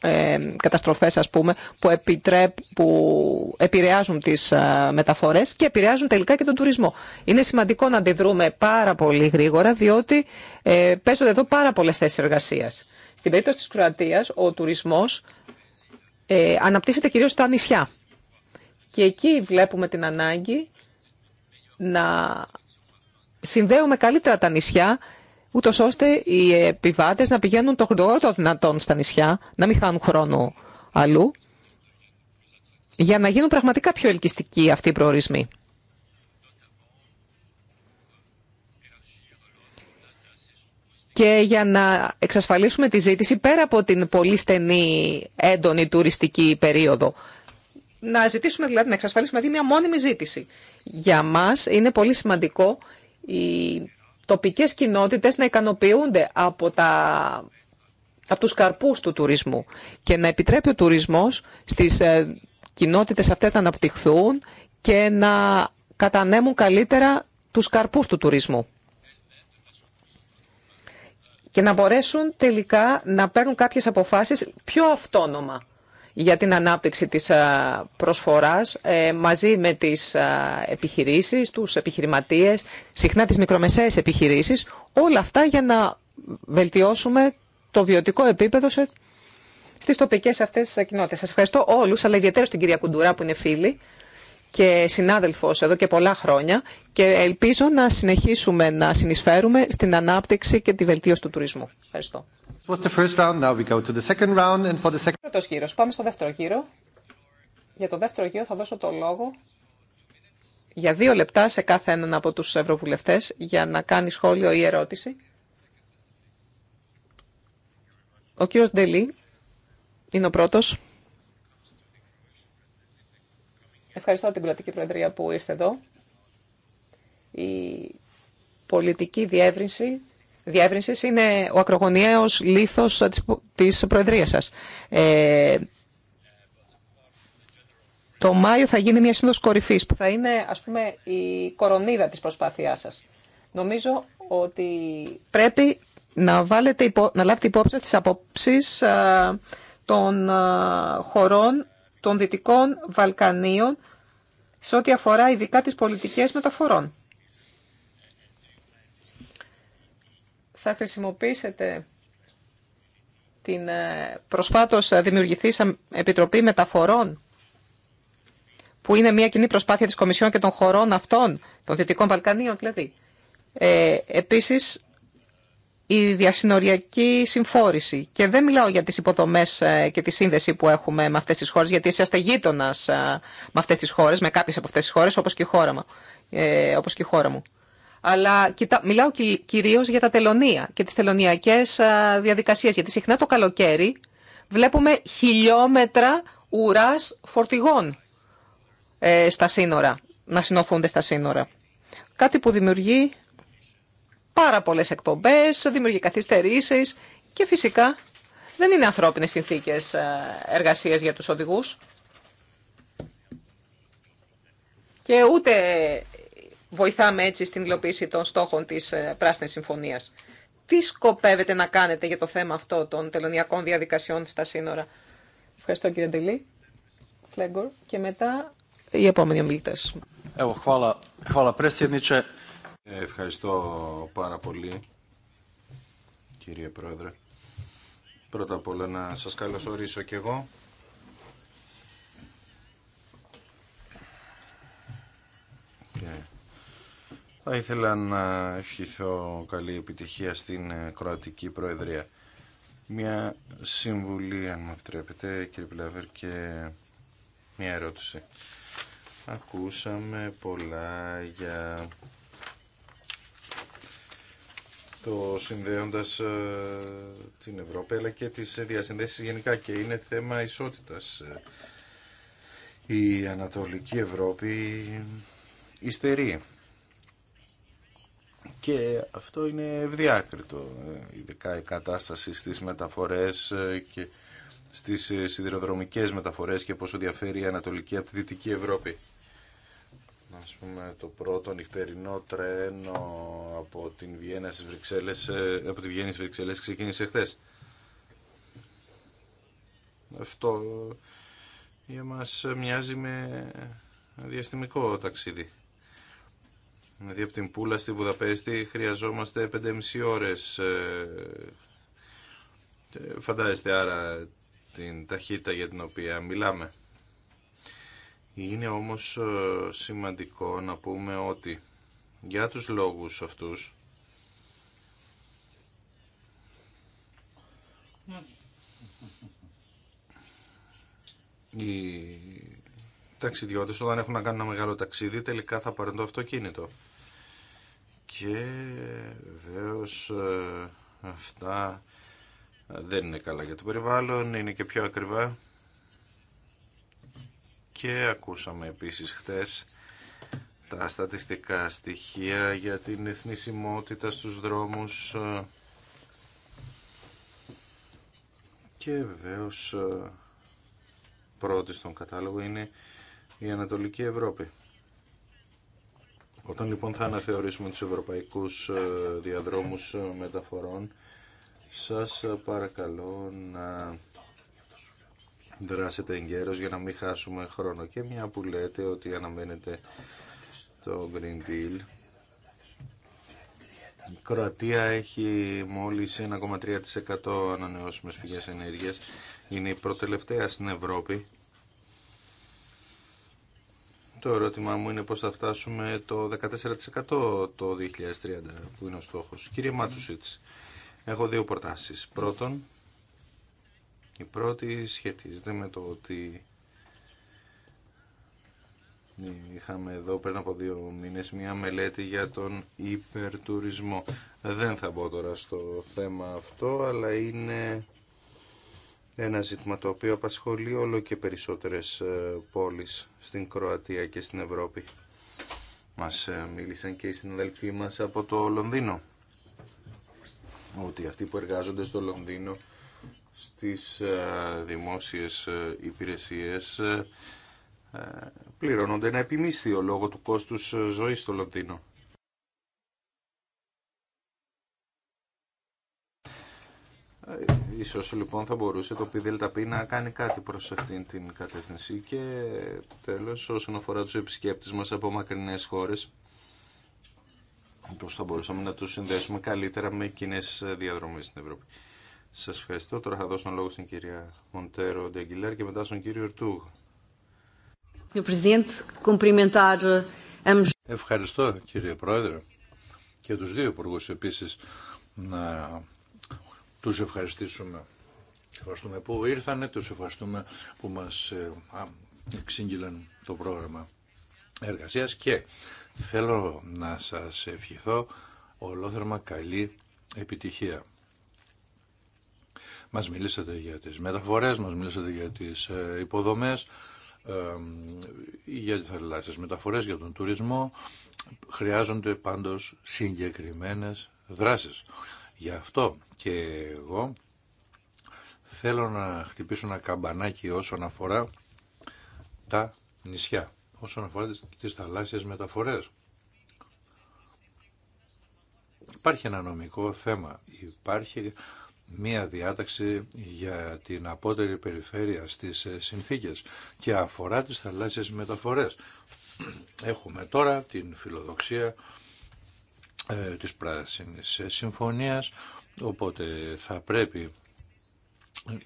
ε, καταστροφές, ας πούμε, που, επιτρέπ, που επηρεάζουν τις ε, μεταφορές και επηρεάζουν τελικά και τον τουρισμό. Είναι σημαντικό να αντιδρούμε πάρα πολύ γρήγορα, διότι ε, παίζονται εδώ πάρα πολλές θέσεις εργασίας. Στην περίπτωση της Κροατίας, ο τουρισμός ε, αναπτύσσεται κυρίως στα νησιά. Και εκεί βλέπουμε την ανάγκη να συνδέουμε καλύτερα τα νησιά, ούτως ώστε οι επιβάτες να πηγαίνουν το χρονικό δυνατόν στα νησιά, να μην χάνουν χρόνο αλλού, για να γίνουν πραγματικά πιο ελκυστικοί αυτοί οι προορισμοί. και για να εξασφαλίσουμε τη ζήτηση πέρα από την πολύ στενή έντονη τουριστική περίοδο να ζητήσουμε δηλαδή, να εξασφαλίσουμε δηλαδή μια μόνιμη ζήτηση. Για μας είναι πολύ σημαντικό οι τοπικές κοινότητες να ικανοποιούνται από, τα, από τους καρπούς του τουρισμού και να επιτρέπει ο τουρισμός στις ε, κοινότητες αυτές να αναπτυχθούν και να κατανέμουν καλύτερα τους καρπούς του τουρισμού και να μπορέσουν τελικά να παίρνουν κάποιες αποφάσεις πιο αυτόνομα για την ανάπτυξη της προσφοράς ε, μαζί με τις επιχειρήσεις, τους επιχειρηματίες, συχνά τις μικρομεσαίες επιχειρήσεις, όλα αυτά για να βελτιώσουμε το βιωτικό επίπεδο σε, στις τοπικές αυτές κοινότητες. Σας ευχαριστώ όλους, αλλά ιδιαίτερα στην κυρία Κουντουρά που είναι φίλη και συνάδελφος εδώ και πολλά χρόνια και ελπίζω να συνεχίσουμε να συνεισφέρουμε στην ανάπτυξη και τη βελτίωση του τουρισμού. Ευχαριστώ. Πρώτος γύρος. Πάμε στο δεύτερο γύρο. Για το δεύτερο γύρο θα δώσω το λόγο για δύο λεπτά σε κάθε έναν από τους ευρωβουλευτές για να κάνει σχόλιο ή ερώτηση. Ο κύριος Ντελή είναι ο πρώτος. Ευχαριστώ την κρατική Προεδρία που ήρθε εδώ. Η πολιτική διεύρυνση διεύρυνσης είναι ο ακρογωνιαίος λίθος της Προεδρίας σας. Ε, το Μάιο θα γίνει μια σύνδοση κορυφής που θα είναι ας πούμε η κορονίδα της προσπάθειάς σας. Νομίζω ότι πρέπει να, βάλετε να λάβετε υπόψη τις απόψεις των χωρών των Δυτικών Βαλκανίων σε ό,τι αφορά ειδικά τις πολιτικές μεταφορών. Θα χρησιμοποιήσετε την ε, προσφάτως δημιουργηθήσα Επιτροπή Μεταφορών που είναι μια κοινή προσπάθεια της Κομισιόν και των χωρών αυτών, των Δυτικών Βαλκανίων δηλαδή. Ε, επίσης, η διασυνοριακή συμφόρηση. Και δεν μιλάω για τις υποδομές ε, και τη σύνδεση που έχουμε με αυτές τις χώρες, γιατί είσαστε γείτονα ε, με αυτές τις χώρες, με κάποιες από αυτές τις χώρες, όπως και η χώρα μου. Ε, όπως και χώρα μου. Αλλά κοιτά, μιλάω κυρίως για τα τελωνία και τις τελωνιακές ε, διαδικασίες, γιατί συχνά το καλοκαίρι βλέπουμε χιλιόμετρα ουράς φορτηγών στα σύνορα, να συνοθούνται στα σύνορα. Κάτι που δημιουργεί πάρα πολλέ εκπομπές, δημιουργεί καθυστερήσει και φυσικά δεν είναι ανθρώπινε συνθήκες ε, εργασία για τους οδηγούς. Και ούτε βοηθάμε έτσι στην υλοποίηση των στόχων της ε, Πράσινης Συμφωνίας. Τι σκοπεύετε να κάνετε για το θέμα αυτό των τελωνιακών διαδικασιών στα σύνορα. Ευχαριστώ κύριε Ντελή. Φλέγκορ. Και μετά οι επόμενοι ομιλητές. Εγώ, ε, ευχαριστώ πάρα πολύ, κύριε Πρόεδρε. Πρώτα απ' όλα να σας καλωσορίσω κι εγώ. Και θα ήθελα να ευχηθώ καλή επιτυχία στην Κροατική Προεδρία. Μια συμβουλή, αν μου επιτρέπετε, κύριε και μια ερώτηση. Ακούσαμε πολλά για το συνδέοντας ε, την Ευρώπη αλλά και τις διασυνδέσεις γενικά και είναι θέμα ισότητας. Ε. Η Ανατολική Ευρώπη ιστερεί και αυτό είναι ευδιάκριτο ε, ειδικά η κατάσταση στις μεταφορές και στις σιδηροδρομικές μεταφορές και πόσο διαφέρει η Ανατολική από τη Δυτική Ευρώπη ας πούμε, το πρώτο νυχτερινό τρένο από την Βιέννα στις Βρυξέλλες, ε, από τη Βιέννη στις Βρυξέλλες ξεκίνησε χθε. Αυτό για μας μοιάζει με διαστημικό ταξίδι. Δηλαδή από την Πούλα στη Βουδαπέστη χρειαζόμαστε 5,5 ώρες. Ε, ε, φαντάζεστε άρα την ταχύτητα για την οποία μιλάμε. Είναι όμως ε, σημαντικό να πούμε ότι για τους λόγους αυτούς οι ταξιδιώτες όταν έχουν να κάνουν ένα μεγάλο ταξίδι τελικά θα πάρουν το αυτοκίνητο και βεβαίω ε, αυτά δεν είναι καλά για το περιβάλλον, είναι και πιο ακριβά και ακούσαμε επίσης χτες τα στατιστικά στοιχεία για την εθνισιμότητα στους δρόμους και βεβαίως πρώτη στον κατάλογο είναι η Ανατολική Ευρώπη. Όταν λοιπόν θα αναθεωρήσουμε τους ευρωπαϊκούς ε, διαδρόμους ε, μεταφορών σας παρακαλώ να δράσετε εγκαίρως για να μην χάσουμε χρόνο. Και μια που λέτε ότι αναμένετε το Green Deal. Η Κροατία έχει μόλις 1,3% ανανεώσιμες πηγές ενέργειας. Είναι η προτελευταία στην Ευρώπη. Το ερώτημά μου είναι πώς θα φτάσουμε το 14% το 2030 που είναι ο στόχος. Κύριε Μάτουσιτς, έχω δύο προτάσεις. Πρώτον, η πρώτη σχετίζεται με το ότι είχαμε εδώ πριν από δύο μήνες μια μελέτη για τον υπερτουρισμό. Δεν θα μπω τώρα στο θέμα αυτό, αλλά είναι ένα ζήτημα το οποίο απασχολεί όλο και περισσότερες ε, πόλεις στην Κροατία και στην Ευρώπη. Μας ε, μίλησαν και οι συναδελφοί μας από το Λονδίνο, ότι αυτοί που εργάζονται στο Λονδίνο στις ε, δημόσιες ε, υπηρεσίες ε, πληρώνονται ένα επιμίσθιο λόγω του κόστους ζωής στο Λονδίνο. Ίσως λοιπόν θα μπορούσε το ΠΔΛΤΑΠ να κάνει κάτι προς αυτήν την κατεύθυνση και τέλος όσον αφορά τους επισκέπτες μας από μακρινές χώρες πώς θα μπορούσαμε να τους συνδέσουμε καλύτερα με κοινέ διαδρομές στην Ευρώπη. Σας ευχαριστώ. Τώρα θα δώσω τον λόγο στην κυρία Μοντέρο Ντεγκιλέρ και μετά στον κύριο Ερτούγ. Eh, ευχαριστώ κύριε Πρόεδρε και τους δύο υπουργούς επίσης να τους ευχαριστήσουμε. Ευχαριστούμε που ήρθανε, τους ευχαριστούμε που μας ε, εξήγηλαν το πρόγραμμα εργασίας και θέλω να σας ευχηθώ ολόθερμα καλή επιτυχία. Μας μιλήσατε για τις μεταφορές, μας μιλήσατε για τις ε, υποδομές, ε, για τις θαλάσσιες μεταφορές, για τον τουρισμό. Χρειάζονται πάντως συγκεκριμένες δράσεις. Γι' αυτό και εγώ θέλω να χτυπήσω ένα καμπανάκι όσον αφορά τα νησιά, όσον αφορά τις θαλάσσιες μεταφορές. Υπάρχει ένα νομικό θέμα, υπάρχει μία διάταξη για την απότερη περιφέρεια στις ε, συνθήκες και αφορά τις θαλάσσιες μεταφορές. Έχουμε τώρα την φιλοδοξία ε, της Πράσινης Συμφωνίας, οπότε θα πρέπει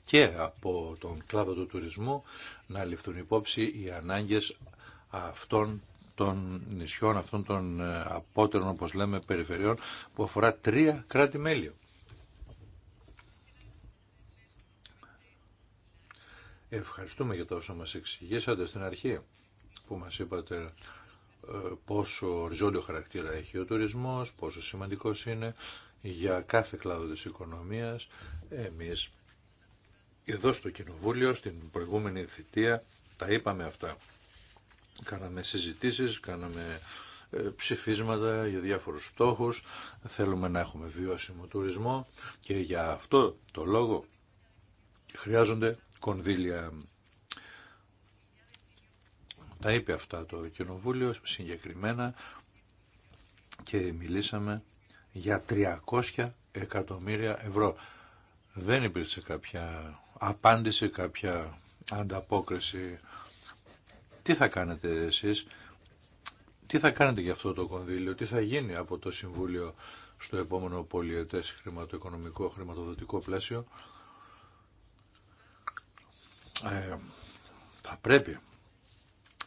και από τον κλάδο του τουρισμού να ληφθούν υπόψη οι ανάγκες αυτών των νησιών, αυτών των ε, απότερων, όπως λέμε, περιφερειών που αφορά τρία κράτη-μέλη. Ευχαριστούμε για το όσο μας εξηγήσατε στην αρχή που μας είπατε ε, πόσο οριζόντιο χαρακτήρα έχει ο τουρισμός, πόσο σημαντικός είναι για κάθε κλάδο της οικονομίας. Εμείς εδώ στο Κοινοβούλιο, στην προηγούμενη θητεία, τα είπαμε αυτά. Κάναμε συζητήσεις, κάναμε ε, ψηφίσματα για διάφορους στόχους, θέλουμε να έχουμε βιώσιμο τουρισμό και για αυτό το λόγο χρειάζονται κονδύλια. Τα είπε αυτά το Κοινοβούλιο συγκεκριμένα και μιλήσαμε για 300 εκατομμύρια ευρώ. Δεν υπήρξε κάποια απάντηση, κάποια ανταπόκριση. Τι θα κάνετε εσείς, τι θα κάνετε για αυτό το κονδύλιο, τι θα γίνει από το Συμβούλιο στο επόμενο πολιετές χρηματοοικονομικό χρηματοδοτικό πλαίσιο. Ε, θα πρέπει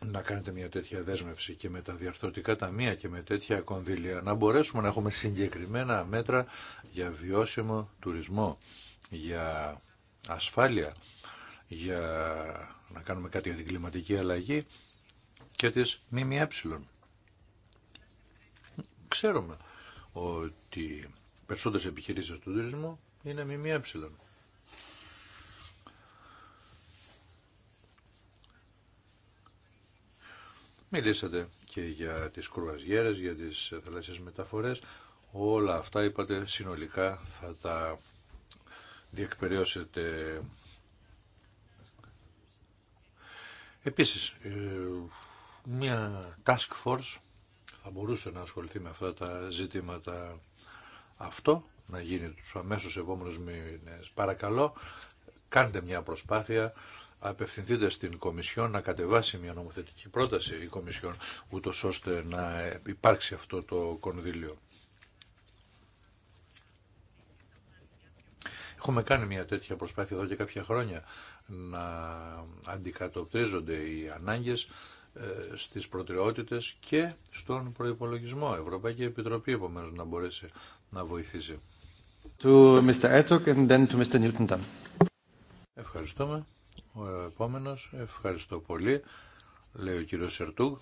να κάνετε μια τέτοια δέσμευση και με τα διαρθρωτικά ταμεία και με τέτοια κονδύλια να μπορέσουμε να έχουμε συγκεκριμένα μέτρα για βιώσιμο τουρισμό, για ασφάλεια, για να κάνουμε κάτι για την κλιματική αλλαγή και τις ΜΜΕ. Ξέρουμε ότι περισσότερες επιχειρήσεις του τουρισμού είναι ΜΜΕ. Μιλήσατε και για τις κρουαζιέρες, για τις θαλάσσιες μεταφορές. Όλα αυτά είπατε συνολικά θα τα διεκπεριώσετε. Επίσης, ε, μια task force θα μπορούσε να ασχοληθεί με αυτά τα ζητήματα αυτό, να γίνει τους αμέσως επόμενους μήνες. Παρακαλώ, κάντε μια προσπάθεια απευθυνθείτε στην Κομισιόν να κατεβάσει μια νομοθετική πρόταση η Κομισιόν, ούτω ώστε να υπάρξει αυτό το κονδύλιο. Έχουμε κάνει μια τέτοια προσπάθεια εδώ και κάποια χρόνια να αντικατοπτρίζονται οι ανάγκες ε, στις προτεραιότητες και στον προϋπολογισμό. Η Ευρωπαϊκή Επιτροπή επομένως να μπορέσει να βοηθήσει. To Mr. and then to Mr. Newton Ευχαριστούμε. Ο επόμενος, ευχαριστώ πολύ, λέει ο κύριος Σερτούγ.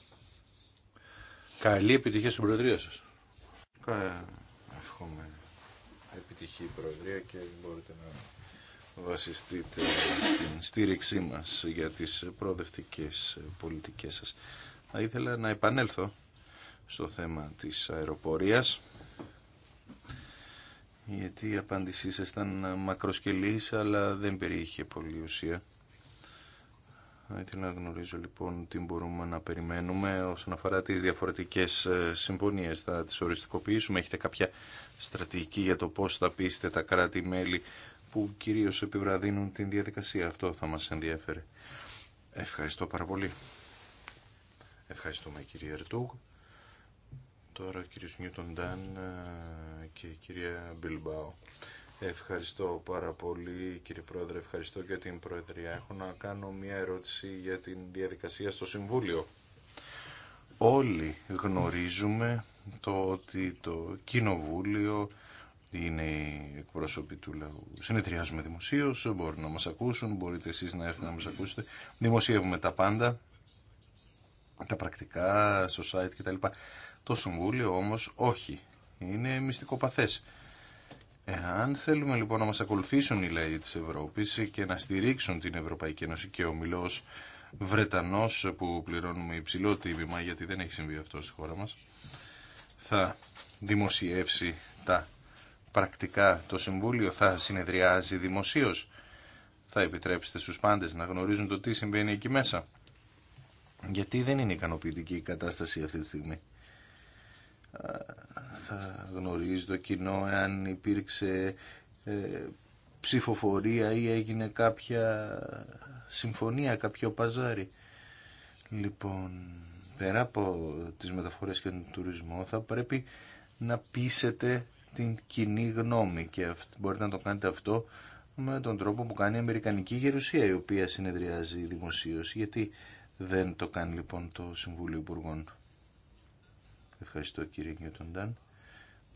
Καλή επιτυχία στην Προεδρία σας. Εύχομαι επιτυχή Προεδρία και μπορείτε να βασιστείτε στην στήριξή μας για τις προοδευτικές πολιτικές σας. Θα ήθελα να επανέλθω στο θέμα της αεροπορίας γιατί η απάντησή σας ήταν μακροσκελής αλλά δεν περιείχε πολλή ουσία. Θα να γνωρίζω λοιπόν τι μπορούμε να περιμένουμε όσον αφορά τις διαφορετικές ε, συμφωνίες. Θα τις οριστικοποιήσουμε. Έχετε κάποια στρατηγική για το πώς θα πείστε τα κράτη-μέλη που κυρίως επιβραδύνουν την διαδικασία. Αυτό θα μας ενδιαφέρει. Ευχαριστώ πάρα πολύ. Ευχαριστούμε κύριε Ερτούγ. Τώρα κύριος Νιούτον Ντάν ε, και κυρία Μπιλμπάου. Ευχαριστώ πάρα πολύ κύριε Πρόεδρε, ευχαριστώ και την Προεδρία. Έχω να κάνω μια ερώτηση για την διαδικασία στο Συμβούλιο. Όλοι γνωρίζουμε το ότι το Κοινοβούλιο είναι η εκπρόσωποι του λαού. Συνεδριάζουμε δημοσίω, μπορούν να μας ακούσουν, μπορείτε εσείς να έρθετε να μας ακούσετε. Δημοσιεύουμε τα πάντα, τα πρακτικά, στο site κτλ. Το Συμβούλιο όμως όχι. Είναι μυστικοπαθές. Εάν θέλουμε λοιπόν να μας ακολουθήσουν οι λαοί της Ευρώπης και να στηρίξουν την Ευρωπαϊκή Ένωση και ο Βρετανός που πληρώνουμε υψηλό τίμημα γιατί δεν έχει συμβεί αυτό στη χώρα μας θα δημοσιεύσει τα πρακτικά το Συμβούλιο θα συνεδριάζει δημοσίως θα επιτρέψετε στους πάντες να γνωρίζουν το τι συμβαίνει εκεί μέσα γιατί δεν είναι ικανοποιητική η κατάσταση αυτή τη στιγμή θα γνωρίζει το κοινό εάν υπήρξε ε, ψηφοφορία ή έγινε κάποια συμφωνία, κάποιο παζάρι. Λοιπόν, πέρα από τις μεταφορές και τον τουρισμό θα πρέπει να πείσετε την κοινή γνώμη και μπορείτε να το κάνετε αυτό με τον τρόπο που κάνει η Αμερικανική Γερουσία η οποία συνεδριάζει δημοσίως. Γιατί δεν το κάνει λοιπόν το Συμβούλιο Υπουργών. Ευχαριστώ κύριε Νιούτον Ντάν.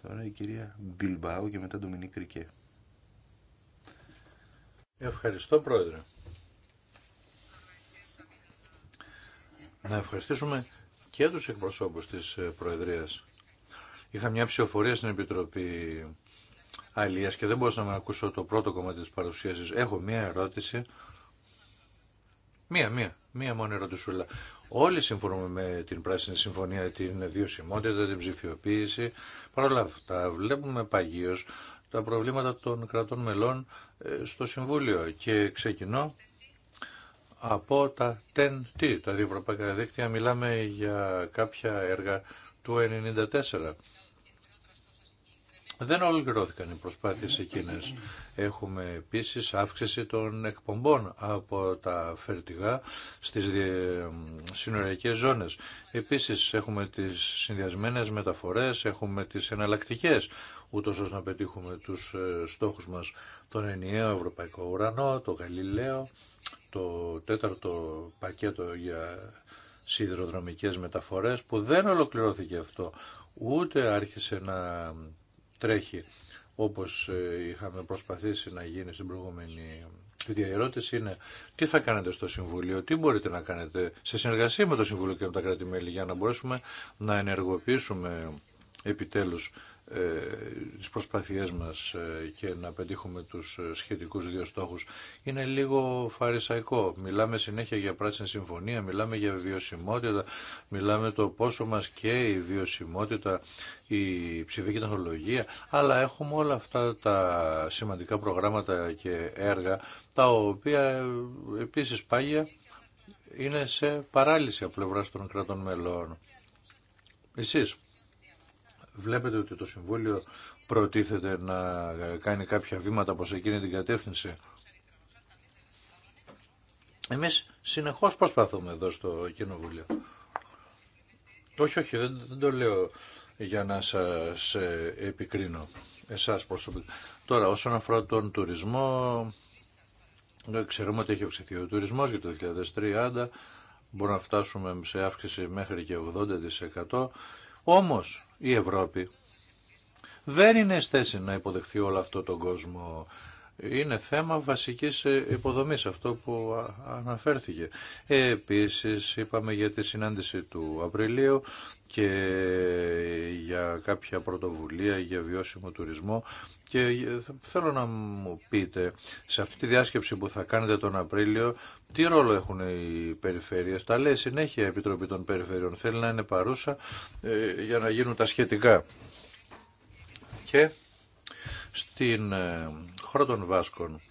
Τώρα η κυρία Μπιλμπάου και μετά το Κρικέ. Ευχαριστώ πρόεδρε. Να ευχαριστήσουμε και τους εκπροσώπους της ε, Προεδρίας. Είχα μια ψηφοφορία στην Επιτροπή Αλίας και δεν μπορούσα να ακούσω το πρώτο κομμάτι της παρουσίασης. Έχω μια ερώτηση Μία, μία, μία μόνη ερωτησούλα. Όλοι συμφωνούμε με την Πράσινη Συμφωνία, την βιωσιμότητα, την ψηφιοποίηση. Παρ' όλα αυτά βλέπουμε παγίως τα προβλήματα των κρατών μελών ε, στο Συμβούλιο και ξεκινώ από τα TEN-T, τα διευρωπαϊκά δίκτυα. Μιλάμε για κάποια έργα του 1994 δεν ολοκληρώθηκαν οι προσπάθειες εκείνες. Έχουμε επίσης αύξηση των εκπομπών από τα φερτηγά στις συνοριακές ζώνες. Επίσης έχουμε τις συνδυασμένες μεταφορές, έχουμε τις εναλλακτικέ ούτως ώστε να πετύχουμε τους ε, στόχους μας τον ενιαίο ευρωπαϊκό ουρανό, το Γαλιλαίο, το τέταρτο πακέτο για σιδηροδρομικές μεταφορές που δεν ολοκληρώθηκε αυτό ούτε άρχισε να τρέχει όπως ε, είχαμε προσπαθήσει να γίνει στην προηγούμενη η ερώτηση είναι τι θα κάνετε στο Συμβούλιο, τι μπορείτε να κάνετε σε συνεργασία με το Συμβούλιο και με τα κράτη-μέλη για να μπορέσουμε να ενεργοποιήσουμε επιτέλους ε, τις προσπάθειές μας ε, και να πετύχουμε τους ε, σχετικούς δύο στόχους είναι λίγο φαρισαϊκό. Μιλάμε συνέχεια για πράσινη συμφωνία, μιλάμε για βιωσιμότητα, μιλάμε το πόσο μας και η βιωσιμότητα, η ψηφική τεχνολογία, αλλά έχουμε όλα αυτά τα σημαντικά προγράμματα και έργα τα οποία επίσης πάγια είναι σε παράλυση από πλευρά των κρατών μελών. Εσείς, Βλέπετε ότι το Συμβούλιο προτίθεται να κάνει κάποια βήματα προς εκείνη την κατεύθυνση. Εμείς συνεχώς προσπαθούμε εδώ στο Κοινοβούλιο. Όχι, όχι, δεν, το λέω για να σας ε, επικρίνω εσάς προσωπικά. Τώρα, όσον αφορά τον τουρισμό, ε, ξέρουμε ότι έχει αυξηθεί ο τουρισμός για το 2030, μπορούμε να φτάσουμε σε αύξηση μέχρι και 80%. Όμως, η Ευρώπη δεν είναι στέση να υποδεχθεί όλο αυτό τον κόσμο είναι θέμα βασικής υποδομής αυτό που αναφέρθηκε. Επίσης είπαμε για τη συνάντηση του Απριλίου και για κάποια πρωτοβουλία για βιώσιμο τουρισμό και θέλω να μου πείτε σε αυτή τη διάσκεψη που θα κάνετε τον Απρίλιο τι ρόλο έχουν οι περιφέρειες. Τα λέει συνέχεια η Επιτροπή των Περιφερειών. Θέλει να είναι παρούσα ε, για να γίνουν τα σχετικά. Και στην ε, χώρα των Βάσκων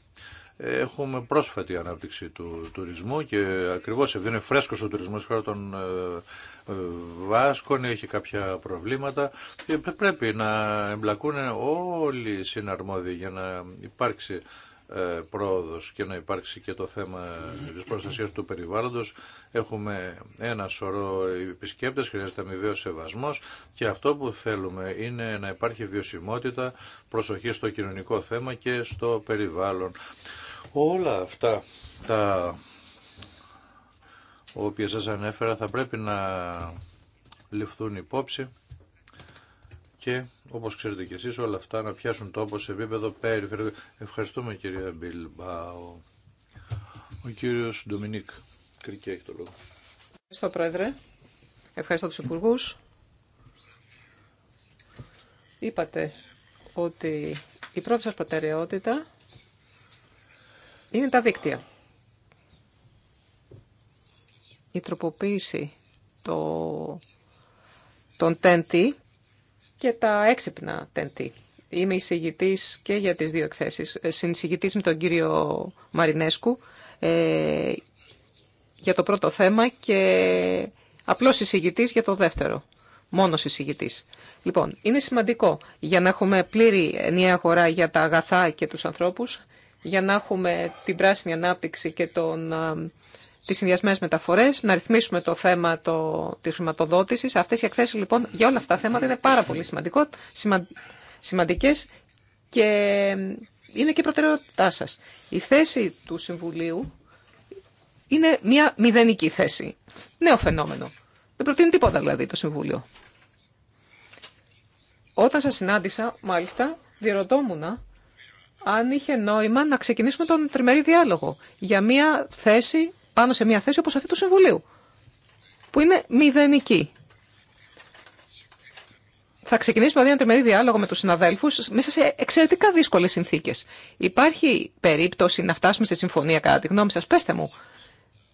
έχουμε πρόσφατη ανάπτυξη του τουρισμού και ακριβώς επειδή είναι φρέσκος ο τουρισμός χώρα των ε, ε, Βάσκων, έχει κάποια προβλήματα και ε, πρέπει να εμπλακούν όλοι οι συναρμόδιοι για να υπάρξει ε, πρόοδος και να υπάρξει και το θέμα της προστασίας του περιβάλλοντος. Έχουμε ένα σωρό επισκέπτες, χρειάζεται αμοιβαίο σεβασμός και αυτό που θέλουμε είναι να υπάρχει βιωσιμότητα, προσοχή στο κοινωνικό θέμα και στο περιβάλλον. Όλα αυτά τα οποία σας ανέφερα θα πρέπει να ληφθούν υπόψη και όπως ξέρετε και εσείς όλα αυτά να πιάσουν τόπο σε επίπεδο περιφερειακό. Ευχαριστούμε κυρία Μπιλμπάου. Ο κύριος Ντομινίκ Κρικέ έχει το λόγο. Ευχαριστώ πρόεδρε. Ευχαριστώ τους υπουργούς. Είπατε ότι η πρώτη σας προτεραιότητα είναι τα δίκτυα. Η τροποποίηση το, των TNT και τα έξυπνα τεντή. Είμαι εισηγητή και για τις δύο εκθέσεις. Ε, συνεισηγητής με τον κύριο Μαρινέσκου ε, για το πρώτο θέμα και απλώς εισηγητή για το δεύτερο. Μόνος εισηγητή. Λοιπόν, είναι σημαντικό για να έχουμε πλήρη ενιαία αγορά για τα αγαθά και τους ανθρώπους, για να έχουμε την πράσινη ανάπτυξη και τον τις συνδυασμένε μεταφορές, να ρυθμίσουμε το θέμα το, της χρηματοδότησης. Αυτές οι εκθέσει λοιπόν για όλα αυτά τα θέματα είναι πάρα πολύ σημαντικό, σημαντικές και είναι και η προτεραιότητά σα. Η θέση του Συμβουλίου είναι μια μηδενική θέση. Νέο φαινόμενο. Δεν προτείνει τίποτα δηλαδή το Συμβούλιο. Όταν σας συνάντησα, μάλιστα, διερωτόμουν αν είχε νόημα να ξεκινήσουμε τον τριμερή διάλογο για μια θέση πάνω σε μια θέση όπως αυτή του Συμβουλίου, που είναι μηδενική. Θα ξεκινήσουμε δηλαδή ένα τριμερή διάλογο με του συναδέλφου μέσα σε εξαιρετικά δύσκολε συνθήκε. Υπάρχει περίπτωση να φτάσουμε σε συμφωνία, κατά τη γνώμη σα, πέστε μου.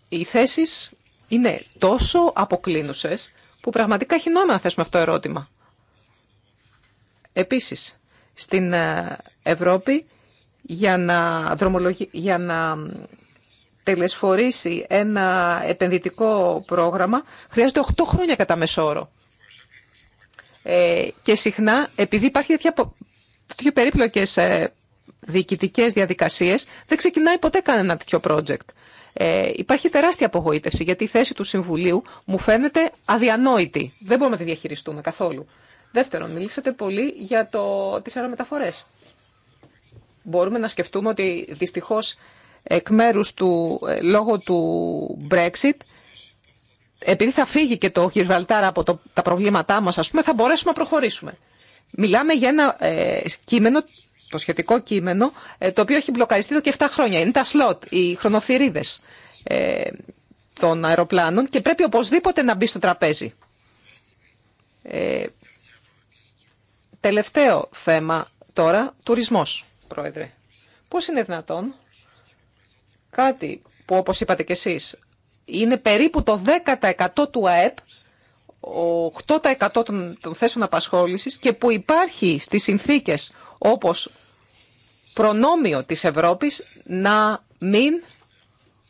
Οι θέσει είναι τόσο αποκλίνουσες που πραγματικά έχει νόημα να θέσουμε αυτό το ερώτημα. Επίση, στην ε, Ευρώπη για να, δρομολογη... για να τελεσφορήσει ένα επενδυτικό πρόγραμμα χρειάζεται 8 χρόνια κατά όρο. Ε, και συχνά, επειδή υπάρχει τέτοιο περίπλοκες ε, διοικητικές διαδικασίες, δεν ξεκινάει ποτέ κανένα τέτοιο project. Ε, υπάρχει τεράστια απογοήτευση, γιατί η θέση του Συμβουλίου μου φαίνεται αδιανόητη. Δεν μπορούμε να τη διαχειριστούμε καθόλου. Δεύτερον, μιλήσατε πολύ για το, τις αερομεταφορές. Μπορούμε να σκεφτούμε ότι δυστυχώς εκ μέρους του, ε, λόγω του Brexit, επειδή θα φύγει και το Γιβραλτάρ από το, τα προβλήματά μας, ας πούμε, θα μπορέσουμε να προχωρήσουμε. Μιλάμε για ένα ε, κείμενο, το σχετικό κείμενο, ε, το οποίο έχει μπλοκαριστεί εδώ και 7 χρόνια. Είναι τα σλότ, οι χρονοθυρίδες ε, των αεροπλάνων και πρέπει οπωσδήποτε να μπει στο τραπέζι. τελευταίο θέμα τώρα, τουρισμός, Πρόεδρε. Πώς είναι δυνατόν Κάτι που όπως είπατε κι εσείς είναι περίπου το 10% του ΑΕΠ, 8% των, των θέσεων απασχόλησης και που υπάρχει στις συνθήκες όπως προνόμιο της Ευρώπης να μην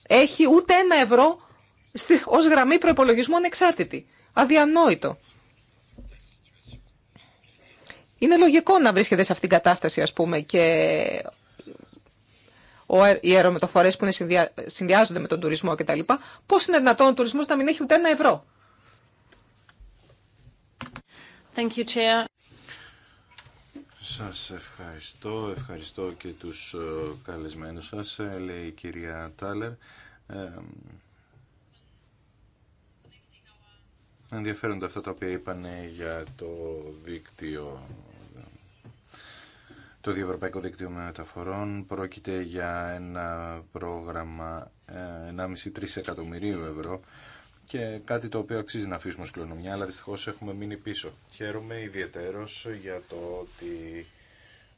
έχει ούτε ένα ευρώ ως γραμμή προπολογισμού ανεξάρτητη. Αδιανόητο. Είναι λογικό να βρίσκεται σε αυτήν την κατάσταση, ας πούμε, και οι αερομετοφορέ που είναι συνδυάζονται με τον τουρισμό κτλ. Πώ είναι δυνατόν ο τουρισμός να μην έχει ούτε ένα ευρώ. Thank you, Chair. Σας ευχαριστώ, ευχαριστώ και τους ε, καλεσμένους σας, ε, λέει η κυρία Τάλερ. Ε, ενδιαφέρονται αυτά τα οποία είπανε για το δίκτυο το Διευρωπαϊκό Δίκτυο Μεταφορών πρόκειται για ένα πρόγραμμα 1,5-3 ε, εκατομμυρίου ευρώ και κάτι το οποίο αξίζει να αφήσουμε σκληρονομιά, αλλά δυστυχώς έχουμε μείνει πίσω. Χαίρομαι ιδιαίτερος για το ότι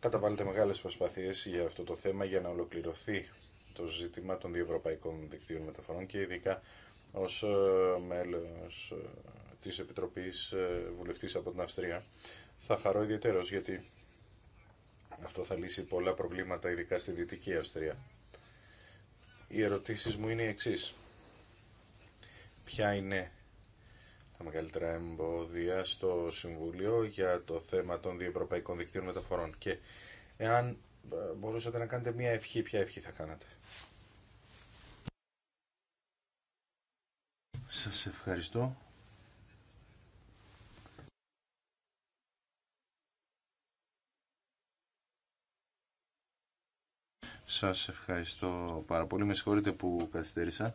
καταβάλλεται μεγάλες προσπαθίες για αυτό το θέμα για να ολοκληρωθεί το ζήτημα των διευρωπαϊκών δικτύων μεταφορών και ειδικά ως ε, μέλος ε, της Επιτροπής Βουλευτής από την Αυστρία. Θα χαρώ ιδιαίτερος γιατί αυτό θα λύσει πολλά προβλήματα, ειδικά στη Δυτική Αυστρία. Οι ερωτήσεις μου είναι οι εξή: Ποια είναι τα μεγαλύτερα εμπόδια στο Συμβούλιο για το θέμα των διευρωπαϊκών δικτύων μεταφορών και εάν ε, μπορούσατε να κάνετε μια ευχή, ποια ευχή θα κάνατε. Σας ευχαριστώ. Σας ευχαριστώ πάρα πολύ. Με συγχωρείτε που καθυστέρησα.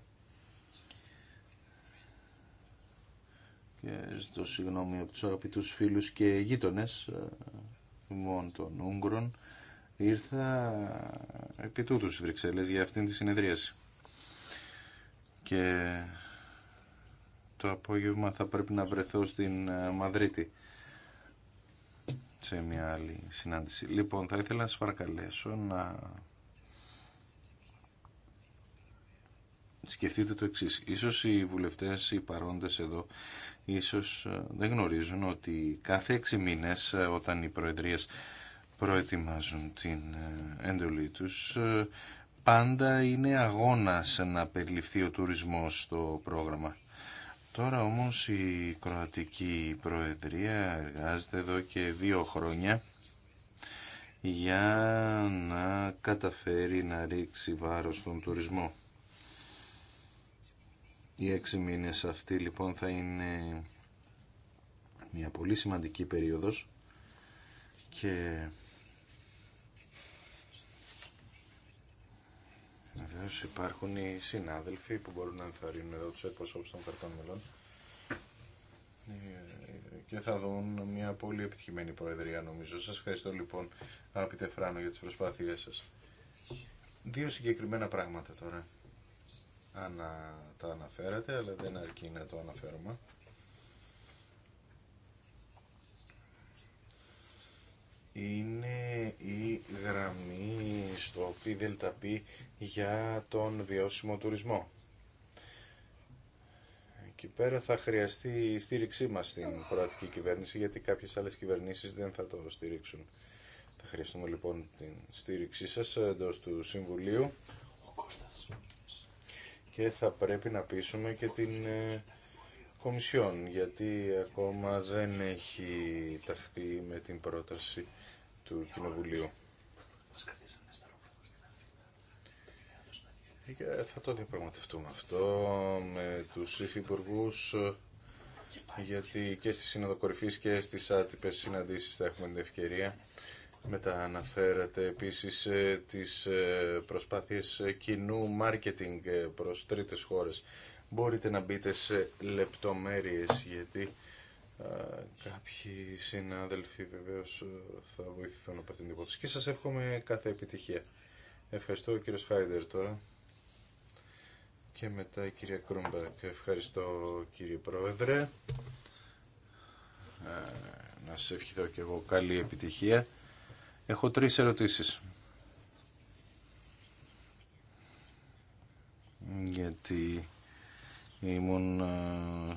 Και ζητώ συγγνώμη από τους φίλους και γείτονες ε, μόνο των Ούγγρων. Ήρθα επί τούτου στις Βρυξέλλες για αυτήν τη συνεδρίαση. Και το απόγευμα θα πρέπει να βρεθώ στην ε, Μαδρίτη σε μια άλλη συνάντηση. Λοιπόν, θα ήθελα να σας παρακαλέσω να σκεφτείτε το εξής. Ίσως οι βουλευτές, οι παρόντες εδώ, ίσως ε, δεν γνωρίζουν ότι κάθε έξι μήνες ε, όταν οι προεδρίες προετοιμάζουν την έντολή ε, τους, πάντα είναι αγώνας να περιληφθεί ο τουρισμός στο πρόγραμμα. Τώρα όμως η Κροατική Προεδρία εργάζεται εδώ και δύο χρόνια για να καταφέρει να ρίξει βάρος στον τουρισμό. Οι έξι μήνες αυτοί λοιπόν θα είναι μια πολύ σημαντική περίοδος και βεβαίω υπάρχουν οι συνάδελφοι που μπορούν να ενθαρρύνουν εδώ τους εκπροσώπους των κρατών μελών και θα δουν μια πολύ επιτυχημένη προεδρία νομίζω. Σας ευχαριστώ λοιπόν αγαπητέ Φράνο για τις προσπάθειές σας. Δύο συγκεκριμένα πράγματα τώρα ανα, τα αναφέρατε, αλλά δεν αρκεί να το αναφέρουμε. είναι η γραμμή στο ΠΔΠ για τον βιώσιμο τουρισμό. Εκεί πέρα θα χρειαστεί η στήριξή μας στην προατική κυβέρνηση, γιατί κάποιες άλλες κυβερνήσεις δεν θα το στηρίξουν. Θα χρειαστούμε λοιπόν την στήριξή σας εντός του Συμβουλίου και θα πρέπει να πείσουμε και την ε, Κομισιόν γιατί ακόμα δεν έχει ταχθεί με την πρόταση του Κοινοβουλίου. Ε, θα το διαπραγματευτούμε αυτό με τους υφυπουργού γιατί και στις συνοδοκορυφείς και στις άτυπες συναντήσεις θα έχουμε την ευκαιρία μετά αναφέρατε επίσης ε, τις ε, προσπάθειες ε, κοινού μάρκετινγκ προς τρίτες χώρες. Μπορείτε να μπείτε σε λεπτομέρειες γιατί κάποιοι συνάδελφοι βεβαίως θα βοηθηθούν από αυτήν την υπόθεση. Και σας εύχομαι κάθε επιτυχία. Ευχαριστώ κύριο Σφάιντερ τώρα. Και μετά η κυρία Κρούμπακ. Ευχαριστώ κύριε Πρόεδρε. Να σας ευχηθώ και εγώ καλή επιτυχία. Έχω τρεις ερωτήσεις. Γιατί ήμουν ε,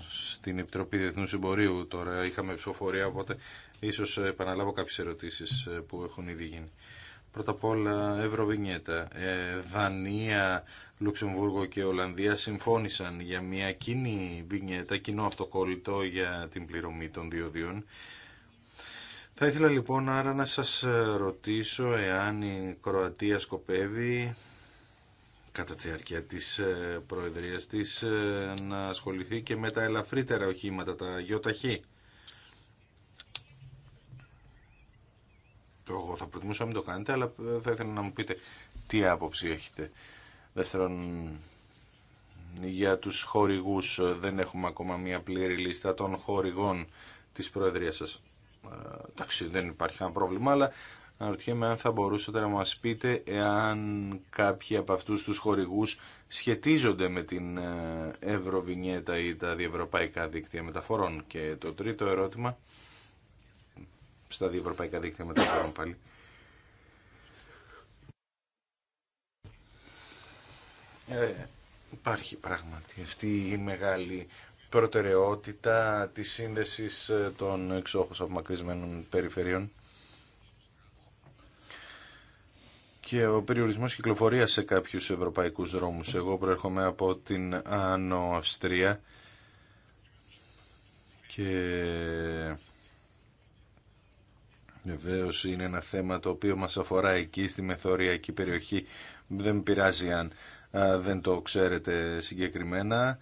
στην Επιτροπή Διεθνούς Εμπορίου τώρα, είχαμε ψηφοφορία, οπότε ίσως επαναλάβω κάποιες ερωτήσεις ε, που έχουν ήδη γίνει. Πρώτα απ' όλα Ευρωβινιέτα. Ε, Δανία, Λουξεμβούργο και Ολλανδία συμφώνησαν για μια κοινή βινιέτα, κοινό αυτοκόλλητο για την πληρωμή των διοδίων θα ήθελα λοιπόν άρα να σας ε, ρωτήσω εάν η Κροατία σκοπεύει κατά τη διάρκεια της ε, προεδρίας της ε, να ασχοληθεί και με τα ελαφρύτερα οχήματα, τα γιοταχή. Εγώ θα προτιμούσα να μην το κάνετε, αλλά θα ήθελα να μου πείτε τι άποψη έχετε. Δεύτερον, για τους χορηγούς δεν έχουμε ακόμα μια πλήρη λίστα των χορηγών της Προεδρίας σας. Ε, εντάξει δεν υπάρχει κανένα πρόβλημα, αλλά αναρωτιέμαι αν θα μπορούσατε να μας πείτε εάν κάποιοι από αυτούς τους χορηγούς σχετίζονται με την ε, Ευρωβινιέτα ή τα διευρωπαϊκά δίκτυα μεταφορών. Και το τρίτο ερώτημα, στα διευρωπαϊκά δίκτυα μεταφορών πάλι. Ε, υπάρχει πράγματι αυτή η μεγάλη προτεραιότητα τη σύνδεσης ε, των εξόχως απομακρυσμένων περιφερειών και ο περιορισμός κυκλοφορίας σε κάποιους ευρωπαϊκούς δρόμους. Εγώ προέρχομαι από την Άνω Αυστρία και Βεβαίω είναι ένα θέμα το οποίο μας αφορά εκεί στη μεθοριακή περιοχή. Δεν πειράζει αν δεν το ξέρετε συγκεκριμένα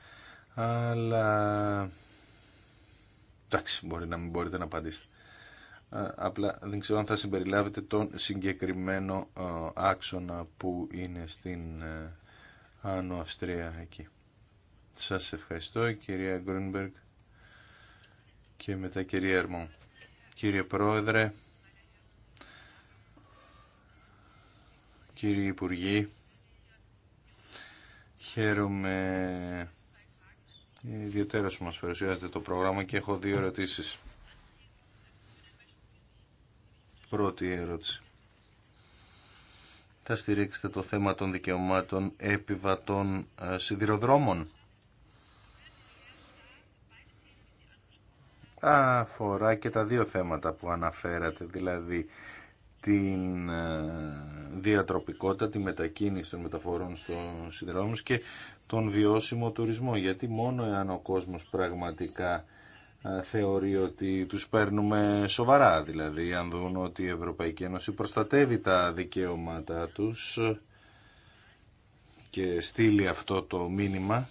αλλά εντάξει μπορεί να μην μπορείτε να απαντήσετε απλά δεν ξέρω αν θα συμπεριλάβετε τον συγκεκριμένο άξονα που είναι στην ε, Άνω Αυστρία εκεί. Σας ευχαριστώ κυρία Γκρίνμπεργκ και μετά κυρία Ερμό. Κύριε Πρόεδρε, κύριοι Υπουργοί, χαίρομαι ε, ιδιαίτερα που μας παρουσιάζεται το πρόγραμμα και έχω δύο ερωτήσεις. Πρώτη ερώτηση. Θα στηρίξετε το θέμα των δικαιωμάτων επιβατών ε, σιδηροδρόμων. Αφορά και τα δύο θέματα που αναφέρατε, δηλαδή την ε, διατροπικότητα, τη μετακίνηση των μεταφορών στο σιδηροδρόμους και τον βιώσιμο τουρισμό. Γιατί μόνο εάν ο κόσμος πραγματικά θεωρεί ότι τους παίρνουμε σοβαρά, δηλαδή αν δουν ότι η Ευρωπαϊκή Ένωση προστατεύει τα δικαιώματα τους και στείλει αυτό το μήνυμα,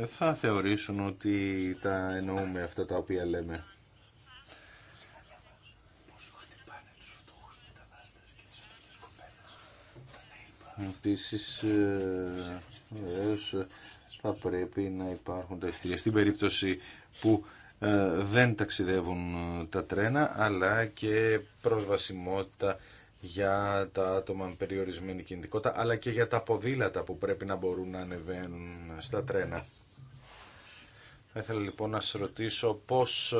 ε, θα θεωρήσουν ότι τα εννοούμε αυτά τα οποία λέμε. Επίσης, ε, θα πρέπει να υπάρχουν τα ειστήρια. Στην περίπτωση που ε, δεν ταξιδεύουν ε, τα τρένα, αλλά και προσβασιμότητα για τα άτομα με περιορισμένη κινητικότητα, αλλά και για τα ποδήλατα που πρέπει να μπορούν να ανεβαίνουν στα τρένα. Θα ήθελα λοιπόν να σας ρωτήσω πώς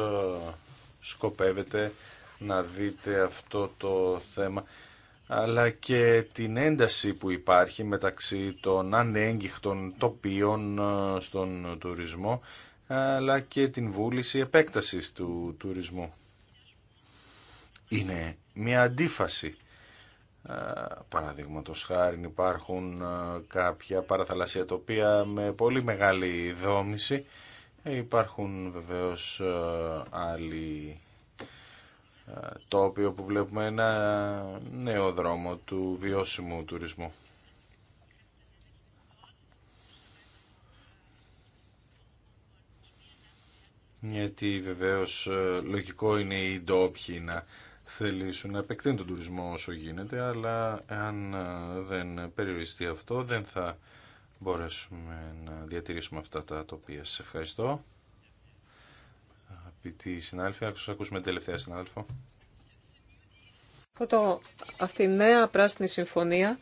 σκοπεύετε να δείτε αυτό το θέμα αλλά και την ένταση που υπάρχει μεταξύ των ανέγγιχτων τοπίων ε, στον τουρισμό, αλλά και την βούληση επέκτασης του τουρισμού. Είναι μια αντίφαση. Ε, Παραδείγματο χάρη υπάρχουν ε, κάποια παραθαλασσία τοπία με πολύ μεγάλη δόμηση. Υπάρχουν βεβαίως άλλοι το οποίο που βλέπουμε ένα νέο δρόμο του βιώσιμου τουρισμού. Γιατί βεβαίως ε, λογικό είναι οι ντόπιοι να θελήσουν να επεκτείνουν τον τουρισμό όσο γίνεται, αλλά αν ε, δεν περιοριστεί αυτό δεν θα μπορέσουμε να διατηρήσουμε αυτά τα τοπία. Σε ευχαριστώ αγαπητοί συνάδελφοι. ακούσουμε τελευταία συνάδελφο. αυτή η νέα πράσινη συμφωνία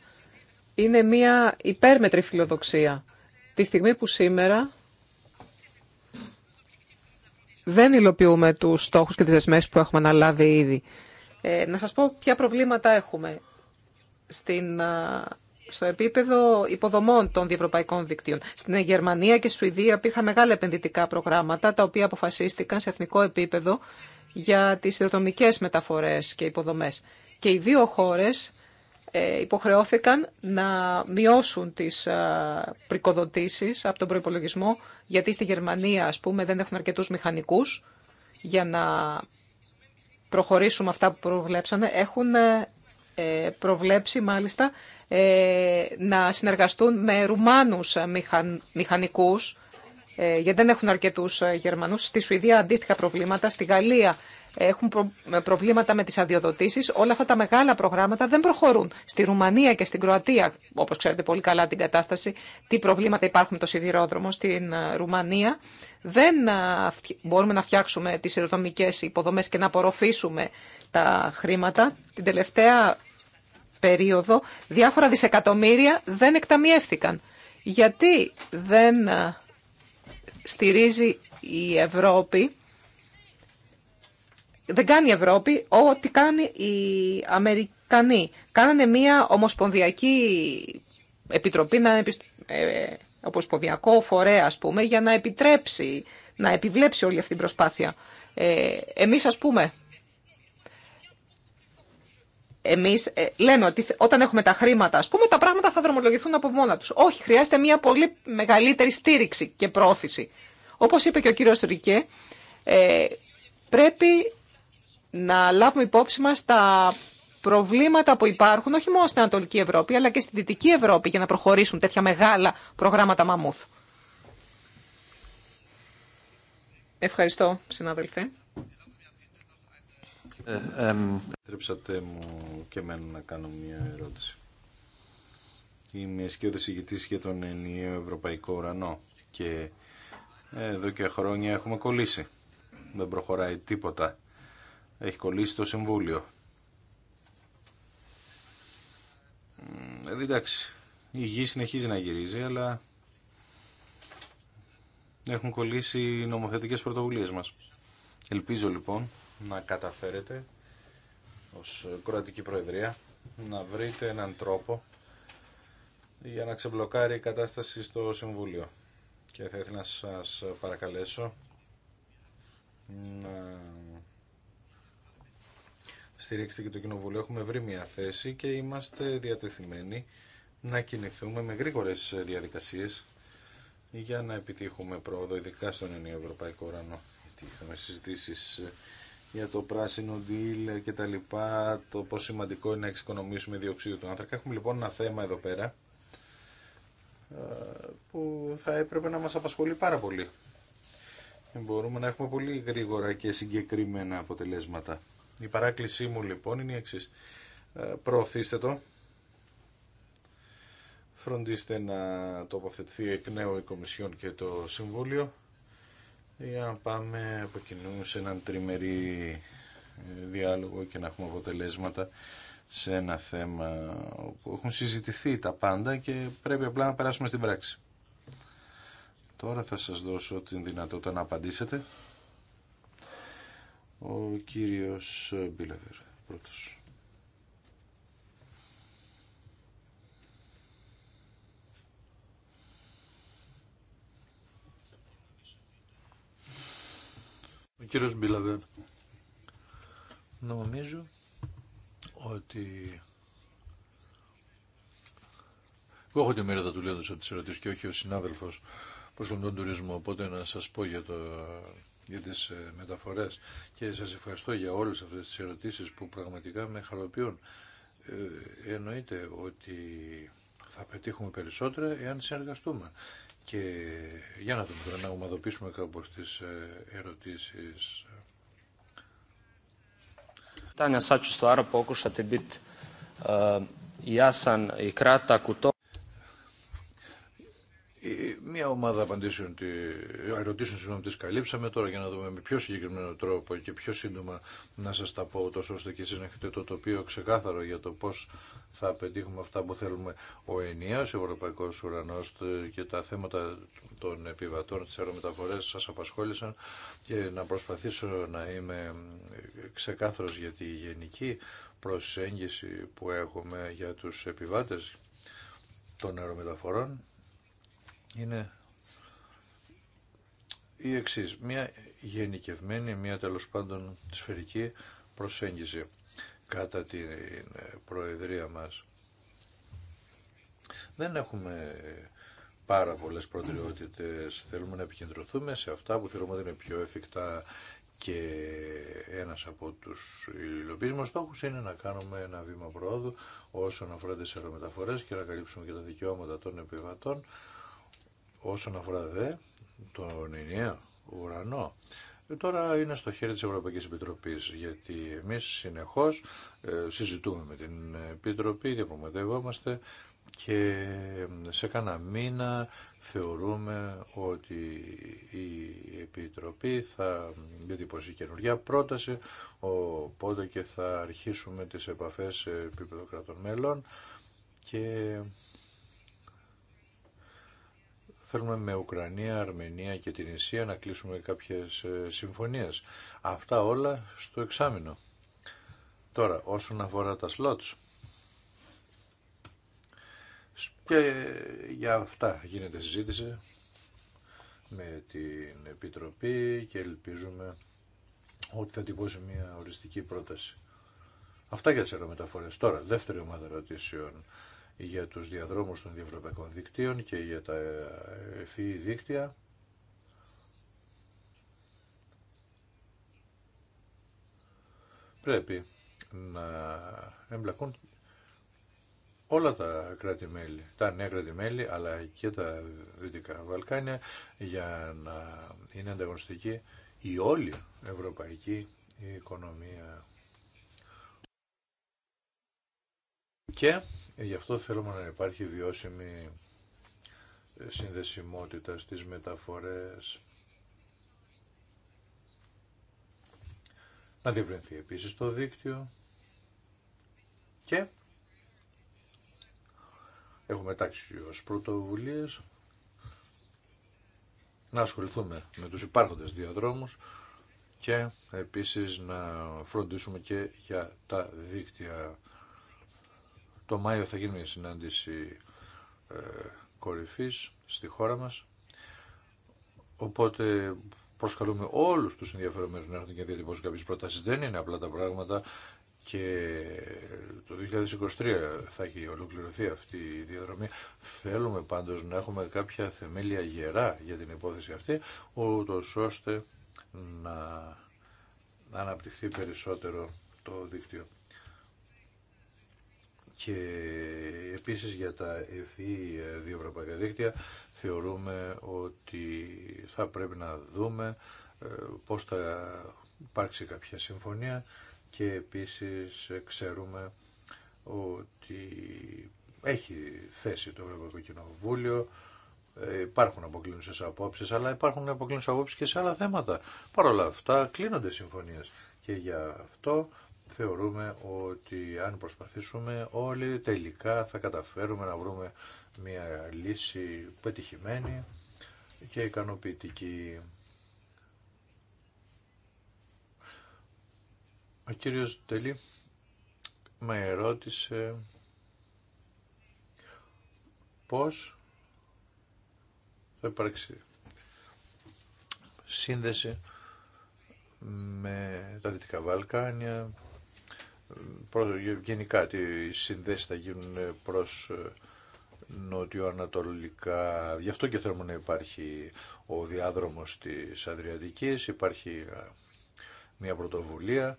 είναι μια υπέρμετρη φιλοδοξία. Τη στιγμή που σήμερα δεν υλοποιούμε τους στόχους και τις δεσμεύσεις που έχουμε αναλάβει ήδη. Ε, να σας πω ποια προβλήματα έχουμε στην στο επίπεδο υποδομών των διευρωπαϊκών δικτύων. Στην Γερμανία και στη Σουηδία υπήρχαν μεγάλα επενδυτικά προγράμματα, τα οποία αποφασίστηκαν σε εθνικό επίπεδο για τις ιδεοτομικές μεταφορές και υποδομές. Και οι δύο χώρες ε, υποχρεώθηκαν να μειώσουν τις ε, πρικοδοτήσεις από τον προϋπολογισμό, γιατί στη Γερμανία, ας πούμε, δεν έχουν αρκετούς μηχανικούς για να προχωρήσουμε αυτά που προβλέψανε. Έχουν ε, προβλέψει, μάλιστα, ε, να συνεργαστούν με Ρουμάνους μηχαν, μηχανικούς, ε, γιατί δεν έχουν αρκετούς ε, Γερμανούς. Στη Σουηδία αντίστοιχα προβλήματα, στη Γαλλία έχουν προβλήματα με τις αδειοδοτήσεις. Όλα αυτά τα μεγάλα προγράμματα δεν προχωρούν. Στη Ρουμανία και στην Κροατία, όπως ξέρετε πολύ καλά την κατάσταση, τι προβλήματα υπάρχουν με το σιδηρόδρομο στην Ρουμανία. Δεν μπορούμε να φτιάξουμε τις αεροδομικές υποδομές και να απορροφήσουμε τα χρήματα. Την τελευταία περίοδο διάφορα δισεκατομμύρια δεν εκταμιεύθηκαν. Γιατί δεν ε, στηρίζει η Ευρώπη, δεν κάνει η Ευρώπη ό,τι κάνει οι Αμερικανοί. Κάνανε μια ομοσπονδιακή επιτροπή, ένα ε, ομοσπονδιακό φορέα, ας πούμε, για να επιτρέψει, να επιβλέψει όλη αυτή την προσπάθεια. Ε, εμείς, ας πούμε, εμείς ε, λέμε ότι όταν έχουμε τα χρήματα, α πούμε, τα πράγματα θα δρομολογηθούν από μόνα τους. Όχι, χρειάζεται μια πολύ μεγαλύτερη στήριξη και πρόθεση. Όπως είπε και ο κύριος Ρικέ, ε, πρέπει να λάβουμε υπόψη μα τα προβλήματα που υπάρχουν όχι μόνο στην Ανατολική Ευρώπη, αλλά και στη Δυτική Ευρώπη για να προχωρήσουν τέτοια μεγάλα προγράμματα μαμούθ. Ευχαριστώ, συνάδελφε. Ε, Επιτρέψατε μου και εμένα να κάνω μια ερώτηση. Είμαι σκιώδης ηγητής για τον ενιαίο ευρωπαϊκό ουρανό και ε, εδώ και χρόνια έχουμε κολλήσει. Δεν προχωράει τίποτα. Έχει κολλήσει το Συμβούλιο. Ε, εντάξει, η γη συνεχίζει να γυρίζει, αλλά έχουν κολλήσει οι νομοθετικές πρωτοβουλίες μας. Ελπίζω λοιπόν να καταφέρετε ως Κροατική Προεδρία να βρείτε έναν τρόπο για να ξεμπλοκάρει η κατάσταση στο Συμβούλιο. Και θα ήθελα να σας παρακαλέσω να στηρίξετε και το Κοινοβουλίο. Έχουμε βρει μια θέση και είμαστε διατεθειμένοι να κινηθούμε με γρήγορες διαδικασίες για να επιτύχουμε πρόοδο, ειδικά στον Ενίο Ευρωπαϊκό Ουρανό. Γιατί είχαμε συζητήσεις για το πράσινο deal και τα λοιπά, το πόσο σημαντικό είναι να εξοικονομήσουμε διοξείδιο του άνθρακα. Έχουμε λοιπόν ένα θέμα εδώ πέρα ε, που θα έπρεπε να μας απασχολεί πάρα πολύ. Μπορούμε να έχουμε πολύ γρήγορα και συγκεκριμένα αποτελέσματα. Η παράκλησή μου λοιπόν είναι η εξής. Ε, προωθήστε το. Φροντίστε να τοποθετηθεί εκ νέου η Κομισιόν και το Συμβούλιο για να πάμε από κοινού σε έναν τριμερή ε, διάλογο και να έχουμε αποτελέσματα σε ένα θέμα που έχουν συζητηθεί τα πάντα και πρέπει απλά να περάσουμε στην πράξη. Τώρα θα σας δώσω την δυνατότητα να απαντήσετε. Ο κύριος Μπίλεβερ, πρώτος. Ο κύριος Νομίζω ότι... Εγώ έχω τη μέρα του λέοντος από τις ερωτήσεις και όχι ο συνάδελφος προς τον τουρισμό, οπότε να σας πω για, το, για τις ε, μεταφορές και σας ευχαριστώ για όλες αυτές τις ερωτήσεις που πραγματικά με χαροποιούν. Ε, εννοείται ότι θα πετύχουμε περισσότερα εάν συνεργαστούμε. Και για να δούμε τώρα να ομαδοποιήσουμε κάπω τι ε, ερωτήσει. Τάνια Σάτσου, το άρα που ακούσατε, Μπιτ, η Άσαν, η Κράτα, κουτό. Ε, Μία ομάδα απαντήσεων, ερωτήσεων συγγνώμη, τις καλύψαμε τώρα για να δούμε με πιο συγκεκριμένο τρόπο και πιο σύντομα να σας τα πω τόσο ώστε και εσείς να έχετε το τοπίο ξεκάθαρο για το πώς θα πετύχουμε αυτά που θέλουμε ο ενιαίος ευρωπαϊκός ουρανός και τα θέματα των επιβατών της αερομεταφορές σας απασχόλησαν και να προσπαθήσω να είμαι ε, ξεκάθαρος για τη γενική προσέγγιση που έχουμε για τους επιβάτες των αερομεταφορών είναι η εξή. Μια γενικευμένη, μια τέλο πάντων σφαιρική προσέγγιση κατά την ε, προεδρία μας. Δεν έχουμε πάρα πολλές προτεραιότητες. Θέλουμε να επικεντρωθούμε σε αυτά που θεωρούμε ότι είναι πιο εφικτά και ένας από τους υλοποιείς στόχους είναι να κάνουμε ένα βήμα πρόοδου όσον αφορά τις αερομεταφορές και να καλύψουμε και τα δικαιώματα των επιβατών Όσον αφορά δε τον ενιαίο ουρανό, ε, τώρα είναι στο χέρι της Ευρωπαϊκής Επιτροπής, γιατί εμείς συνεχώς ε, συζητούμε με την Επιτροπή, διαπραγματευόμαστε και ε, σε κάνα μήνα θεωρούμε ότι η Επιτροπή θα διατυπώσει καινούργια πρόταση, οπότε και θα αρχίσουμε τις επαφές σε επίπεδο κρατών μέλων και θέλουμε με Ουκρανία, Αρμενία και την Ισία να κλείσουμε κάποιες ε, συμφωνίες. Αυτά όλα στο εξάμεινο. Τώρα, όσον αφορά τα slots, και για αυτά γίνεται συζήτηση με την Επιτροπή και ελπίζουμε ότι θα τυπώσει μια οριστική πρόταση. Αυτά για τις αερομεταφορές. Τώρα, δεύτερη ομάδα ερωτήσεων για τους διαδρόμους των διευρωπαϊκών δικτύων και για τα ευφύ δίκτυα. Πρέπει να εμπλακούν όλα τα κράτη-μέλη, τα νέα κράτη-μέλη αλλά και τα Δυτικά Βαλκάνια για να είναι ανταγωνιστική η όλη ευρωπαϊκή οικονομία. Και γι' αυτό θέλουμε να υπάρχει βιώσιμη ε, συνδεσιμότητα στις μεταφορές. Να διευρυνθεί επίσης το δίκτυο και έχουμε τάξει ως πρωτοβουλίες να ασχοληθούμε με τους υπάρχοντες διαδρόμους και επίσης να φροντίσουμε και για τα δίκτυα το Μάιο θα γίνει μια συνάντηση ε, κορυφής στη χώρα μας. Οπότε προσκαλούμε όλους τους ενδιαφερομένους να έχουν και να κάποιες προτάσεις. Δεν είναι απλά τα πράγματα και το 2023 θα έχει ολοκληρωθεί αυτή η διαδρομή. Θέλουμε πάντως να έχουμε κάποια θεμέλια γερά για την υπόθεση αυτή, ούτως ώστε να αναπτυχθεί περισσότερο το δίκτυο και επίσης για τα δύο Ευρωπαϊκά δίκτυα θεωρούμε ότι θα πρέπει να δούμε ε, πώς θα υπάρξει κάποια συμφωνία και επίσης ξέρουμε ότι έχει θέση το Ευρωπαϊκό Κοινοβούλιο, ε, υπάρχουν αποκλίνουσες απόψεις, αλλά υπάρχουν αποκλίνουσες απόψεις και σε άλλα θέματα. Παρ' όλα αυτά κλείνονται συμφωνίες και για αυτό θεωρούμε ότι αν προσπαθήσουμε όλοι τελικά θα καταφέρουμε να βρούμε μια λύση πετυχημένη και ικανοποιητική. Ο κύριος Τελή με ερώτησε πώς θα υπάρξει σύνδεση με τα Δυτικά Βαλκάνια, γενικά τι συνδέσει θα γίνουν προς ε, νότιο-ανατολικά. Γι' αυτό και θέλουμε να υπάρχει ο διάδρομος της Αδριατικής, υπάρχει ε, μια πρωτοβουλία,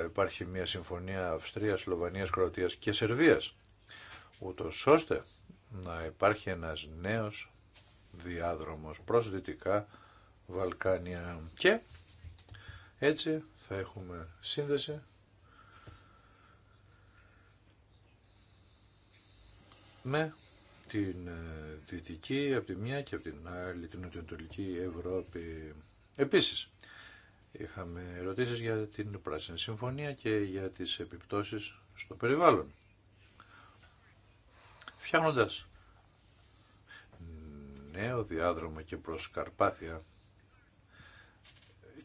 ε, υπάρχει μια συμφωνία Αυστρίας, Σλοβανίας, Κροατίας και Σερβίας, ούτω ώστε να υπάρχει ένας νέος διάδρομος προς Δυτικά Βαλκάνια και έτσι θα έχουμε σύνδεση με την ε, Δυτική από τη μια και από την άλλη την Νοτιοανατολική Ευρώπη. Επίσης, είχαμε ερωτήσεις για την Πράσινη Συμφωνία και για τις επιπτώσεις στο περιβάλλον. Φτιάχνοντας νέο διάδρομο και προς Καρπάθια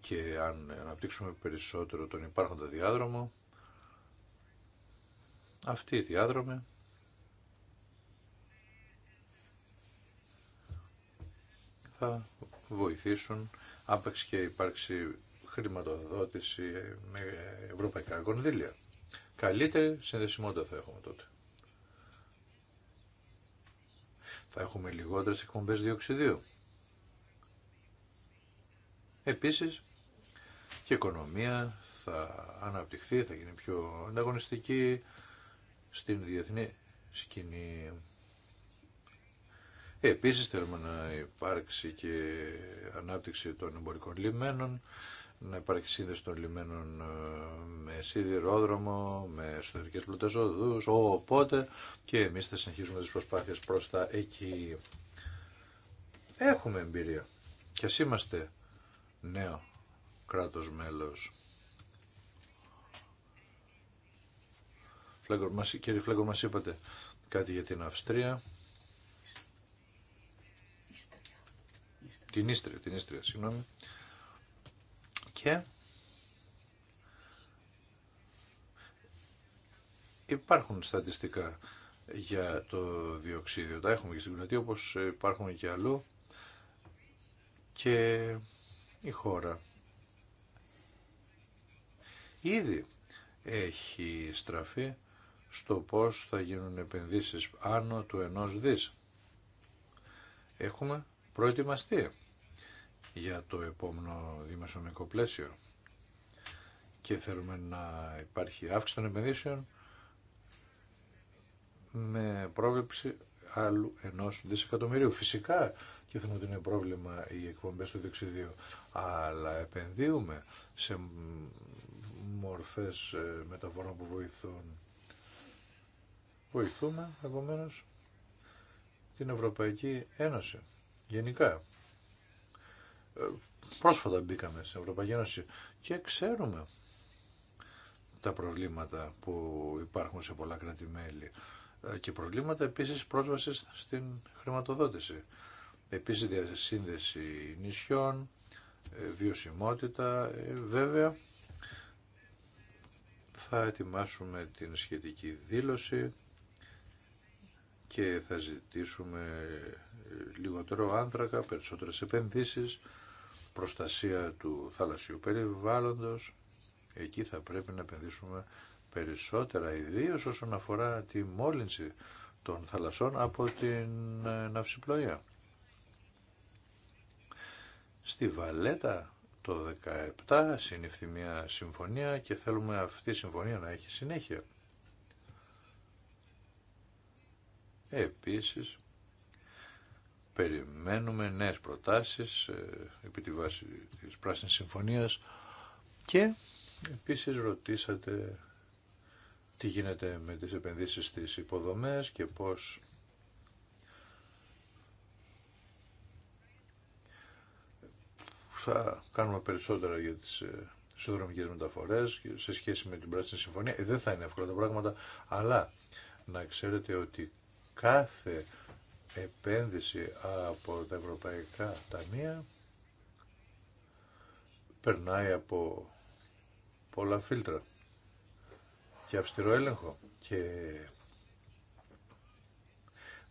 και αν αναπτύξουμε περισσότερο τον υπάρχοντα διάδρομο, αυτή η διάδρομη θα βοηθήσουν άπαξ και υπάρξει χρηματοδότηση με ευρωπαϊκά κονδύλια. Καλύτερη συνδεσιμότητα θα έχουμε τότε. Θα έχουμε λιγότερες εκπομπές διοξιδίου. Επίσης, και η οικονομία θα αναπτυχθεί, θα γίνει πιο ανταγωνιστική στην διεθνή σκηνή. Επίσης θέλουμε να υπάρξει και ανάπτυξη των εμπορικών λιμένων, να υπάρχει σύνδεση των λιμένων ε, με σιδηρόδρομο, με εσωτερικές πλούτες οδούς, οπότε και εμείς θα συνεχίσουμε τις προσπάθειες προς τα εκεί. Έχουμε εμπειρία και ας είμαστε νέο κράτος μέλος. κύριε Φλέγκο, μας είπατε κάτι για την Αυστρία. την Ίστρια, την Ίστρια, συγγνώμη. Και υπάρχουν στατιστικά για το διοξίδιο. Τα έχουμε και στην Κροατία όπως υπάρχουν και αλλού και η χώρα ήδη έχει στραφεί στο πώς θα γίνουν επενδύσεις άνω του ενός δις. Έχουμε προετοιμαστεί για το επόμενο δημοσιονομικό πλαίσιο και θέλουμε να υπάρχει αύξηση των επενδύσεων με πρόβλεψη άλλου ενός δισεκατομμυρίου. Φυσικά και θέλουμε ότι είναι πρόβλημα οι εκπομπές του διεξιδίου, αλλά επενδύουμε σε μορφές ε, μεταφορών που βοηθούν. Βοηθούμε επομένως την Ευρωπαϊκή Ένωση γενικά πρόσφατα μπήκαμε στην Ευρωπαϊκή Ένωση και ξέρουμε τα προβλήματα που υπάρχουν σε πολλά κράτη-μέλη ε, και προβλήματα επίσης πρόσβασης στην χρηματοδότηση. Επίσης διασύνδεση νησιών, ε, βιωσιμότητα, ε, βέβαια θα ετοιμάσουμε την σχετική δήλωση και θα ζητήσουμε λιγότερο άνθρακα, περισσότερες επενδύσεις προστασία του θαλασσιού περιβάλλοντος. Εκεί θα πρέπει να επενδύσουμε περισσότερα, ιδίως όσον αφορά τη μόλυνση των θαλασσών από την ε, ναυσιπλοεία. Στη Βαλέτα το 17 συνήφθη μια συμφωνία και θέλουμε αυτή η συμφωνία να έχει συνέχεια. Επίσης, περιμένουμε νέες προτάσεις ε, επί τη βάση της Πράσινης Συμφωνίας και επίσης ρωτήσατε τι γίνεται με τις επενδύσεις στις υποδομές και πώς θα κάνουμε περισσότερα για τις ε, συνδρομικές μεταφορές σε σχέση με την Πράσινη Συμφωνία. Ε, δεν θα είναι εύκολα τα πράγματα, αλλά να ξέρετε ότι κάθε επένδυση από τα ευρωπαϊκά ταμεία περνάει από πολλά φίλτρα και αυστηρό έλεγχο και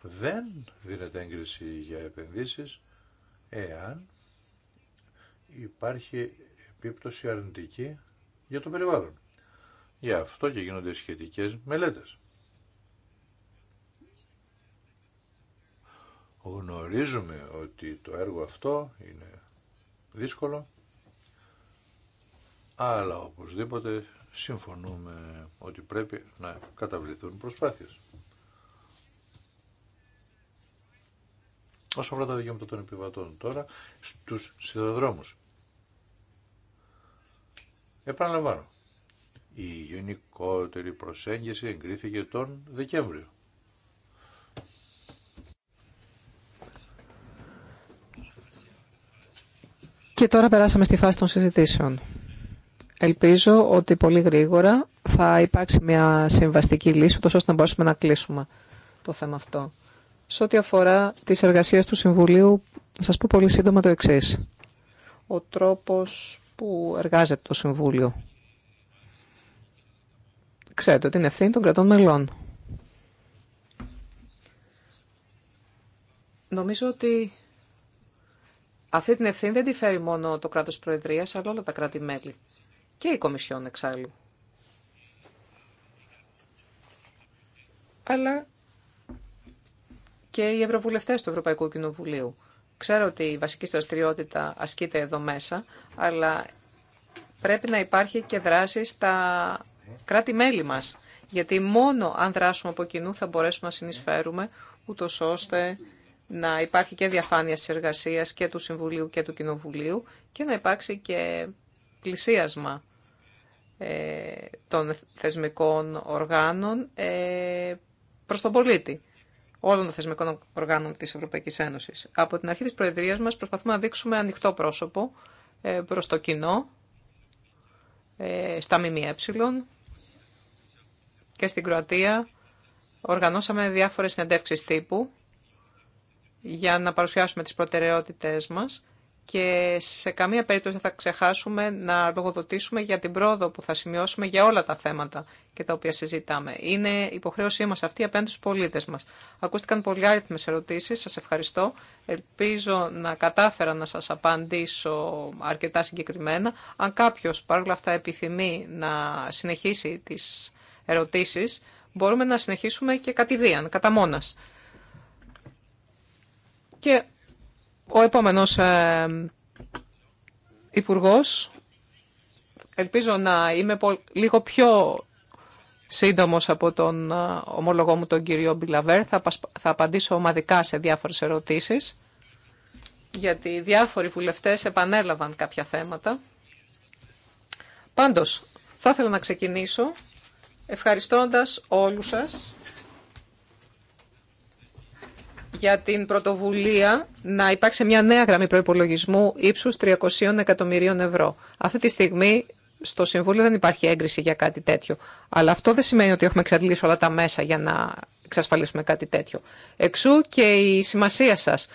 δεν δίνεται έγκριση για επενδύσεις εάν υπάρχει επίπτωση αρνητική για το περιβάλλον. Γι' αυτό και γίνονται σχετικές μελέτες. Γνωρίζουμε ότι το έργο αυτό είναι δύσκολο, αλλά οπωσδήποτε συμφωνούμε ότι πρέπει να καταβληθούν προσπάθειες. Όσο αφορά τα δικαιώματα των επιβατών τώρα, στους σιδηροδρόμους. Επαναλαμβάνω, η γενικότερη προσέγγιση εγκρίθηκε τον Δεκέμβριο. Και τώρα περάσαμε στη φάση των συζητήσεων. Ελπίζω ότι πολύ γρήγορα θα υπάρξει μια συμβαστική λύση, τόσο ώστε να μπορέσουμε να κλείσουμε το θέμα αυτό. Σε ό,τι αφορά τις εργασίες του Συμβουλίου, θα σας πω πολύ σύντομα το εξή. Ο τρόπος που εργάζεται το Συμβούλιο. Ξέρετε ότι είναι ευθύνη των κρατών μελών. Νομίζω ότι αυτή την ευθύνη δεν τη φέρει μόνο το κράτος προεδρία αλλά όλα τα κράτη-μέλη. Και η Κομισιόν εξάλλου. Αλλά και οι ευρωβουλευτέ του Ευρωπαϊκού Κοινοβουλίου. Ξέρω ότι η βασική δραστηριότητα ασκείται εδώ μέσα, αλλά πρέπει να υπάρχει και δράση στα κράτη-μέλη μας. Γιατί μόνο αν δράσουμε από κοινού θα μπορέσουμε να συνεισφέρουμε, ούτω ώστε να υπάρχει και διαφάνεια της εργασίας και του Συμβουλίου και του Κοινοβουλίου και να υπάρξει και πλησίασμα ε, των θεσμικών οργάνων ε, προς τον πολίτη όλων των θεσμικών οργάνων της Ευρωπαϊκής Ένωσης. Από την αρχή της Προεδρίας μας προσπαθούμε να δείξουμε ανοιχτό πρόσωπο ε, προς το κοινό, στα ΜΜΕ και στην Κροατία. Οργανώσαμε διάφορες συνεντεύξεις τύπου για να παρουσιάσουμε τις προτεραιότητες μας και σε καμία περίπτωση δεν θα ξεχάσουμε να λογοδοτήσουμε για την πρόοδο που θα σημειώσουμε για όλα τα θέματα και τα οποία συζητάμε. Είναι υποχρέωσή μας αυτή απέναντι στους πολίτες μας. Ακούστηκαν πολλοί άριθμες ερωτήσεις, σας ευχαριστώ. Ελπίζω να κατάφερα να σας απαντήσω αρκετά συγκεκριμένα. Αν κάποιος παρόλα αυτά επιθυμεί να συνεχίσει τις ερωτήσεις, μπορούμε να συνεχίσουμε και κατηδίαν, κατά μόνας. Και ο επόμενος ε, υπουργός, ελπίζω να είμαι λίγο πιο σύντομος από τον ε, ομολογό μου τον κύριο Μπιλαβέρ, θα απαντήσω ομαδικά σε διάφορες ερωτήσεις, γιατί διάφοροι βουλευτές επανέλαβαν κάποια θέματα. Πάντως, θα ήθελα να ξεκινήσω ευχαριστώντας όλους σας για την πρωτοβουλία να υπάρξει μια νέα γραμμή προϋπολογισμού ύψους 300 εκατομμυρίων ευρώ. Αυτή τη στιγμή στο Συμβούλιο δεν υπάρχει έγκριση για κάτι τέτοιο. Αλλά αυτό δεν σημαίνει ότι έχουμε εξαντλήσει όλα τα μέσα για να εξασφαλίσουμε κάτι τέτοιο. Εξού και η σημασία σας,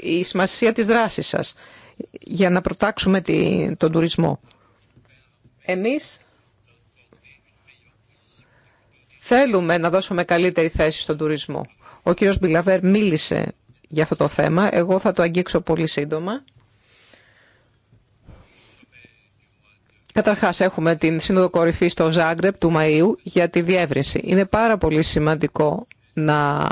η σημασία της δράσης σας για να προτάξουμε τον τουρισμό. Εμείς Θέλουμε να δώσουμε καλύτερη θέση στον τουρισμό. Ο κύριος Μπιλαβέρ μίλησε για αυτό το θέμα. Εγώ θα το αγγίξω πολύ σύντομα. Καταρχάς έχουμε την Σύνοδο Κορυφή στο Ζάγκρεπ του Μαΐου για τη διεύρυνση. Είναι πάρα πολύ σημαντικό να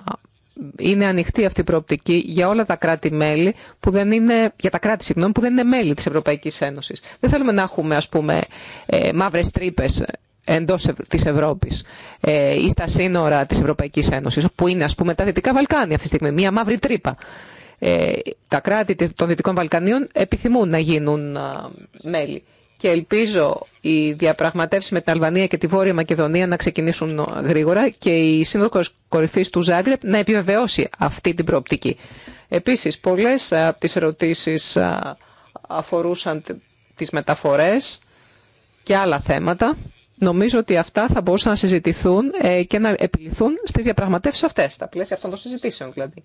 είναι ανοιχτή αυτή η προοπτική για όλα τα κράτη-μέλη που δεν είναι, για τα κράτη που δεν είναι μέλη της Ευρωπαϊκής Ένωσης. Δεν θέλουμε να έχουμε, ας πούμε, ε, μαύρες τρύπες Εντό της Ευρώπης ε, ή στα σύνορα της Ευρωπαϊκής Ένωσης, που είναι α πούμε τα Δυτικά Βαλκάνια αυτή τη στιγμή, μια μαύρη τρύπα. Ε, τα κράτη των Δυτικών Βαλκανίων επιθυμούν να γίνουν μέλη. Και ελπίζω οι διαπραγματεύσει με την Αλβανία και τη Βόρεια Μακεδονία να ξεκινήσουν γρήγορα και η Σύνοδο Κορυφή του Ζάγκρεπ να επιβεβαιώσει αυτή την προοπτική. Επίση, πολλέ από τι ερωτήσει αφορούσαν τι μεταφορέ και άλλα θέματα. Νομίζω ότι αυτά θα μπορούσαν να συζητηθούν ε, και να επιληθούν στις διαπραγματεύσεις αυτές, στα πλαίσια αυτών των συζητήσεων δηλαδή.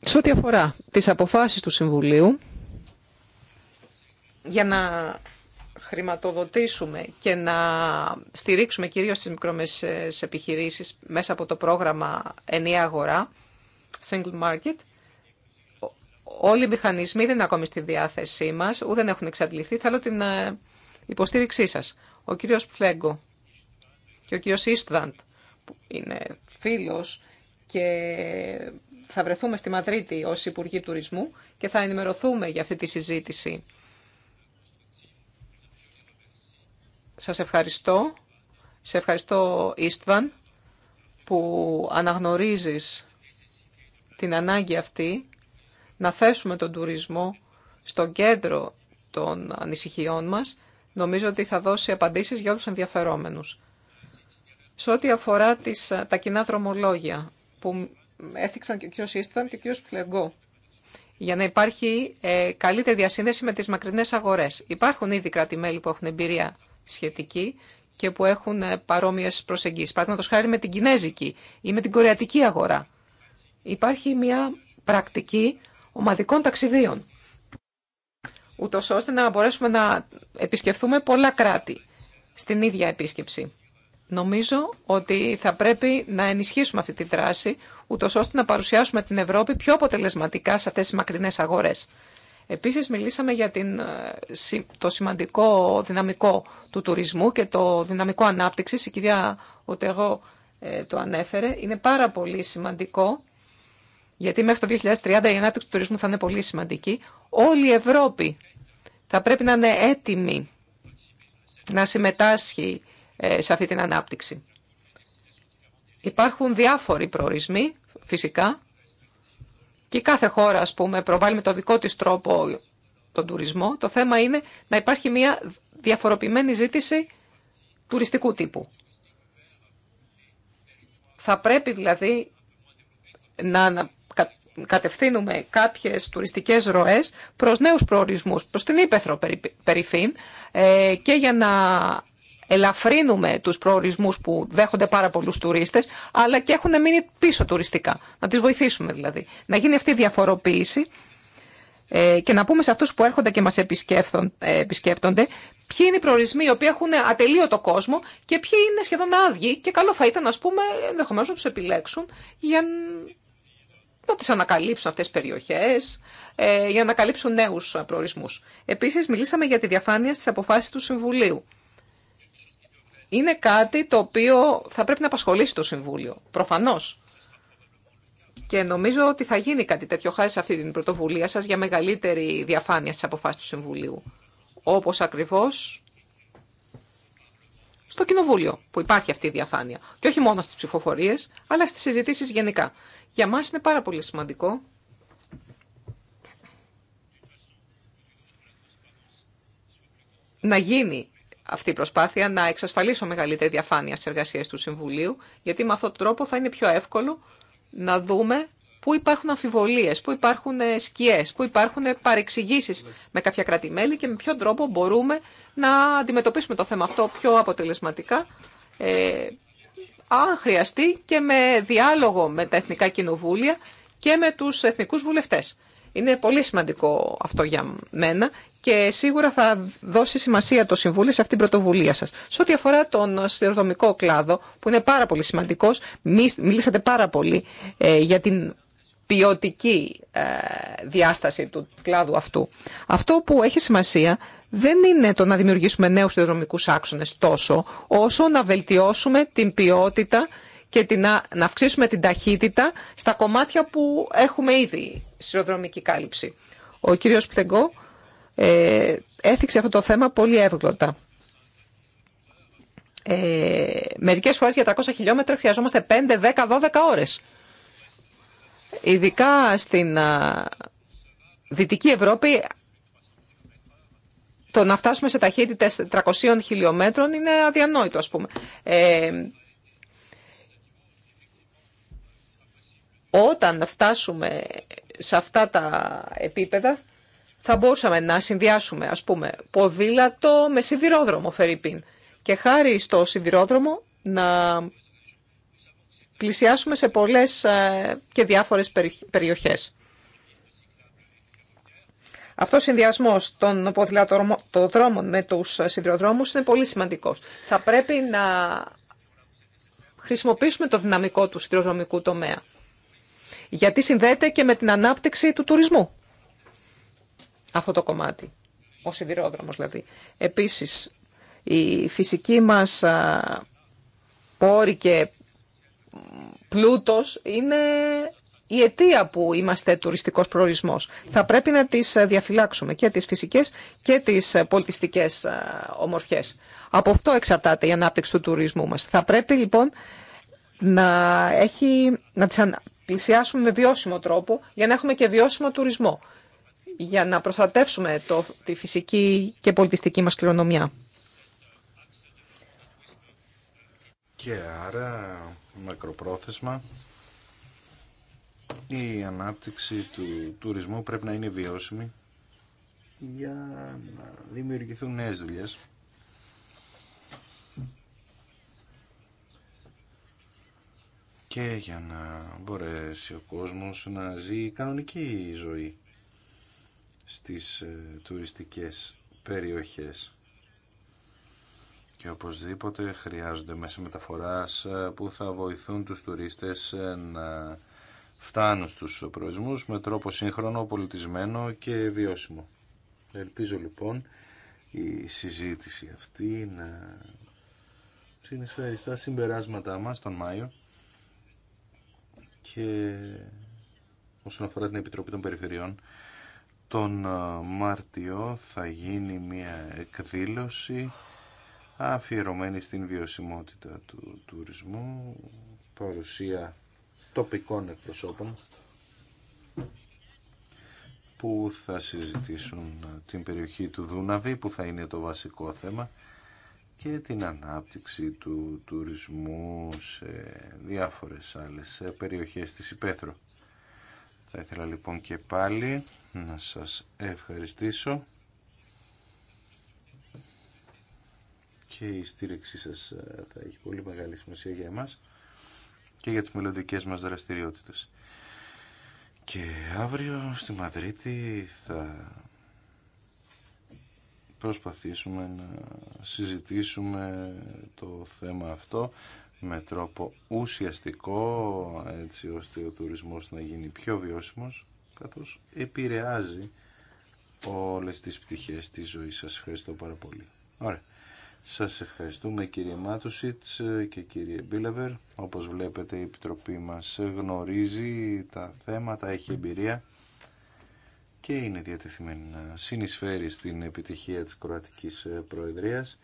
Σε ό,τι αφορά τις αποφάσεις του Συμβουλίου, για να χρηματοδοτήσουμε και να στηρίξουμε κυρίως τις μικρομεσαίες επιχειρήσεις μέσα από το πρόγραμμα Ενιαία Αγορά, Single Market, όλοι οι μηχανισμοί δεν είναι ακόμη στη διάθεσή μας, ούτε έχουν εξαντληθεί. Θέλω την ε, υποστήριξή σας. Ο κύριος Φλέγκο και ο κύριος Ίστβαντ, που είναι φίλος και θα βρεθούμε στη Μαδρίτη ως Υπουργοί Τουρισμού και θα ενημερωθούμε για αυτή τη συζήτηση. Σας ευχαριστώ. Σε ευχαριστώ, Ίστβαν, που αναγνωρίζεις την ανάγκη αυτή να θέσουμε τον τουρισμό στο κέντρο των ανησυχιών μας νομίζω ότι θα δώσει απαντήσεις για όλους τους ενδιαφερόμενους. Σε ό,τι αφορά τις, τα κοινά δρομολόγια που έθιξαν και ο κ. Ίστβαν και ο κ. Φλεγκό, για να υπάρχει ε, καλύτερη διασύνδεση με τις μακρινές αγορές. Υπάρχουν ήδη κράτη-μέλη που έχουν εμπειρία σχετική και που έχουν ε, παρόμοιες προσεγγίσεις. το χάρη με την κινέζικη ή με την κορεατική αγορά. Υπάρχει μια πρακτική ομαδικών ταξιδίων ούτω ώστε να μπορέσουμε να επισκεφθούμε πολλά κράτη στην ίδια επίσκεψη. Νομίζω ότι θα πρέπει να ενισχύσουμε αυτή τη δράση, ούτω ώστε να παρουσιάσουμε την Ευρώπη πιο αποτελεσματικά σε αυτέ τι μακρινέ αγορέ. Επίση μιλήσαμε για την, ε, το σημαντικό δυναμικό του τουρισμού και το δυναμικό ανάπτυξη. Η κυρία Οτεγό το ανέφερε. Είναι πάρα πολύ σημαντικό, γιατί μέχρι το 2030 η ανάπτυξη του τουρισμού θα είναι πολύ σημαντική. Όλη η Ευρώπη θα πρέπει να είναι έτοιμη να συμμετάσχει ε, σε αυτή την ανάπτυξη. Υπάρχουν διάφοροι προορισμοί, φυσικά, και κάθε χώρα, ας πούμε, προβάλλει με το δικό της τρόπο τον τουρισμό. Το θέμα είναι να υπάρχει μια διαφοροποιημένη ζήτηση τουριστικού τύπου. Θα πρέπει δηλαδή να κατευθύνουμε κάποιες τουριστικές ροές προς νέους προορισμούς, προς την Ήπεθρο περιφήν ε, και για να ελαφρύνουμε τους προορισμούς που δέχονται πάρα πολλούς τουρίστες, αλλά και έχουν μείνει πίσω τουριστικά. Να τις βοηθήσουμε δηλαδή. Να γίνει αυτή η διαφοροποίηση ε, και να πούμε σε αυτούς που έρχονται και μας ε, επισκέπτονται ποιοι είναι οι προορισμοί οι οποίοι έχουν ατελείωτο κόσμο και ποιοι είναι σχεδόν άδειοι και καλό θα ήταν ας πούμε ενδεχομένως να του επιλέξουν για να τις ανακαλύψουν αυτές τις περιοχές, ε, για να ανακαλύψουν νέους προορισμούς. Επίσης, μιλήσαμε για τη διαφάνεια στις αποφάσεις του Συμβουλίου. Είναι κάτι το οποίο θα πρέπει να απασχολήσει το Συμβούλιο, προφανώς. Και νομίζω ότι θα γίνει κάτι τέτοιο χάρη σε αυτή την πρωτοβουλία σας για μεγαλύτερη διαφάνεια στις αποφάσεις του Συμβουλίου. Όπως ακριβώς στο Κοινοβούλιο που υπάρχει αυτή η διαφάνεια. Και όχι μόνο στις ψηφοφορίες, αλλά στις συζητήσεις γενικά. Για μας είναι πάρα πολύ σημαντικό να γίνει αυτή η προσπάθεια να εξασφαλίσω μεγαλύτερη διαφάνεια στις εργασίες του Συμβουλίου, γιατί με αυτόν τον τρόπο θα είναι πιο εύκολο να δούμε Πού υπάρχουν αμφιβολίες, πού υπάρχουν ε, σκιές, πού υπάρχουν παρεξηγήσεις ναι. με κάποια κρατημέλη και με ποιον τρόπο μπορούμε να αντιμετωπίσουμε το θέμα αυτό πιο αποτελεσματικά, ε, αν χρειαστεί και με διάλογο με τα Εθνικά Κοινοβούλια και με τους Εθνικούς Βουλευτές. Είναι πολύ σημαντικό αυτό για μένα και σίγουρα θα δώσει σημασία το Συμβούλιο σε αυτή την πρωτοβουλία σας. Σε ό,τι αφορά τον σιδηροδρομικό κλάδο, που είναι πάρα πολύ σημαντικός, μιλήσατε πάρα πολύ ε, για την ποιοτική ε, διάσταση του κλάδου αυτού. Αυτό που έχει σημασία δεν είναι το να δημιουργήσουμε νέους διαδρομικούς άξονες τόσο, όσο να βελτιώσουμε την ποιότητα και την, να, αυξήσουμε την ταχύτητα στα κομμάτια που έχουμε ήδη σειροδρομική κάλυψη. Ο κύριος Πτεγκό ε, έθιξε αυτό το θέμα πολύ εύγλωτα. Ε, μερικές φορές για 300 χιλιόμετρα χρειαζόμαστε 5, 10, 12 ώρες. Ειδικά στην Δυτική Ευρώπη το να φτάσουμε σε ταχύτητες 300 χιλιόμετρων είναι αδιανόητο ας πούμε. Ε, όταν φτάσουμε σε αυτά τα επίπεδα θα μπορούσαμε να συνδυάσουμε ας πούμε ποδήλατο με σιδηρόδρομο Φερρυπίν και χάρη στο σιδηρόδρομο να πλησιάσουμε σε πολλές ε, και διάφορες περιοχές. Αυτό ο συνδυασμό των ποδηλατοδρόμων με τους σιδηροδρόμου είναι πολύ σημαντικό. Θα πρέπει να χρησιμοποιήσουμε το δυναμικό του σιδηροδρομικού τομέα. Γιατί συνδέεται και με την ανάπτυξη του τουρισμού. Αυτό το κομμάτι. Ο σιδηρόδρομος δηλαδή. Επίσης, η φυσική μας πόρη και πλούτος είναι η αιτία που είμαστε τουριστικός προορισμός. Θα πρέπει να τις διαφυλάξουμε και τις φυσικές και τις πολιτιστικές ε, ομορφιές. Από αυτό εξαρτάται η ανάπτυξη του τουρισμού μας. Θα πρέπει λοιπόν να, έχει, να τις πλησιάσουμε με βιώσιμο τρόπο για να έχουμε και βιώσιμο τουρισμό. Για να προστατεύσουμε το, τη φυσική και πολιτιστική μας κληρονομιά. Και άρα μακροπρόθεσμα η ανάπτυξη του τουρισμού πρέπει να είναι βιώσιμη για να δημιουργηθούν νέες δουλειές. και για να μπορέσει ο κόσμος να ζει κανονική ζωή στις ε, τουριστικές περιοχές και οπωσδήποτε χρειάζονται μέσα μεταφοράς ε, που θα βοηθούν τους τουρίστες ε, να φτάνουν στους προορισμούς με τρόπο σύγχρονο, πολιτισμένο και βιώσιμο. Ελπίζω λοιπόν η συζήτηση αυτή να συνεισφέρει στα συμπεράσματά μας τον Μάιο και όσον αφορά την Επιτροπή των Περιφερειών τον ε, Μάρτιο θα γίνει μια εκδήλωση αφιερωμένη στην βιωσιμότητα του τουρισμού, παρουσία τοπικών εκπροσώπων που θα συζητήσουν την περιοχή του Δούναβη που θα είναι το βασικό θέμα και την ανάπτυξη του τουρισμού σε διάφορες άλλες περιοχές της Υπέθρου. Θα ήθελα λοιπόν και πάλι να σας ευχαριστήσω και η στήριξή σας ε, θα έχει πολύ μεγάλη σημασία για εμάς και για τις μελλοντικέ μας δραστηριότητες. Και αύριο στη Μαδρίτη θα προσπαθήσουμε να συζητήσουμε το θέμα αυτό με τρόπο ουσιαστικό έτσι ώστε ο τουρισμός να γίνει πιο βιώσιμος καθώς επηρεάζει όλες τις πτυχές της ζωής σας. Ευχαριστώ πάρα πολύ. Ωραία. Σας ευχαριστούμε κύριε Μάτουσιτς και κύριε Μπίλεβερ. Όπως βλέπετε η Επιτροπή μας γνωρίζει τα θέματα, έχει εμπειρία και είναι διατεθειμένη να συνεισφέρει στην επιτυχία της Κροατικής Προεδρίας.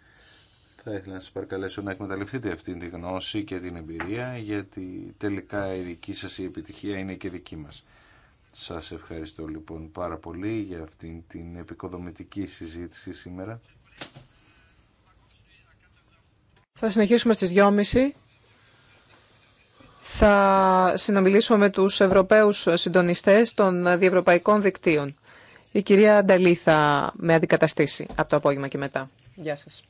Θα ήθελα να σας παρακαλέσω να εκμεταλλευτείτε αυτήν τη γνώση και την εμπειρία γιατί τελικά η δική σας η επιτυχία είναι και δική μας. Σας ευχαριστώ λοιπόν πάρα πολύ για αυτήν την επικοδομητική συζήτηση σήμερα. Θα συνεχίσουμε στις 2.30. Θα συνομιλήσουμε με τους Ευρωπαίους συντονιστές των διευρωπαϊκών δικτύων. Η κυρία Ανταλή θα με αντικαταστήσει από το απόγευμα και μετά. Γεια σας.